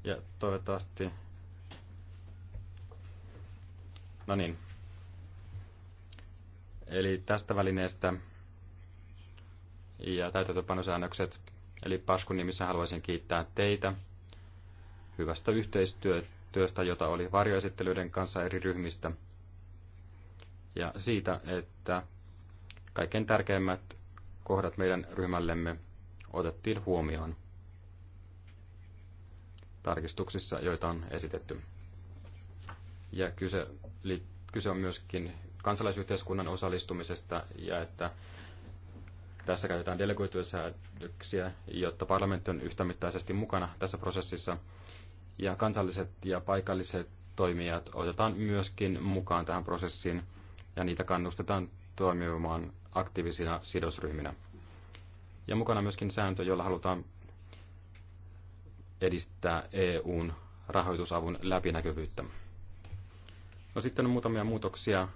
ja toivottavasti... No niin. Eli tästä välineestä ja täytäntöpanosäännökset. Eli Paskun nimissä haluaisin kiittää teitä hyvästä yhteistyöstä, jota oli varjoesittelyiden kanssa eri ryhmistä. Ja siitä, että kaikkein tärkeimmät kohdat meidän ryhmällemme otettiin huomioon tarkistuksissa, joita on esitetty. Ja kyse, li, kyse on myöskin kansalaisyhteiskunnan osallistumisesta ja että tässä käytetään delegoituja säädöksiä, jotta parlamentti on mittaisesti mukana tässä prosessissa. Ja kansalliset ja paikalliset toimijat otetaan myöskin mukaan tähän prosessiin ja niitä kannustetaan toimimaan aktiivisina sidosryhminä. Ja mukana myöskin sääntö, jolla halutaan edistää EUn rahoitusavun läpinäkyvyyttä. No sitten on muutamia muutoksia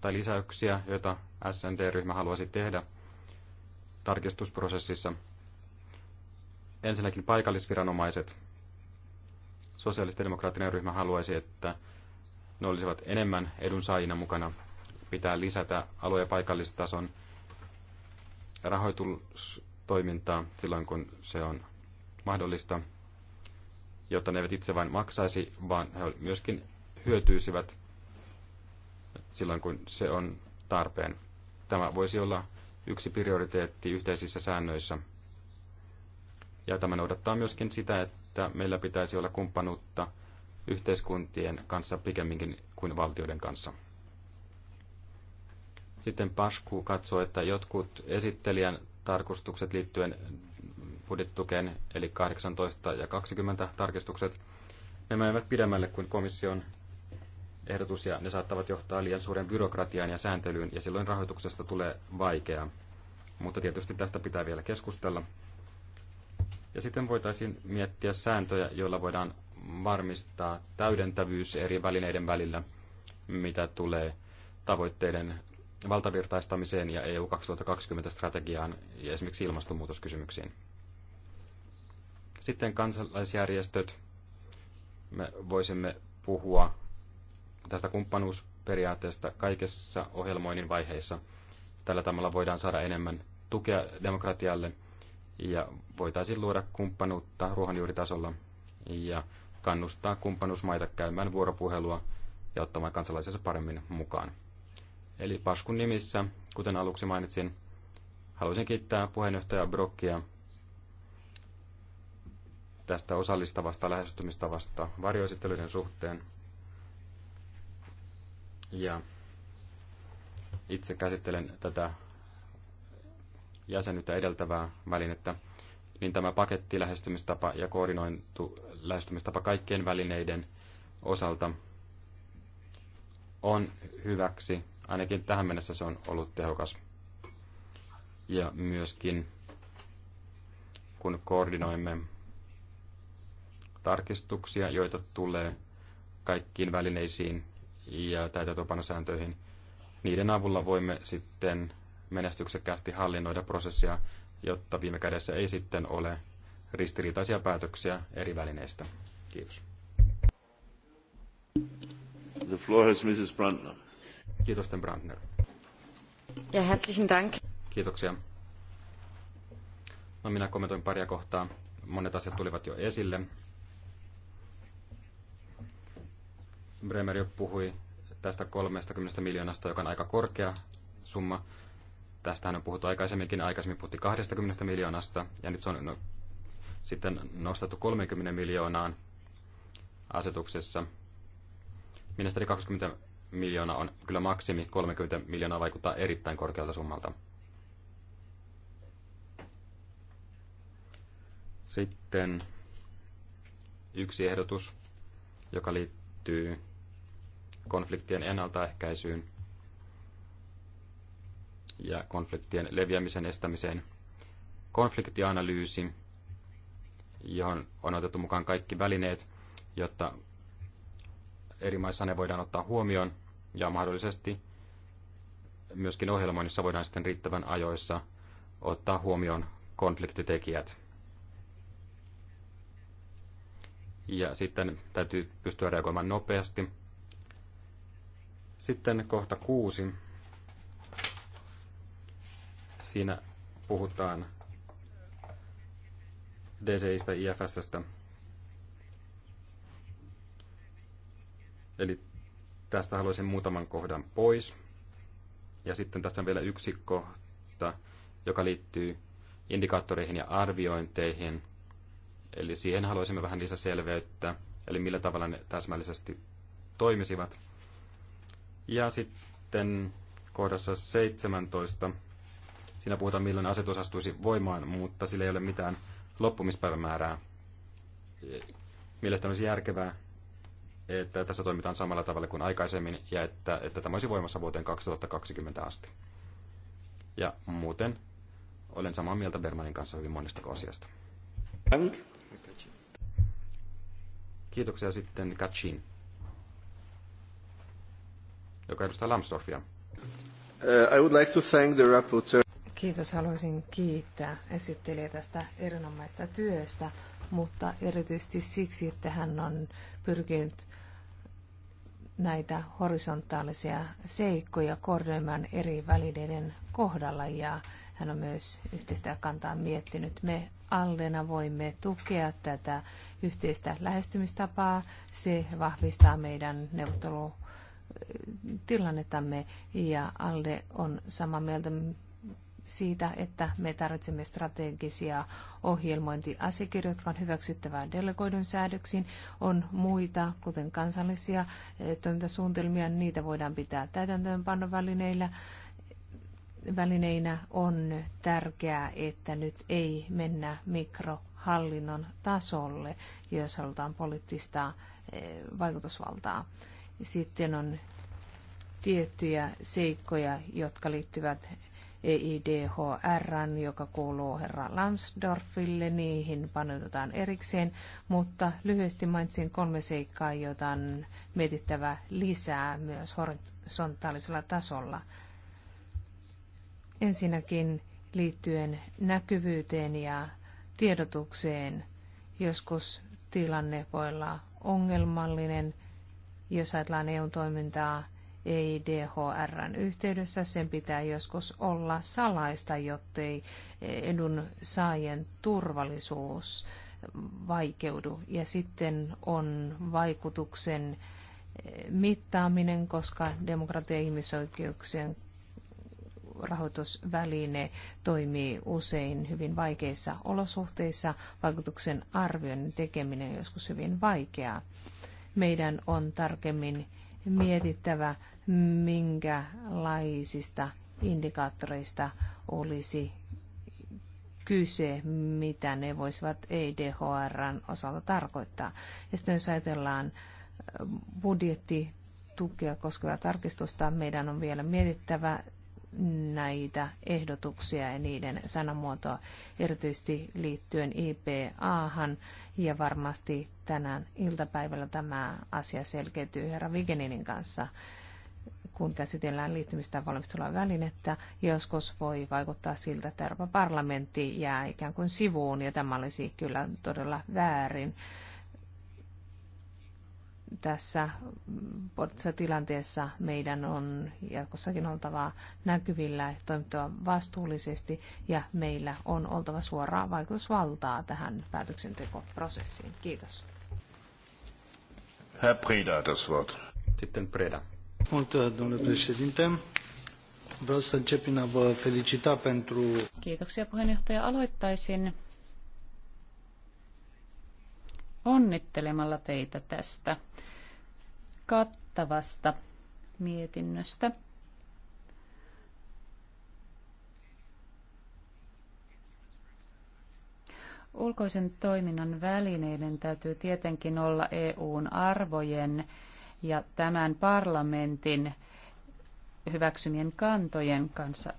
tai lisäyksiä, joita SND-ryhmä haluaisi tehdä tarkistusprosessissa. Ensinnäkin paikallisviranomaiset. Sosiaalistdemokraattinen ryhmä haluaisi, että ne olisivat enemmän edunsaajina mukana. Pitää lisätä alue- ja paikallistason rahoitustoimintaa silloin, kun se on mahdollista jotta ne eivät itse vain maksaisi, vaan he myöskin hyötyisivät silloin, kun se on tarpeen. Tämä voisi olla yksi prioriteetti yhteisissä säännöissä. Ja tämä noudattaa myöskin sitä, että meillä pitäisi olla kumppanuutta yhteiskuntien kanssa pikemminkin kuin valtioiden kanssa. Sitten Pasku katsoo, että jotkut esittelijän tarkustukset liittyen budjettitukeen, eli 18 ja 20 tarkistukset. Nämä menevät pidemmälle kuin komission ehdotus ja ne saattavat johtaa liian suuren byrokratiaan ja sääntelyyn ja silloin rahoituksesta tulee vaikeaa. Mutta tietysti tästä pitää vielä keskustella. Ja sitten voitaisiin miettiä sääntöjä, joilla voidaan varmistaa täydentävyys eri välineiden välillä, mitä tulee tavoitteiden valtavirtaistamiseen ja EU 2020 strategiaan ja esimerkiksi ilmastonmuutoskysymyksiin. Sitten kansalaisjärjestöt. Me voisimme puhua tästä kumppanuusperiaatteesta kaikessa ohjelmoinnin vaiheissa. Tällä tavalla voidaan saada enemmän tukea demokratialle ja voitaisiin luoda kumppanuutta ruohonjuuritasolla ja kannustaa kumppanuusmaita käymään vuoropuhelua ja ottamaan kansalaisensa paremmin mukaan. Eli Paskun nimissä, kuten aluksi mainitsin, haluaisin kiittää puheenjohtaja Brokkia tästä osallistavasta lähestymistavasta varjoesittelyiden suhteen. Ja itse käsittelen tätä jäsenyyttä edeltävää välinettä, niin tämä paketti lähestymistapa ja koordinointu lähestymistapa kaikkien välineiden osalta on hyväksi. Ainakin tähän mennessä se on ollut tehokas. Ja myöskin kun koordinoimme tarkistuksia, joita tulee kaikkiin välineisiin ja täytäntöpanosääntöihin. Niiden avulla voimme sitten menestyksekkäästi hallinnoida prosessia, jotta viime kädessä ei sitten ole ristiriitaisia päätöksiä eri välineistä. Kiitos. The floor has Mrs. Brandner. Kiitos, Sten Brandner. Ja herzlichen Dank. Kiitoksia. No, minä kommentoin paria kohtaa. Monet asiat tulivat jo esille, Bremer jo puhui tästä 30 miljoonasta, joka on aika korkea summa. Tästähän on puhuttu aikaisemminkin, aikaisemmin puhuttiin 20 miljoonasta, ja nyt se on no, sitten nostettu 30 miljoonaan asetuksessa. Ministeri 20 miljoonaa on kyllä maksimi, 30 miljoonaa vaikuttaa erittäin korkealta summalta. Sitten yksi ehdotus, joka liittyy konfliktien ennaltaehkäisyyn ja konfliktien leviämisen estämiseen, konfliktianalyysi, johon on otettu mukaan kaikki välineet, jotta eri maissa ne voidaan ottaa huomioon ja mahdollisesti myöskin ohjelmoinnissa voidaan sitten riittävän ajoissa ottaa huomioon konfliktitekijät. Ja sitten täytyy pystyä reagoimaan nopeasti sitten kohta kuusi. Siinä puhutaan DCIstä, IFSstä. Eli tästä haluaisin muutaman kohdan pois. Ja sitten tässä on vielä yksi kohta, joka liittyy indikaattoreihin ja arviointeihin. Eli siihen haluaisimme vähän lisäselveyttä, eli millä tavalla ne täsmällisesti toimisivat. Ja sitten kohdassa 17, siinä puhutaan milloin asetus astuisi voimaan, mutta sillä ei ole mitään loppumispäivämäärää. Mielestäni olisi järkevää, että tässä toimitaan samalla tavalla kuin aikaisemmin ja että, että tämä olisi voimassa vuoteen 2020 asti. Ja muuten olen samaa mieltä Bermanin kanssa hyvin monesta asiasta. Kiitoksia sitten Kachin joka edustaa Lambsdorffia. Uh, I would like to thank the rapporteur. Kiitos, haluaisin kiittää esittelijä tästä erinomaista työstä, mutta erityisesti siksi, että hän on pyrkinyt näitä horisontaalisia seikkoja koordinoimaan eri välineiden kohdalla ja hän on myös yhteistä kantaa miettinyt. Me Allena voimme tukea tätä yhteistä lähestymistapaa. Se vahvistaa meidän neuvottelu tilannettamme ja Alde on samaa mieltä siitä, että me tarvitsemme strategisia ohjelmointiasiakirjoja, jotka on hyväksyttävää delegoidun säädöksiin. On muita, kuten kansallisia eh, toimintasuunnitelmia, niitä voidaan pitää täytäntöönpanovälineillä. Välineinä on tärkeää, että nyt ei mennä mikrohallinnon tasolle, jos halutaan poliittista eh, vaikutusvaltaa. Sitten on tiettyjä seikkoja, jotka liittyvät EIDHR, joka kuuluu herra Lansdorfille, niihin paneudutaan erikseen, mutta lyhyesti mainitsin kolme seikkaa, joita on mietittävä lisää myös horisontaalisella tasolla. Ensinnäkin liittyen näkyvyyteen ja tiedotukseen. Joskus tilanne voi olla ongelmallinen – jos ajatellaan EUn toimintaa EIDHRn yhteydessä, sen pitää joskus olla salaista, jottei edun saajien turvallisuus vaikeudu. Ja sitten on vaikutuksen eh, mittaaminen, koska demokratia- ja ihmisoikeuksien rahoitusväline toimii usein hyvin vaikeissa olosuhteissa. Vaikutuksen arvioinnin tekeminen on joskus hyvin vaikeaa meidän on tarkemmin mietittävä, minkälaisista indikaattoreista olisi kyse, mitä ne voisivat EDHRn osalta tarkoittaa. Ja sitten jos ajatellaan äh, budjettitukea koskevaa tarkistusta, meidän on vielä mietittävä näitä ehdotuksia ja niiden sanamuotoa erityisesti liittyen IPAhan ja varmasti tänään iltapäivällä tämä asia selkeytyy herra Vigeninin kanssa kun käsitellään liittymistä valmistelua välinettä, joskus voi vaikuttaa siltä, että Euroopan parlamentti jää ikään kuin sivuun, ja tämä olisi kyllä todella väärin tässä poliittisessa tilanteessa meidän on jatkossakin oltava näkyvillä, toimittava vastuullisesti ja meillä on oltava suoraa vaikutusvaltaa tähän päätöksentekoprosessiin. Kiitos. Herr Preda, das Wort. Sitten Preda. pentru... Kiitoksia puheenjohtaja. Aloittaisin onnittelemalla teitä tästä kattavasta mietinnöstä. Ulkoisen toiminnan välineiden täytyy tietenkin olla EUn arvojen ja tämän parlamentin hyväksymien kantojen kanssa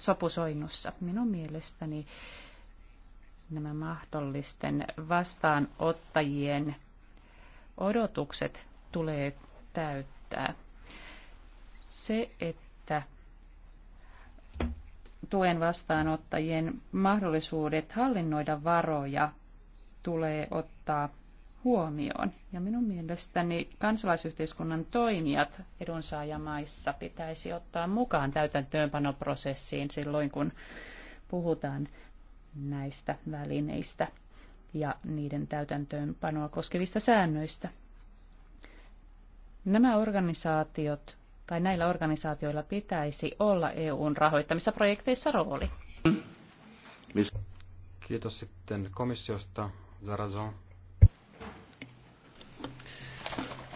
sopusoinnussa. Minun mielestäni nämä mahdollisten vastaanottajien odotukset tulee täyttää. Se, että tuen vastaanottajien mahdollisuudet hallinnoida varoja tulee ottaa huomioon. Ja minun mielestäni kansalaisyhteiskunnan toimijat edunsaajamaissa pitäisi ottaa mukaan täytäntöönpanoprosessiin silloin, kun puhutaan näistä välineistä ja niiden täytäntöönpanoa koskevista säännöistä. Nämä organisaatiot tai näillä organisaatioilla pitäisi olla EUn rahoittamissa projekteissa rooli. Kiitos sitten komissiosta, Zarazon.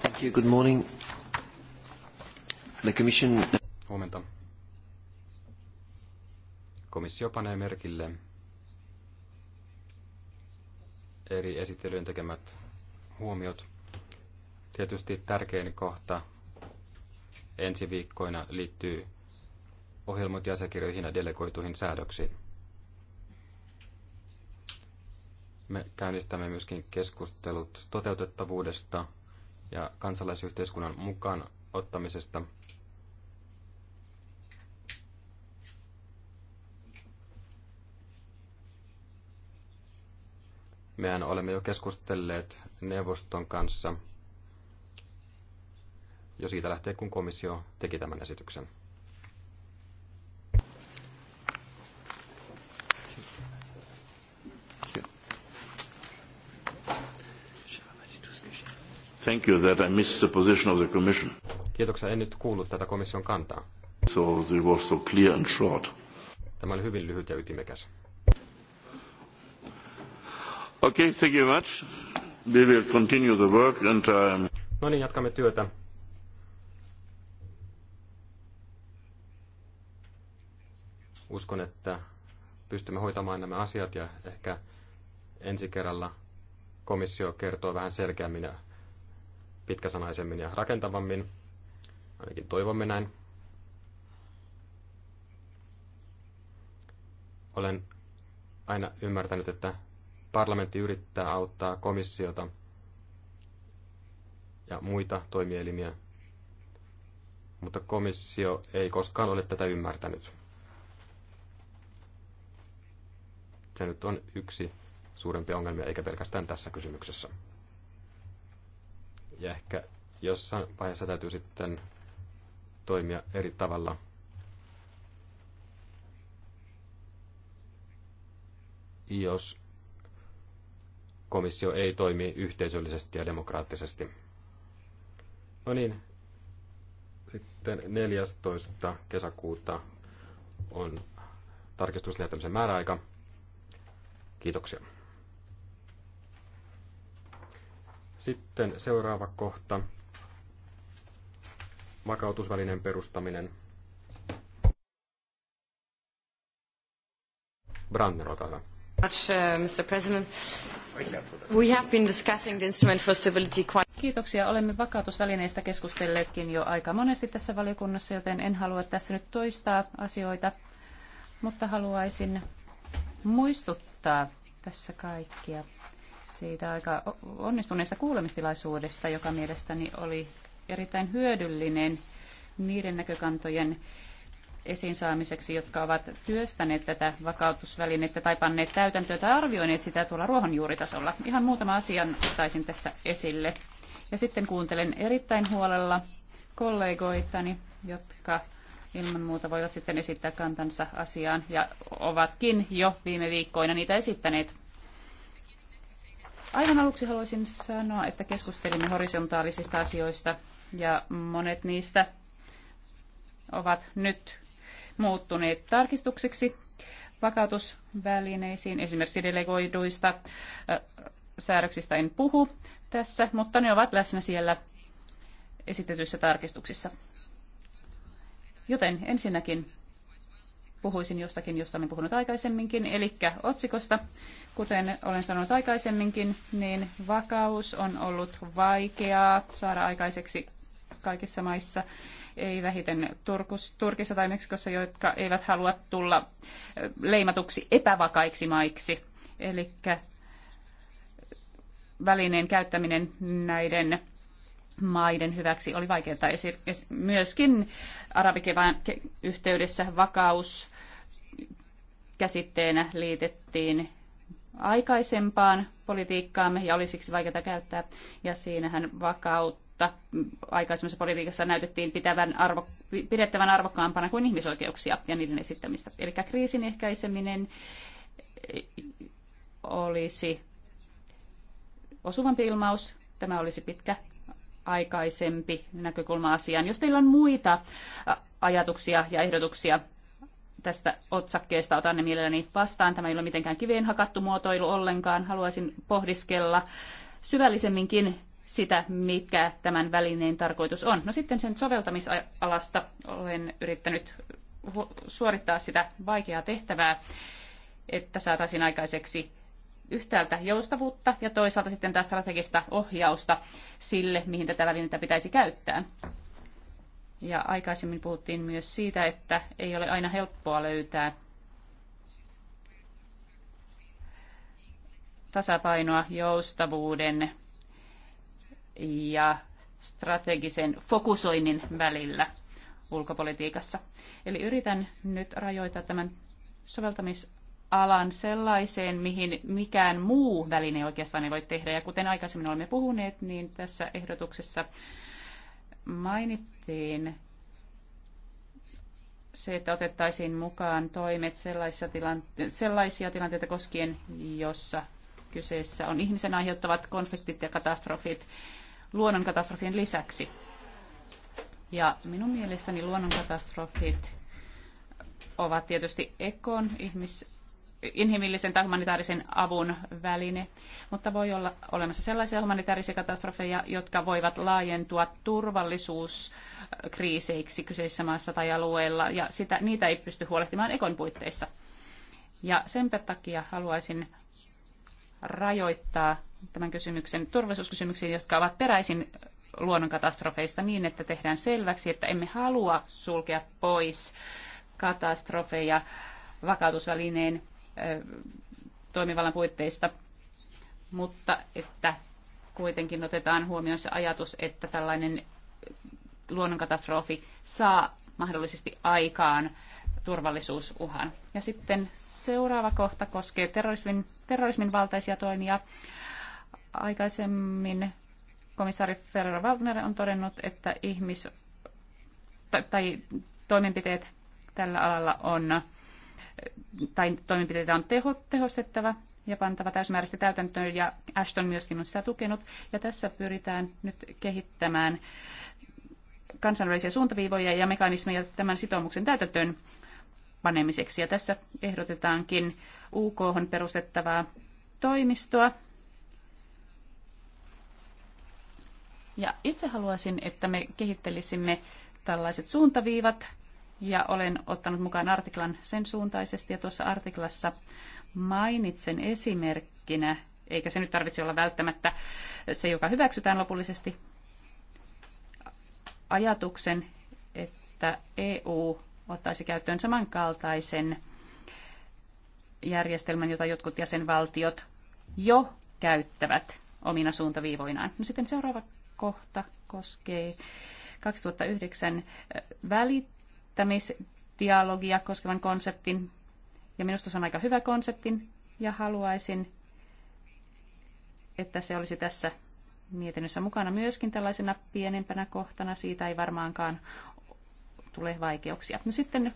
Thank you, good morning. The commission... Huomenta. Komissio panee merkille eri esittelyjen tekemät huomiot. Tietysti tärkein kohta ensi viikkoina liittyy ohjelmointiasiakirjoihin ja delegoituihin säädöksiin. Me käynnistämme myöskin keskustelut toteutettavuudesta ja kansalaisyhteiskunnan mukaan ottamisesta – Mehän olemme jo keskustelleet neuvoston kanssa jo siitä lähtee kun komissio teki tämän esityksen. Thank you that I missed the position of the commission. Kiitoksia, en nyt kuullut tätä komission kantaa. So they were so clear and short. Tämä oli hyvin lyhyt ja ytimekäs. No niin, jatkamme työtä. Uskon, että pystymme hoitamaan nämä asiat ja ehkä ensi kerralla komissio kertoo vähän selkeämmin ja pitkäsanaisemmin ja rakentavammin. Ainakin toivomme näin. Olen aina ymmärtänyt, että parlamentti yrittää auttaa komissiota ja muita toimielimiä, mutta komissio ei koskaan ole tätä ymmärtänyt. Se nyt on yksi suurempi ongelmia, eikä pelkästään tässä kysymyksessä. Ja ehkä jossain vaiheessa täytyy sitten toimia eri tavalla. Jos komissio ei toimi yhteisöllisesti ja demokraattisesti. No niin, sitten 14. kesäkuuta on tarkistuslähettämisen määräaika. Kiitoksia. Sitten seuraava kohta. Vakautusvälineen perustaminen. Brandner, olkaa hyvä. Kiitoksia. Olemme vakautusvälineistä keskustelleetkin jo aika monesti tässä valiokunnassa, joten en halua tässä nyt toistaa asioita, mutta haluaisin muistuttaa tässä kaikkia siitä aika onnistuneesta kuulemistilaisuudesta, joka mielestäni oli erittäin hyödyllinen niiden näkökantojen esiin saamiseksi, jotka ovat työstäneet tätä vakautusvälinettä tai panneet täytäntöä tai arvioineet sitä tuolla ruohonjuuritasolla. Ihan muutama asian ottaisin tässä esille. Ja sitten kuuntelen erittäin huolella kollegoitani, jotka ilman muuta voivat sitten esittää kantansa asiaan ja ovatkin jo viime viikkoina niitä esittäneet. Aivan aluksi haluaisin sanoa, että keskustelimme horisontaalisista asioista ja monet niistä ovat nyt muuttuneet tarkistuksiksi vakautusvälineisiin. Esimerkiksi delegoiduista säädöksistä en puhu tässä, mutta ne ovat läsnä siellä esitetyissä tarkistuksissa. Joten ensinnäkin puhuisin jostakin, josta olen puhunut aikaisemminkin, eli otsikosta. Kuten olen sanonut aikaisemminkin, niin vakaus on ollut vaikeaa saada aikaiseksi kaikissa maissa ei vähiten Turkus, Turkissa tai Meksikossa, jotka eivät halua tulla leimatuksi epävakaiksi maiksi. Eli välineen käyttäminen näiden maiden hyväksi oli vaikeaa. Myöskin arabikevään yhteydessä vakaus käsitteenä liitettiin aikaisempaan politiikkaamme ja olisiksi vaikeaa käyttää. Ja siinähän vakaut, oikeutta aikaisemmassa politiikassa näytettiin pitävän arvo, pidettävän arvokkaampana kuin ihmisoikeuksia ja niiden esittämistä. Eli kriisin ehkäiseminen olisi osuvampi ilmaus, tämä olisi pitkä aikaisempi näkökulma asiaan. Jos teillä on muita ajatuksia ja ehdotuksia tästä otsakkeesta, otan ne mielelläni vastaan. Tämä ei ole mitenkään kiveen hakattu muotoilu ollenkaan. Haluaisin pohdiskella syvällisemminkin sitä, mikä tämän välineen tarkoitus on. No sitten sen soveltamisalasta olen yrittänyt suorittaa sitä vaikeaa tehtävää, että saataisiin aikaiseksi yhtäältä joustavuutta ja toisaalta sitten tämä strategista ohjausta sille, mihin tätä välinettä pitäisi käyttää. Ja aikaisemmin puhuttiin myös siitä, että ei ole aina helppoa löytää tasapainoa joustavuuden ja strategisen fokusoinnin välillä ulkopolitiikassa. Eli yritän nyt rajoittaa tämän soveltamisalan sellaiseen, mihin mikään muu väline oikeastaan ei voi tehdä. Ja kuten aikaisemmin olemme puhuneet, niin tässä ehdotuksessa mainittiin se, että otettaisiin mukaan toimet sellaisia, tilante- sellaisia tilanteita koskien, jossa kyseessä on ihmisen aiheuttavat konfliktit ja katastrofit, luonnonkatastrofien lisäksi. Ja minun mielestäni luonnonkatastrofit ovat tietysti ekon ihmis, inhimillisen tai humanitaarisen avun väline, mutta voi olla olemassa sellaisia humanitaarisia katastrofeja, jotka voivat laajentua turvallisuuskriiseiksi kyseisessä maassa tai alueella, ja sitä, niitä ei pysty huolehtimaan ekon puitteissa. Ja sen takia haluaisin rajoittaa tämän kysymyksen turvallisuuskysymyksiin, jotka ovat peräisin luonnonkatastrofeista niin, että tehdään selväksi, että emme halua sulkea pois katastrofeja vakautusvälineen toimivallan puitteista, mutta että kuitenkin otetaan huomioon se ajatus, että tällainen luonnonkatastrofi saa mahdollisesti aikaan turvallisuusuhan. Ja sitten seuraava kohta koskee terrorismin, terrorismin valtaisia toimia. Aikaisemmin komissaari Ferrer Waldner on todennut, että ihmis- tai, tai toimenpiteet tällä alalla on, tai toimenpiteitä on teho, tehostettava ja pantava täysimääräisesti täytäntöön, ja Ashton myöskin on sitä tukenut. Ja tässä pyritään nyt kehittämään kansainvälisiä suuntaviivoja ja mekanismeja tämän sitoumuksen täytäntöön panemiseksi. Ja tässä ehdotetaankin UK perustettavaa toimistoa, Ja itse haluaisin, että me kehittelisimme tällaiset suuntaviivat, ja olen ottanut mukaan artiklan sen suuntaisesti, ja tuossa artiklassa mainitsen esimerkkinä, eikä se nyt tarvitse olla välttämättä se, joka hyväksytään lopullisesti, ajatuksen, että EU ottaisi käyttöön samankaltaisen järjestelmän, jota jotkut jäsenvaltiot jo käyttävät omina suuntaviivoinaan. No sitten seuraava kohta koskee 2009 äh, välittämisdialogia koskevan konseptin. Ja minusta se on aika hyvä konseptin ja haluaisin, että se olisi tässä mietinnössä mukana myöskin tällaisena pienempänä kohtana. Siitä ei varmaankaan tule vaikeuksia. No sitten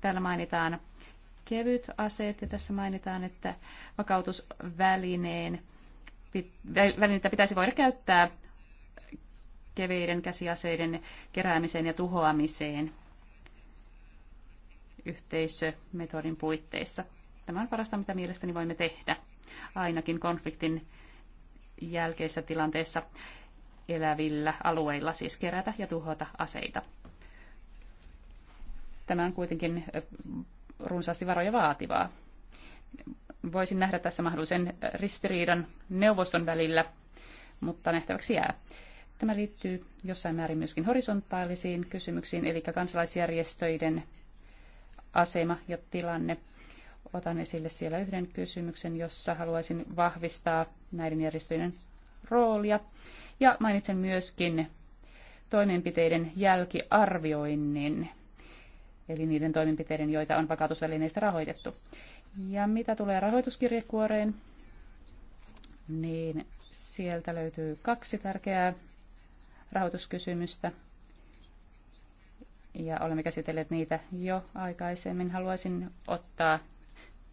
täällä mainitaan kevyt aseet ja tässä mainitaan, että vakautusvälineen välineitä pitäisi voida käyttää keveiden käsiaseiden keräämiseen ja tuhoamiseen yhteisömetodin puitteissa. Tämä on parasta, mitä mielestäni voimme tehdä, ainakin konfliktin jälkeisessä tilanteessa elävillä alueilla, siis kerätä ja tuhota aseita. Tämä on kuitenkin runsaasti varoja vaativaa. Voisin nähdä tässä mahdollisen ristiriidan neuvoston välillä, mutta nähtäväksi jää. Tämä liittyy jossain määrin myöskin horisontaalisiin kysymyksiin, eli kansalaisjärjestöiden asema ja tilanne. Otan esille siellä yhden kysymyksen, jossa haluaisin vahvistaa näiden järjestöjen roolia. Ja mainitsen myöskin toimenpiteiden jälkiarvioinnin, eli niiden toimenpiteiden, joita on vakautusvälineistä rahoitettu. Ja mitä tulee rahoituskirjekuoreen, niin sieltä löytyy kaksi tärkeää rahoituskysymystä ja olemme käsitelleet niitä jo aikaisemmin. Haluaisin ottaa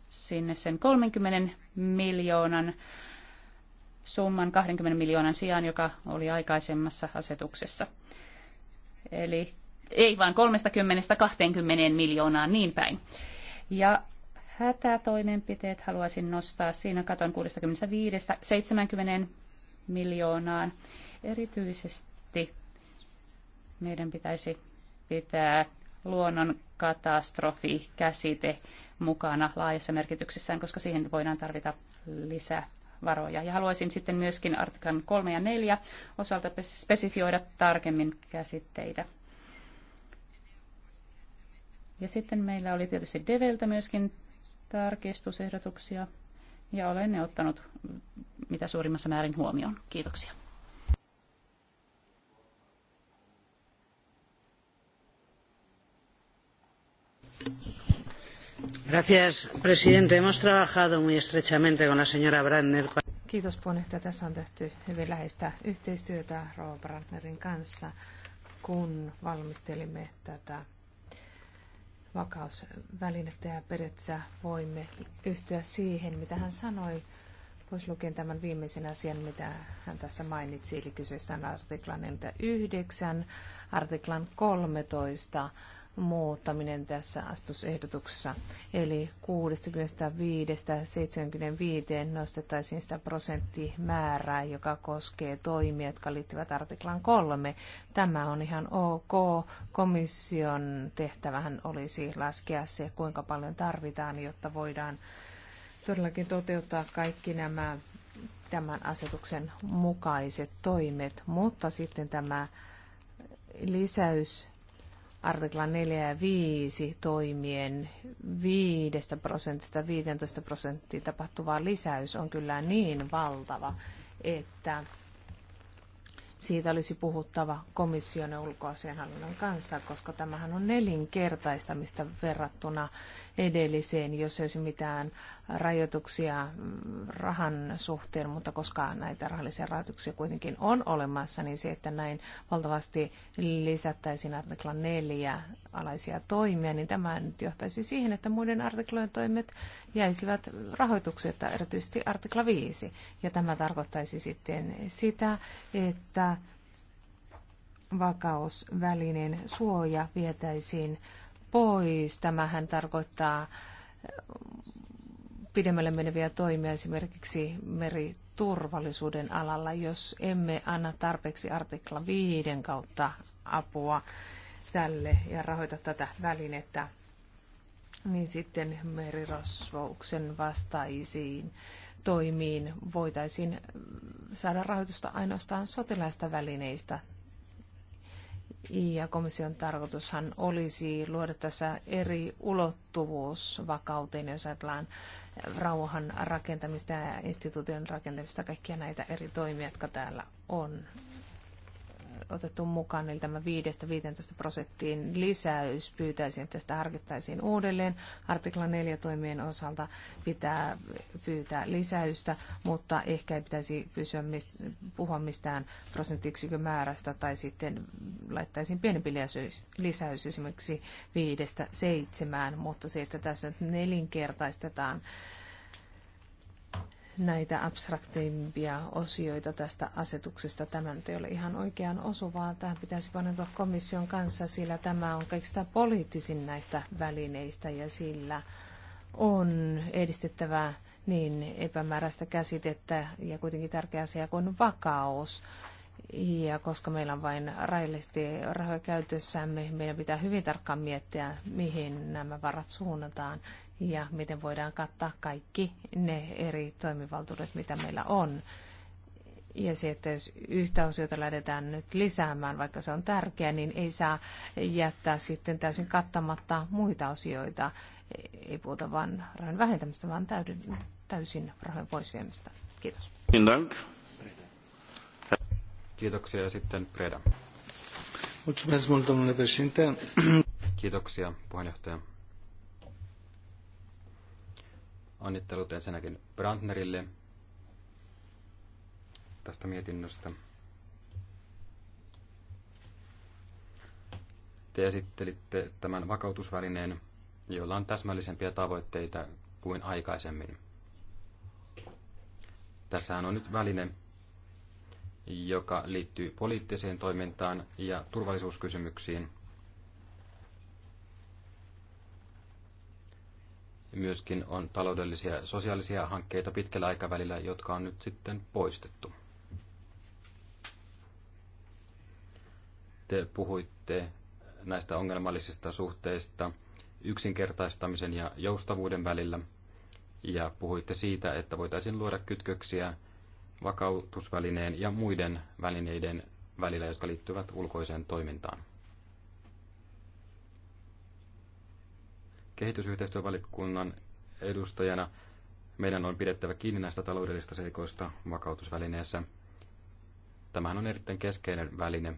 sinne sen 30 miljoonan summan 20 miljoonan sijaan, joka oli aikaisemmassa asetuksessa. Eli ei vaan 30-20 miljoonaan niin päin. Ja hätätoimenpiteet haluaisin nostaa siinä katon 65-70 miljoonaan. Erityisesti meidän pitäisi pitää luonnon katastrofi käsite mukana laajassa merkityksessään, koska siihen voidaan tarvita lisää varoja. Ja haluaisin sitten myöskin artiklan 3 ja 4 osalta spesifioida tarkemmin käsitteitä. Ja sitten meillä oli tietysti Develtä myöskin tarkistusehdotuksia, ja olen ne ottanut mitä suurimmassa määrin huomioon. Kiitoksia. Señor presidente. Hemos trabajado muy estrechamente con la señora Brandner. Kiitos puheenjohtaja. Tässä on tehty hyvin läheistä yhteistyötä Rova Brandnerin kanssa, kun valmistelimme tätä vakausvälinettä ja periaatteessa voimme yhtyä siihen, mitä hän sanoi, pois lukien tämän viimeisen asian, mitä hän tässä mainitsi, eli kyseessä on artiklan 49, artiklan 13 muuttaminen tässä astusehdotuksessa. Eli 65-75 nostettaisiin sitä prosenttimäärää, joka koskee toimia, jotka liittyvät artiklan 3. Tämä on ihan ok. Komission tehtävähän olisi laskea se, kuinka paljon tarvitaan, jotta voidaan todellakin toteuttaa kaikki nämä tämän asetuksen mukaiset toimet, mutta sitten tämä lisäys artikla 4 ja 5 toimien 5 prosentista 15 prosenttia tapahtuva lisäys on kyllä niin valtava, että siitä olisi puhuttava komission ja ulkoasianhallinnon kanssa, koska tämähän on nelinkertaistamista verrattuna edelliseen, jos ei olisi mitään rajoituksia mm, rahan suhteen, mutta koska näitä rahallisia rajoituksia kuitenkin on olemassa, niin se, että näin valtavasti lisättäisiin artikla 4 alaisia toimia, niin tämä nyt johtaisi siihen, että muiden artiklojen toimet jäisivät rahoituksetta, erityisesti artikla 5. Ja tämä tarkoittaisi sitten sitä, että vakausvälinen suoja vietäisiin pois. Tämähän tarkoittaa pidemmälle meneviä toimia esimerkiksi meriturvallisuuden alalla, jos emme anna tarpeeksi artikla 5 kautta apua tälle ja rahoita tätä välinettä, niin sitten merirosvouksen vastaisiin toimiin voitaisiin saada rahoitusta ainoastaan sotilaista välineistä. Ja komission tarkoitushan olisi luoda tässä eri ulottuvuus vakauteen, jos ajatellaan rauhan rakentamista ja instituution rakentamista, kaikkia näitä eri toimia, jotka täällä on otettu mukaan, eli tämä 5-15 prosenttiin lisäys pyytäisiin että sitä harkittaisiin uudelleen. Artikla 4 toimien osalta pitää pyytää lisäystä, mutta ehkä ei pitäisi pysyä mist, puhua mistään prosenttiyksikön määrästä, tai sitten laittaisin pienempi lisäys esimerkiksi 5-7, mutta se, että tässä nyt nelinkertaistetaan näitä abstraktimpia osioita tästä asetuksesta. Tämä nyt ei ole ihan oikeaan osuvaa. Tähän pitäisi paneutua komission kanssa, sillä tämä on kaikista poliittisin näistä välineistä ja sillä on edistettävä niin epämääräistä käsitettä ja kuitenkin tärkeä asia kuin vakaus. Ja koska meillä on vain rajallisesti rahoja käytössämme, meidän pitää hyvin tarkkaan miettiä, mihin nämä varat suunnataan ja miten voidaan kattaa kaikki ne eri toimivaltuudet, mitä meillä on. Ja se, että jos yhtä osiota lähdetään nyt lisäämään, vaikka se on tärkeä, niin ei saa jättää sitten täysin kattamatta muita osioita. Ei puhuta vain rahan vähentämistä, vaan täysin rahojen poisviemistä. Kiitos. Dank. Kiitoksia ja sitten Preda. Mulțumesc mult, domnule președinte. Kiitoksia, puheenjohtaja. Onnittelut ensinnäkin Brandnerille tästä mietinnöstä. Te esittelitte tämän vakautusvälineen, jolla on täsmällisempiä tavoitteita kuin aikaisemmin. Tässähän on nyt väline, joka liittyy poliittiseen toimintaan ja turvallisuuskysymyksiin. Myöskin on taloudellisia ja sosiaalisia hankkeita pitkällä aikavälillä, jotka on nyt sitten poistettu. Te puhuitte näistä ongelmallisista suhteista yksinkertaistamisen ja joustavuuden välillä ja puhuitte siitä, että voitaisiin luoda kytköksiä vakautusvälineen ja muiden välineiden välillä, jotka liittyvät ulkoiseen toimintaan. Kehitysyhteistyövalikunnan edustajana meidän on pidettävä kiinni näistä taloudellisista seikoista vakautusvälineessä. Tämähän on erittäin keskeinen väline,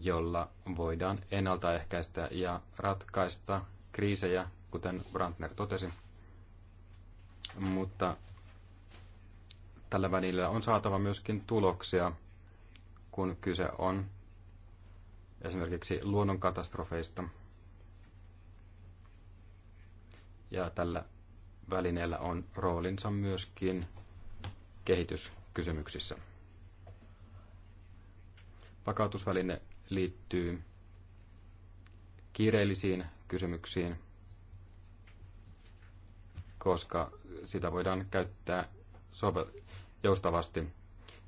jolla voidaan ennaltaehkäistä ja ratkaista kriisejä, kuten Brandner totesi. Mutta tällä välillä on saatava myöskin tuloksia, kun kyse on esimerkiksi luonnonkatastrofeista. Ja tällä välineellä on roolinsa myöskin kehityskysymyksissä. Vakautusväline liittyy kiireellisiin kysymyksiin, koska sitä voidaan käyttää joustavasti.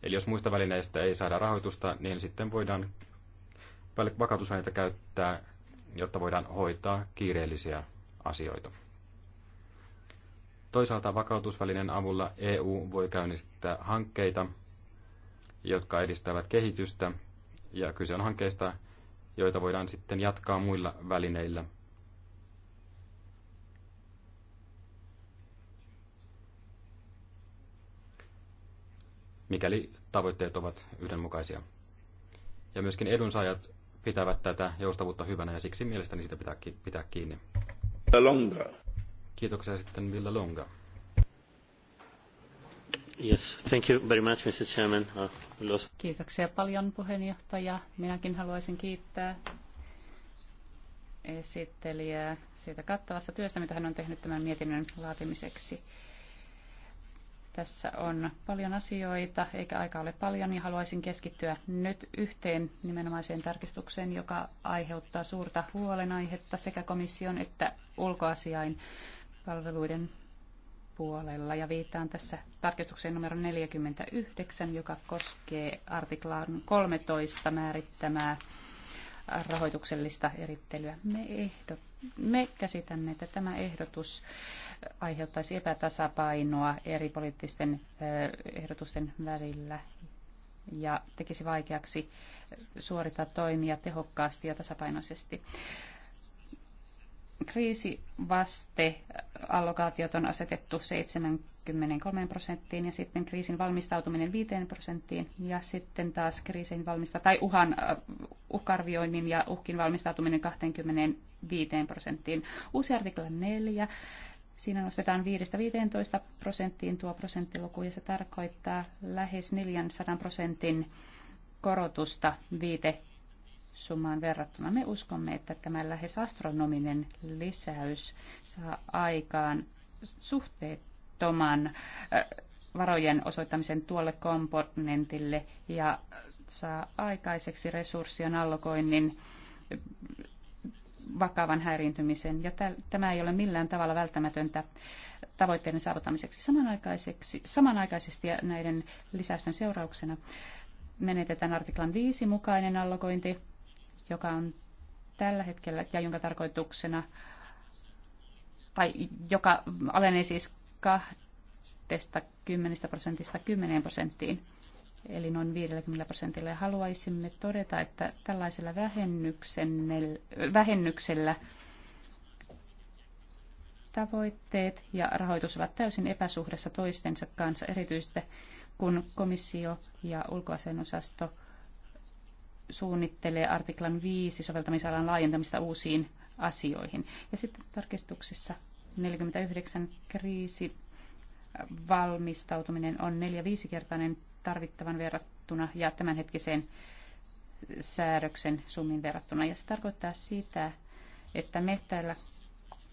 Eli jos muista välineistä ei saada rahoitusta, niin sitten voidaan vakautusaineita käyttää, jotta voidaan hoitaa kiireellisiä asioita. Toisaalta vakautusvälineen avulla EU voi käynnistää hankkeita, jotka edistävät kehitystä, ja kyse on hankkeista, joita voidaan sitten jatkaa muilla välineillä – mikäli tavoitteet ovat yhdenmukaisia. Ja myöskin edunsaajat pitävät tätä joustavuutta hyvänä ja siksi mielestäni sitä pitää, pitää kiinni. Longa. Kiitoksia sitten Villa Longa. Yes, thank you very much, Mr. Chairman. Uh, Kiitoksia paljon puheenjohtaja. Minäkin haluaisin kiittää esittelijää siitä kattavasta työstä, mitä hän on tehnyt tämän mietinnön laatimiseksi. Tässä on paljon asioita, eikä aika ole paljon, niin haluaisin keskittyä nyt yhteen nimenomaiseen tarkistukseen, joka aiheuttaa suurta huolenaihetta sekä komission että ulkoasiain palveluiden puolella. Ja viittaan tässä tarkistukseen numero 49, joka koskee artiklaan 13 määrittämää rahoituksellista erittelyä. Me, ehdot, me käsitämme, että tämä ehdotus aiheuttaisi epätasapainoa eri poliittisten ehdotusten välillä ja tekisi vaikeaksi suorittaa toimia tehokkaasti ja tasapainoisesti. Kriisivaste allokaatiot on asetettu 73 prosenttiin ja sitten kriisin valmistautuminen 5 prosenttiin ja sitten taas kriisin valmista tai uhan uhkarvioinnin ja uhkin valmistautuminen 25 prosenttiin. Uusi artikla 4 Siinä nostetaan 5-15 prosenttiin tuo prosenttiluku ja se tarkoittaa lähes 400 prosentin korotusta viite-summaan verrattuna. Me uskomme, että tämä lähes astronominen lisäys saa aikaan suhteettoman varojen osoittamisen tuolle komponentille ja saa aikaiseksi resurssien allokoinnin vakavan häiriintymisen. Ja tämä ei ole millään tavalla välttämätöntä tavoitteiden saavuttamiseksi samanaikaiseksi, samanaikaisesti ja näiden lisäysten seurauksena menetetään artiklan 5 mukainen allokointi, joka on tällä hetkellä ja jonka tarkoituksena tai joka alenee siis 20 prosentista 10 prosenttiin eli noin 50 prosentilla. Ja haluaisimme todeta, että tällaisella vähennyksellä tavoitteet ja rahoitus ovat täysin epäsuhdassa toistensa kanssa, erityisesti kun komissio ja ulkoasenosasto suunnittelee artiklan 5 soveltamisalan laajentamista uusiin asioihin. Ja sitten tarkistuksessa 49 kriisi valmistautuminen on 4-5 kertainen tarvittavan verrattuna ja tämänhetkiseen säädöksen summin verrattuna. Ja se tarkoittaa sitä, että me täällä,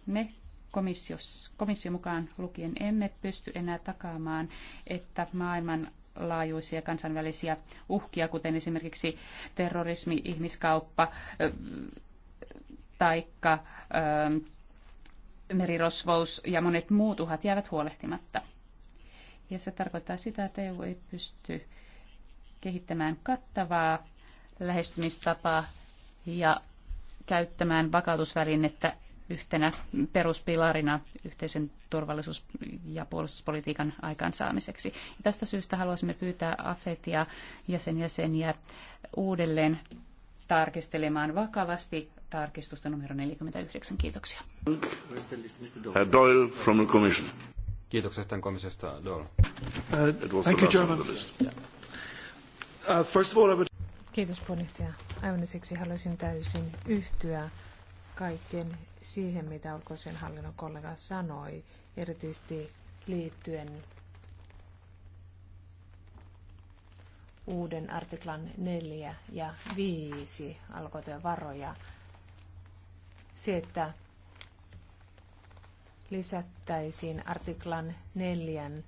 me komissios, mukaan lukien emme pysty enää takaamaan, että maailman laajuisia kansainvälisiä uhkia, kuten esimerkiksi terrorismi, ihmiskauppa tai merirosvous ja monet muut uhat jäävät huolehtimatta. Ja se tarkoittaa sitä, että EU ei pysty kehittämään kattavaa lähestymistapaa ja käyttämään vakautusvälinettä yhtenä peruspilarina yhteisen turvallisuus- ja puolustuspolitiikan aikaansaamiseksi. Ja tästä syystä haluaisimme pyytää AFETia ja sen jäseniä uudelleen tarkistelemaan vakavasti tarkistusta numero 49. Kiitoksia. Herr Doyle from the Commission. Kiitoksia tämän komissiosta, Dole. Uh, thank you, Chairman. Uh, first of all, I would... Kiitos puheenjohtaja. Aivan siksi haluaisin täysin yhtyä kaikkeen siihen, mitä ulkoisen hallinnon kollega sanoi, erityisesti liittyen uuden artiklan 4 ja 5 alkotyön varoja. Se, että lisättäisiin artiklan neljän äh,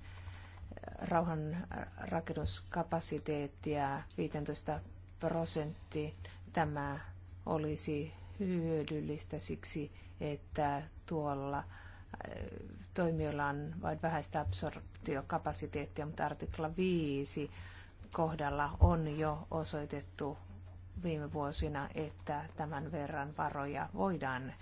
rauhanrakennuskapasiteettia 15 prosenttiin. Tämä olisi hyödyllistä siksi, että tuolla äh, toimijoilla on vain vähäistä absorptiokapasiteettia, mutta artikla 5 kohdalla on jo osoitettu viime vuosina, että tämän verran varoja voidaan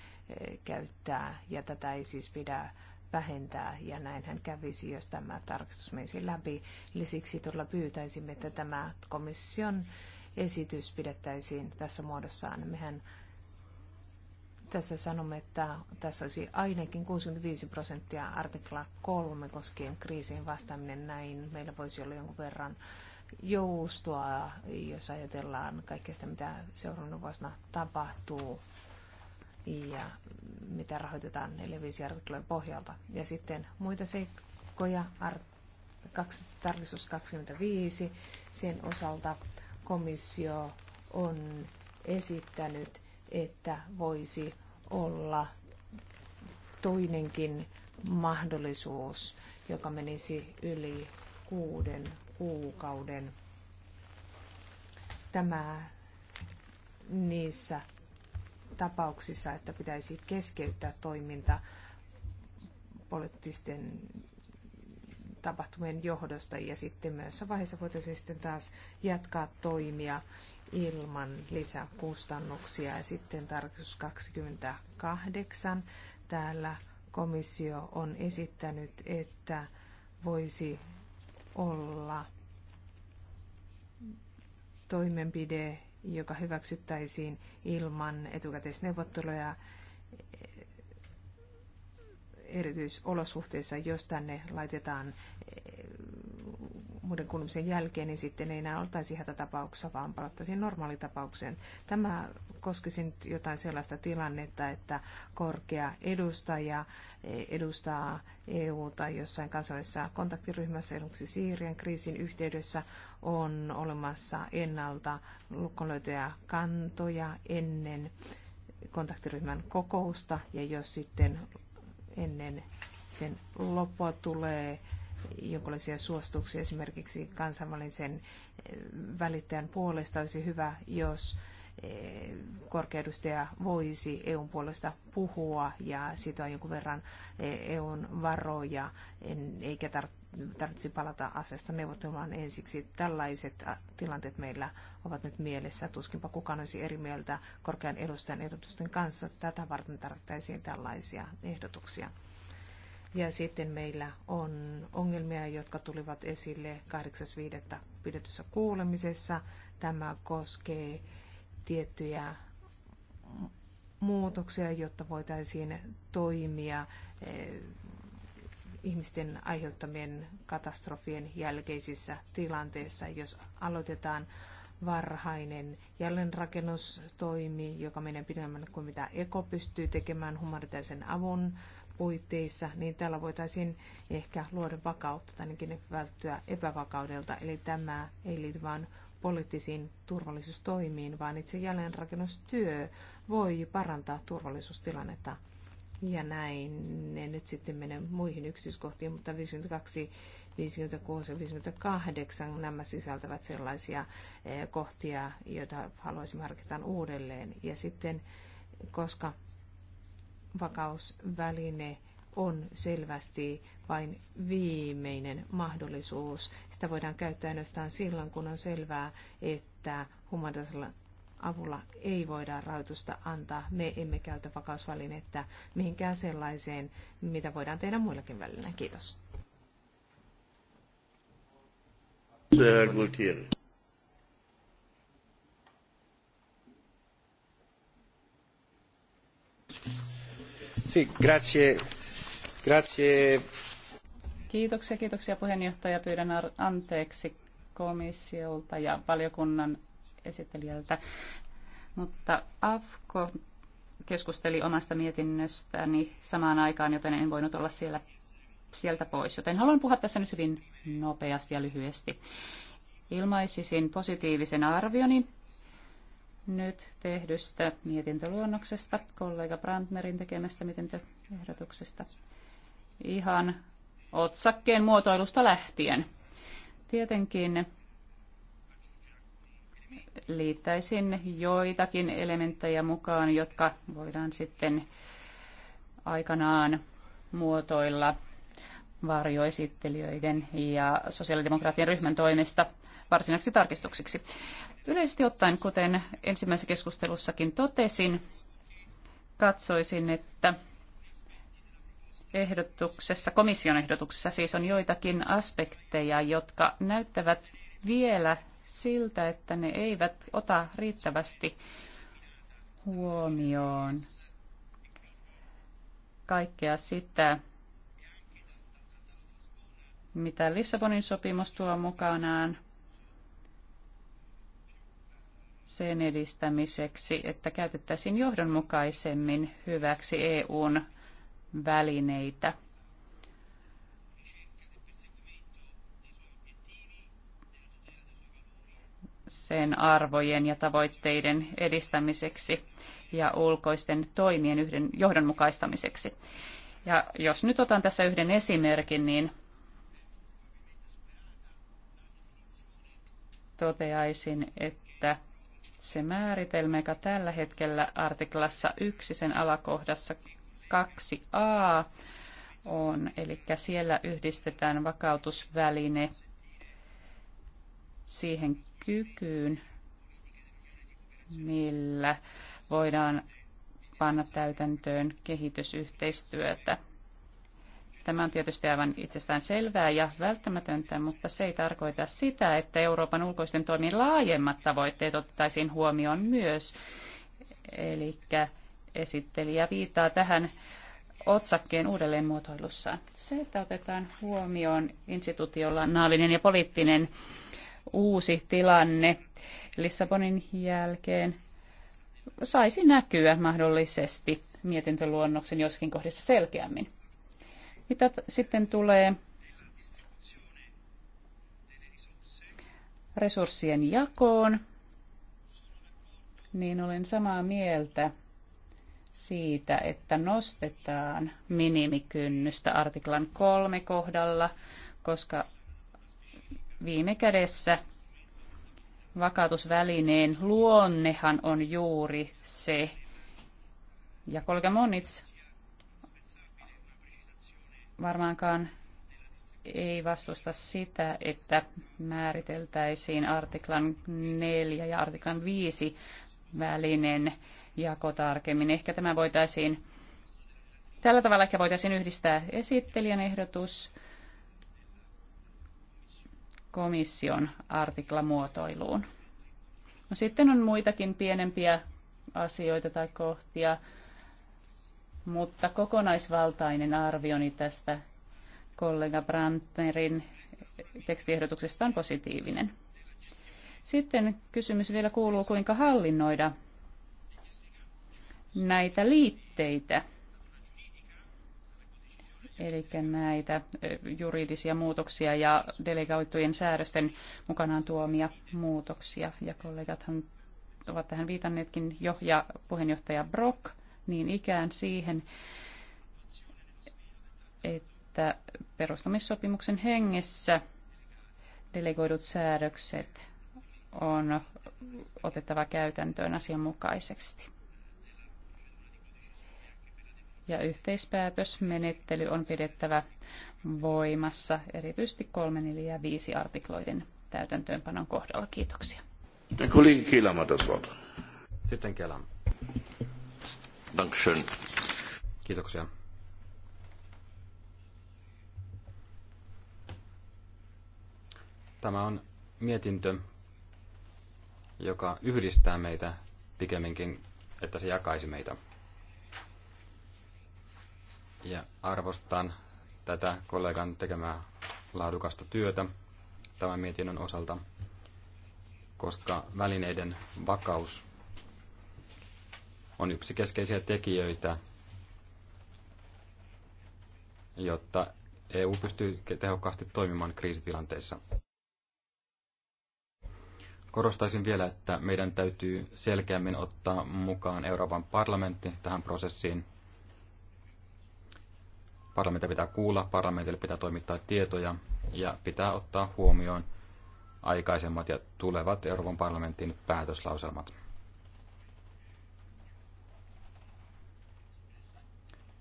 käyttää ja tätä ei siis pidä vähentää ja hän kävisi, jos tämä tarkastus menisi läpi. Eli siksi todella pyytäisimme, että tämä komission esitys pidettäisiin tässä muodossaan. Mehän tässä sanomme, että tässä olisi ainakin 65 prosenttia artikla 3 koskien kriisiin vastaaminen näin. Meillä voisi olla jonkun verran joustoa, jos ajatellaan kaikkea sitä, mitä seuraavana vuosina tapahtuu ja mitä rahoitetaan neljä viisi artiklojen pohjalta. Ja sitten muita seikkoja, tarkistus 25, sen osalta komissio on esittänyt, että voisi olla toinenkin mahdollisuus, joka menisi yli kuuden kuukauden. Tämä niissä tapauksissa, että pitäisi keskeyttää toiminta poliittisten tapahtumien johdosta ja sitten myös vaiheessa voitaisiin sitten taas jatkaa toimia ilman lisäkustannuksia. Ja sitten tarkistus 28. Täällä komissio on esittänyt, että voisi olla toimenpide, joka hyväksyttäisiin ilman etukäteisneuvotteluja erityisolosuhteissa, jos tänne laitetaan eh, muiden kuulumisen jälkeen, niin sitten ei enää oltaisi hätätapauksessa, vaan palattaisiin normaalitapaukseen. Tämä koskisi nyt jotain sellaista tilannetta, että korkea edustaja eh, edustaa EU tai jossain kansallisessa kontaktiryhmässä, esimerkiksi Siirien kriisin yhteydessä, on olemassa ennalta lukkonlöytöjä kantoja ennen kontaktiryhmän kokousta ja jos sitten ennen sen loppua tulee jonkinlaisia suostuksia esimerkiksi kansainvälisen eh, välittäjän puolesta olisi hyvä, jos Eh, korkeudustaja voisi EUn puolesta puhua ja sitoa jonkun verran eh, EUn varoja, eikä tarvitse palata asiasta neuvottelemaan ensiksi. Tällaiset äh, tilanteet meillä ovat nyt mielessä. Tuskinpa kukaan olisi eri mieltä korkean edustajan ehdotusten kanssa. Tätä varten tarvittaisiin tällaisia ehdotuksia. Ja sitten meillä on ongelmia, jotka tulivat esille 8.5. pidetyssä kuulemisessa. Tämä koskee tiettyjä muutoksia, jotta voitaisiin toimia eh, ihmisten aiheuttamien katastrofien jälkeisissä tilanteissa, jos aloitetaan varhainen jälleenrakennustoimi, joka menee pidemmälle kuin mitä EKO pystyy tekemään humanitaarisen avun puitteissa, niin tällä voitaisiin ehkä luoda vakautta tai ainakin välttyä epävakaudelta. Eli tämä ei liity vain poliittisiin turvallisuustoimiin, vaan itse jälleenrakennustyö voi parantaa turvallisuustilannetta. Ja näin ne nyt sitten menee muihin yksityiskohtiin, mutta 52 56 ja 58 nämä sisältävät sellaisia eh, kohtia, joita haluaisin harkita uudelleen. Ja sitten, koska vakausväline on selvästi vain viimeinen mahdollisuus. Sitä voidaan käyttää ainoastaan silloin, kun on selvää, että humanitaarisella avulla ei voida rahoitusta antaa. Me emme käytä vakausvälinettä mihinkään sellaiseen, mitä voidaan tehdä muillakin välillä. Kiitos. Sì, grazie Grazie. Kiitoksia, kiitoksia puheenjohtaja. Pyydän anteeksi komissiolta ja valiokunnan esittelijältä. Mutta AFKO keskusteli omasta mietinnöstäni samaan aikaan, joten en voinut olla siellä, sieltä pois. Joten haluan puhua tässä nyt hyvin nopeasti ja lyhyesti. Ilmaisisin positiivisen arvioni nyt tehdystä mietintöluonnoksesta, kollega Brandnerin tekemästä mietintöehdotuksesta ihan otsakkeen muotoilusta lähtien. Tietenkin liittäisin joitakin elementtejä mukaan, jotka voidaan sitten aikanaan muotoilla varjoesittelijöiden ja sosiaalidemokraattien ryhmän toimesta varsinaiseksi tarkistuksiksi. Yleisesti ottaen, kuten ensimmäisessä keskustelussakin totesin, katsoisin, että ehdotuksessa, komission ehdotuksessa siis on joitakin aspekteja, jotka näyttävät vielä siltä, että ne eivät ota riittävästi huomioon kaikkea sitä, mitä Lissabonin sopimus tuo mukanaan sen edistämiseksi, että käytettäisiin johdonmukaisemmin hyväksi EUn välineitä sen arvojen ja tavoitteiden edistämiseksi ja ulkoisten toimien yhden johdonmukaistamiseksi. Ja jos nyt otan tässä yhden esimerkin, niin toteaisin, että se määritelmä, joka tällä hetkellä artiklassa 1 sen alakohdassa 2a on, eli siellä yhdistetään vakautusväline siihen kykyyn, millä voidaan panna täytäntöön kehitysyhteistyötä. Tämä on tietysti aivan itsestään selvää ja välttämätöntä, mutta se ei tarkoita sitä, että Euroopan ulkoisten toimien laajemmat tavoitteet otettaisiin huomioon myös. Eli ja viittaa tähän otsakkeen uudelleenmuotoilussaan. Se, että otetaan huomioon institutionaalinen ja poliittinen uusi tilanne Lissabonin jälkeen, saisi näkyä mahdollisesti mietintöluonnoksen joskin kohdissa selkeämmin. Mitä sitten tulee resurssien jakoon, niin olen samaa mieltä – siitä, että nostetaan minimikynnystä artiklan kolme kohdalla, koska viime kädessä vakautusvälineen luonnehan on juuri se. Ja Kolga Monits varmaankaan ei vastusta sitä, että määriteltäisiin artiklan 4 ja artiklan 5 välinen jako tarkemmin. Ehkä tämä voitaisiin, tällä tavalla ehkä voitaisiin yhdistää esittelijän ehdotus komission artiklamuotoiluun. No sitten on muitakin pienempiä asioita tai kohtia, mutta kokonaisvaltainen arvioni tästä kollega Brandnerin tekstiehdotuksesta on positiivinen. Sitten kysymys vielä kuuluu, kuinka hallinnoida näitä liitteitä, eli näitä juridisia muutoksia ja delegoitujen säädösten mukanaan tuomia muutoksia. Ja kollegathan ovat tähän viitanneetkin jo, ja puheenjohtaja Brock niin ikään siihen, että perustamissopimuksen hengessä delegoidut säädökset on otettava käytäntöön asianmukaisesti ja yhteispäätösmenettely on pidettävä voimassa erityisesti 3, 4 ja 5 artikloiden täytäntöönpanon kohdalla. Kiitoksia. Sitten Kehler. Kiitoksia. Tämä on mietintö, joka yhdistää meitä pikemminkin, että se jakaisi meitä ja arvostan tätä kollegan tekemää laadukasta työtä tämän mietinnön osalta, koska välineiden vakaus on yksi keskeisiä tekijöitä, jotta EU pystyy tehokkaasti toimimaan kriisitilanteissa. Korostaisin vielä, että meidän täytyy selkeämmin ottaa mukaan Euroopan parlamentti tähän prosessiin – Parlamentia pitää kuulla, parlamentille pitää toimittaa tietoja ja pitää ottaa huomioon aikaisemmat ja tulevat Euroopan parlamentin päätöslauselmat.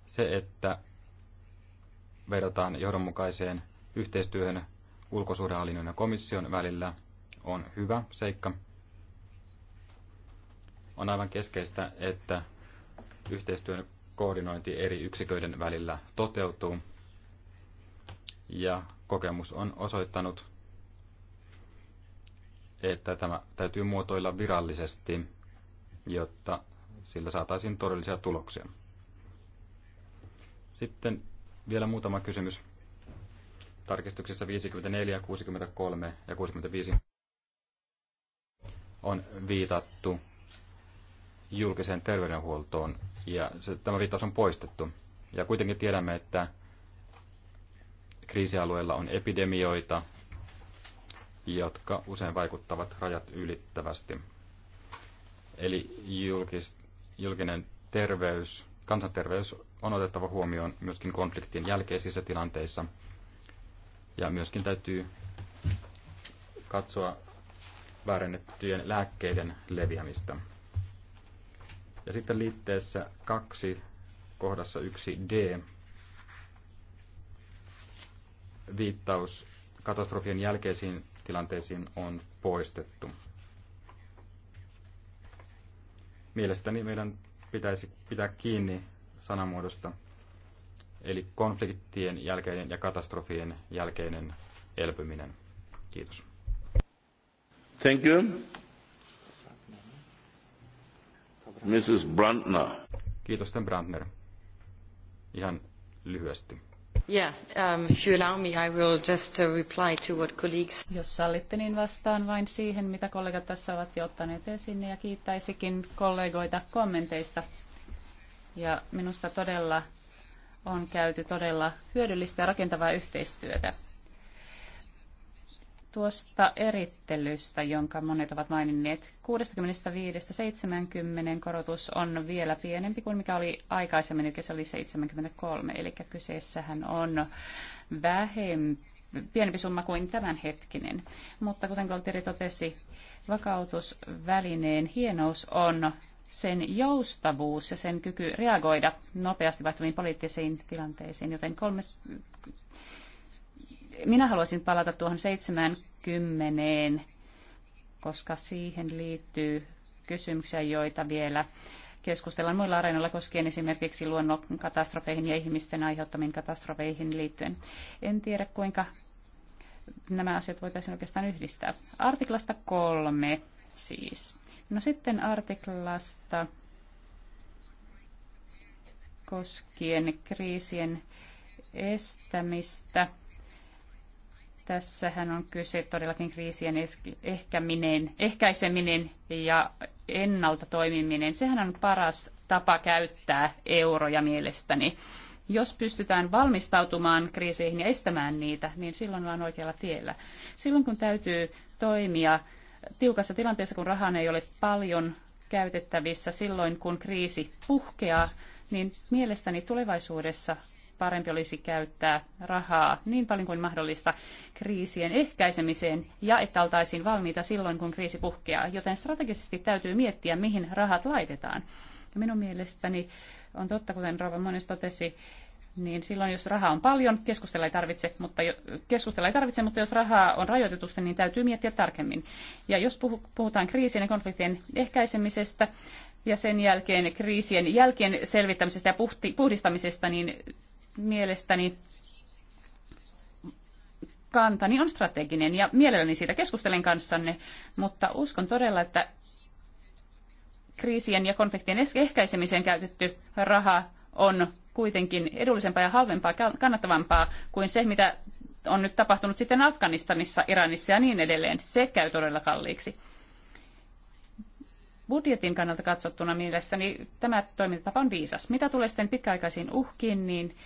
Se, että vedotaan johdonmukaiseen yhteistyöhön ulkosuhdehallinnon ja komission välillä, on hyvä seikka. On aivan keskeistä, että yhteistyön koordinointi eri yksiköiden välillä toteutuu. Ja kokemus on osoittanut, että tämä täytyy muotoilla virallisesti, jotta sillä saataisiin todellisia tuloksia. Sitten vielä muutama kysymys. Tarkistuksissa 54, 63 ja 65 on viitattu julkiseen terveydenhuoltoon ja se, tämä viittaus on poistettu. Ja kuitenkin tiedämme, että kriisialueilla on epidemioita, jotka usein vaikuttavat rajat ylittävästi. Eli julkis, julkinen terveys, kansanterveys on otettava huomioon myöskin konfliktin jälkeisissä tilanteissa. Ja myöskin täytyy katsoa väärennettyjen lääkkeiden leviämistä. Ja sitten liitteessä 2 kohdassa 1d viittaus katastrofien jälkeisiin tilanteisiin on poistettu. Mielestäni meidän pitäisi pitää kiinni sanamuodosta, eli konfliktien jälkeinen ja katastrofien jälkeinen elpyminen. Kiitos. Thank you. Mrs. Brandner. Kiitos, Brandner. Ihan lyhyesti. Yeah, um, if you allow me, I will just uh, reply to what colleagues... Jos sallitte, niin vastaan vain siihen, mitä kollegat tässä ovat jo ottaneet esiin, ja kiittäisikin kollegoita kommenteista. Ja minusta todella on käyty todella hyödyllistä ja rakentavaa yhteistyötä tuosta erittelystä, jonka monet ovat maininneet. 65-70 korotus on vielä pienempi kuin mikä oli aikaisemmin, eli se oli 73, eli kyseessähän on vähempi pienempi summa kuin tämänhetkinen. Mutta kuten Kolteri totesi, vakautusvälineen hienous on sen joustavuus ja sen kyky reagoida nopeasti vaihtuviin poliittisiin tilanteisiin, joten kolme, minä haluaisin palata tuohon 70, koska siihen liittyy kysymyksiä, joita vielä keskustellaan muilla areenoilla koskien esimerkiksi luonnonkatastrofeihin ja ihmisten aiheuttamiin katastrofeihin liittyen. En tiedä, kuinka nämä asiat voitaisiin oikeastaan yhdistää. Artiklasta kolme siis. No sitten artiklasta koskien kriisien estämistä – Tässähän on kyse todellakin kriisien ehkäminen, ehkäiseminen ja ennalta toimiminen. Sehän on paras tapa käyttää euroja mielestäni. Jos pystytään valmistautumaan kriiseihin ja estämään niitä, niin silloin ollaan oikealla tiellä. Silloin kun täytyy toimia tiukassa tilanteessa, kun rahaa ei ole paljon käytettävissä, silloin kun kriisi puhkeaa, niin mielestäni tulevaisuudessa parempi olisi käyttää rahaa niin paljon kuin mahdollista kriisien ehkäisemiseen ja että oltaisiin valmiita silloin, kun kriisi puhkeaa. Joten strategisesti täytyy miettiä, mihin rahat laitetaan. Ja minun mielestäni on totta, kuten Rova monesti totesi, niin silloin jos rahaa on paljon, keskustella ei tarvitse, mutta jo, keskustella ei tarvitse, mutta jos rahaa on rajoitetusta, niin täytyy miettiä tarkemmin. Ja jos puhutaan kriisien ja konfliktien ehkäisemisestä ja sen jälkeen kriisien jälkeen selvittämisestä ja puhdistamisesta, niin mielestäni kantani on strateginen ja mielelläni siitä keskustelen kanssanne, mutta uskon todella, että kriisien ja konfliktien ehkäisemiseen käytetty raha on kuitenkin edullisempaa ja halvempaa, kannattavampaa kuin se, mitä on nyt tapahtunut sitten Afganistanissa, Iranissa ja niin edelleen. Se käy todella kalliiksi budjetin kannalta katsottuna mielestäni tämä toimintatapa on viisas. Mitä tulee sitten pitkäaikaisiin uhkiin, niin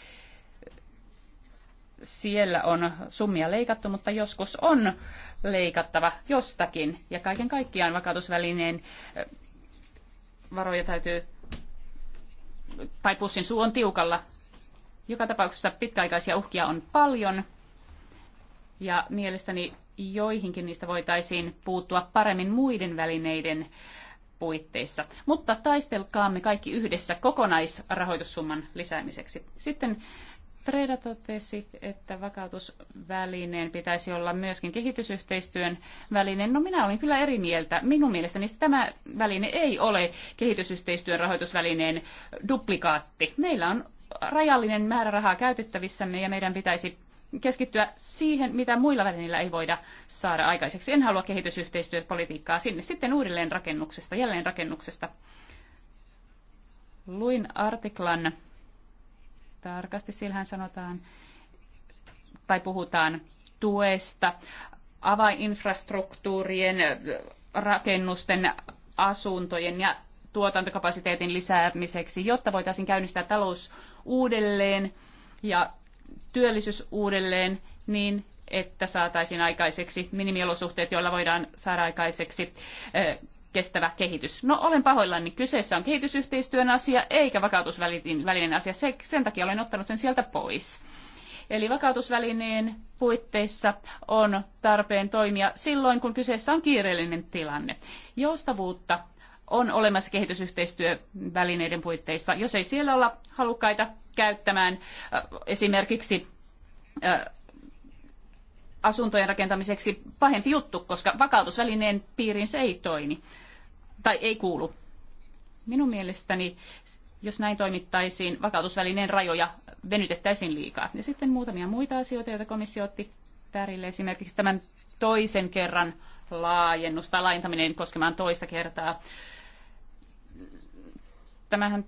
siellä on summia leikattu, mutta joskus on leikattava jostakin. Ja kaiken kaikkiaan vakautusvälineen varoja täytyy, tai pussin suu on tiukalla. Joka tapauksessa pitkäaikaisia uhkia on paljon, ja mielestäni joihinkin niistä voitaisiin puuttua paremmin muiden välineiden puitteissa. Mutta taistelkaamme kaikki yhdessä kokonaisrahoitussumman lisäämiseksi. Sitten Freda totesi, että vakautusvälineen pitäisi olla myöskin kehitysyhteistyön väline. No minä olin kyllä eri mieltä. Minun mielestäni tämä väline ei ole kehitysyhteistyön rahoitusvälineen duplikaatti. Meillä on rajallinen määrä rahaa käytettävissämme ja meidän pitäisi keskittyä siihen, mitä muilla välineillä ei voida saada aikaiseksi. En halua kehitysyhteistyöpolitiikkaa sinne. Sitten uudelleen rakennuksesta, jälleen rakennuksesta. Luin artiklan, tarkasti sillähän sanotaan, tai puhutaan tuesta, avaininfrastruktuurien, rakennusten, asuntojen ja tuotantokapasiteetin lisäämiseksi, jotta voitaisiin käynnistää talous uudelleen ja työllisyys uudelleen niin, että saataisiin aikaiseksi minimiolosuhteet, joilla voidaan saada aikaiseksi kestävä kehitys. No olen pahoillani, kyseessä on kehitysyhteistyön asia eikä vakautusvälineen asia. Sen takia olen ottanut sen sieltä pois. Eli vakautusvälineen puitteissa on tarpeen toimia silloin, kun kyseessä on kiireellinen tilanne. Joustavuutta on olemassa kehitysyhteistyövälineiden puitteissa. Jos ei siellä olla halukkaita käyttämään äh, esimerkiksi äh, asuntojen rakentamiseksi pahempi juttu, koska vakautusvälineen piiriin se ei toimi tai ei kuulu. Minun mielestäni, jos näin toimittaisiin, vakautusvälineen rajoja venytettäisiin liikaa. Ja sitten muutamia muita asioita, joita komissio otti pärille. Esimerkiksi tämän toisen kerran laajennus tai laajentaminen koskemaan toista kertaa tämähän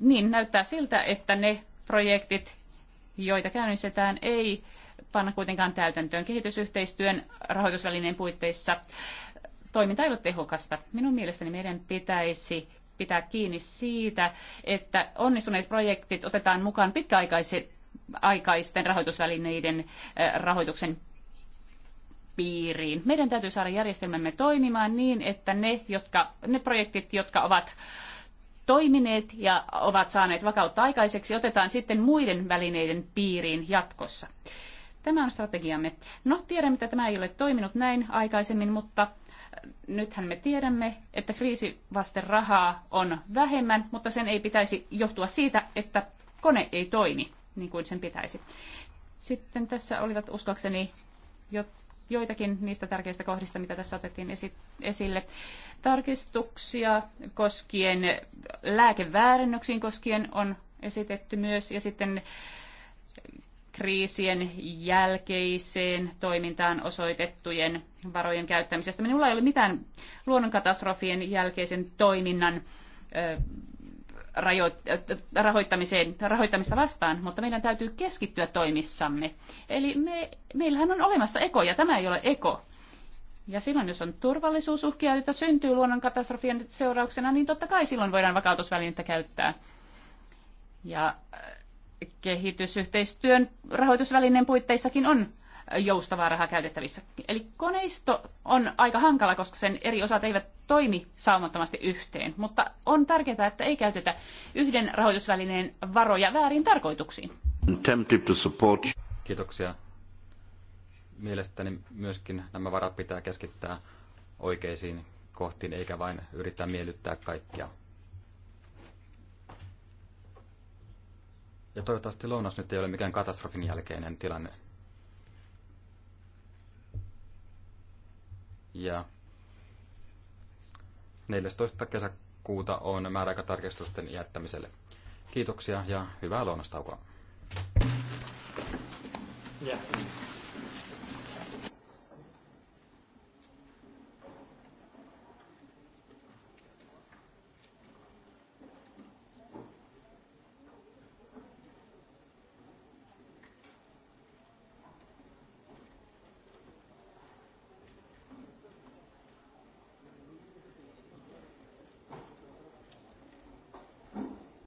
niin näyttää siltä, että ne projektit, joita käynnistetään, ei panna kuitenkaan täytäntöön kehitysyhteistyön rahoitusvälineen puitteissa. Toiminta ei ole tehokasta. Minun mielestäni meidän pitäisi pitää kiinni siitä, että onnistuneet projektit otetaan mukaan pitkäaikaisten rahoitusvälineiden rahoituksen piiriin. Meidän täytyy saada järjestelmämme toimimaan niin, että ne, jotka, ne projektit, jotka ovat toimineet ja ovat saaneet vakautta aikaiseksi, otetaan sitten muiden välineiden piiriin jatkossa. Tämä on strategiamme. No, tiedämme, että tämä ei ole toiminut näin aikaisemmin, mutta äh, nythän me tiedämme, että kriisivasten rahaa on vähemmän, mutta sen ei pitäisi johtua siitä, että kone ei toimi niin kuin sen pitäisi. Sitten tässä olivat uskoakseni jo joitakin niistä tärkeistä kohdista, mitä tässä otettiin esi- esille. Tarkistuksia koskien lääkeväärennöksiin koskien on esitetty myös ja sitten kriisien jälkeiseen toimintaan osoitettujen varojen käyttämisestä. Minulla ei ole mitään luonnonkatastrofien jälkeisen toiminnan rahoittamiseen, rahoittamista vastaan, mutta meidän täytyy keskittyä toimissamme. Eli me, meillähän on olemassa eko, ja tämä ei ole eko. Ja silloin, jos on turvallisuusuhkia, joita syntyy luonnonkatastrofien seurauksena, niin totta kai silloin voidaan vakautusvälinettä käyttää. Ja äh, kehitysyhteistyön rahoitusvälineen puitteissakin on joustavaa rahaa käytettävissä. Eli koneisto on aika hankala, koska sen eri osat eivät toimi saumattomasti yhteen, mutta on tärkeää, että ei käytetä yhden rahoitusvälineen varoja väärin tarkoituksiin. Kiitoksia. Mielestäni myöskin nämä varat pitää keskittää oikeisiin kohtiin, eikä vain yrittää miellyttää kaikkia. Ja toivottavasti lounas nyt ei ole mikään katastrofin jälkeinen tilanne. Ja 14. kesäkuuta on määräaikatarkistusten jättämiselle. Kiitoksia ja hyvää lounastaukoa. Yeah.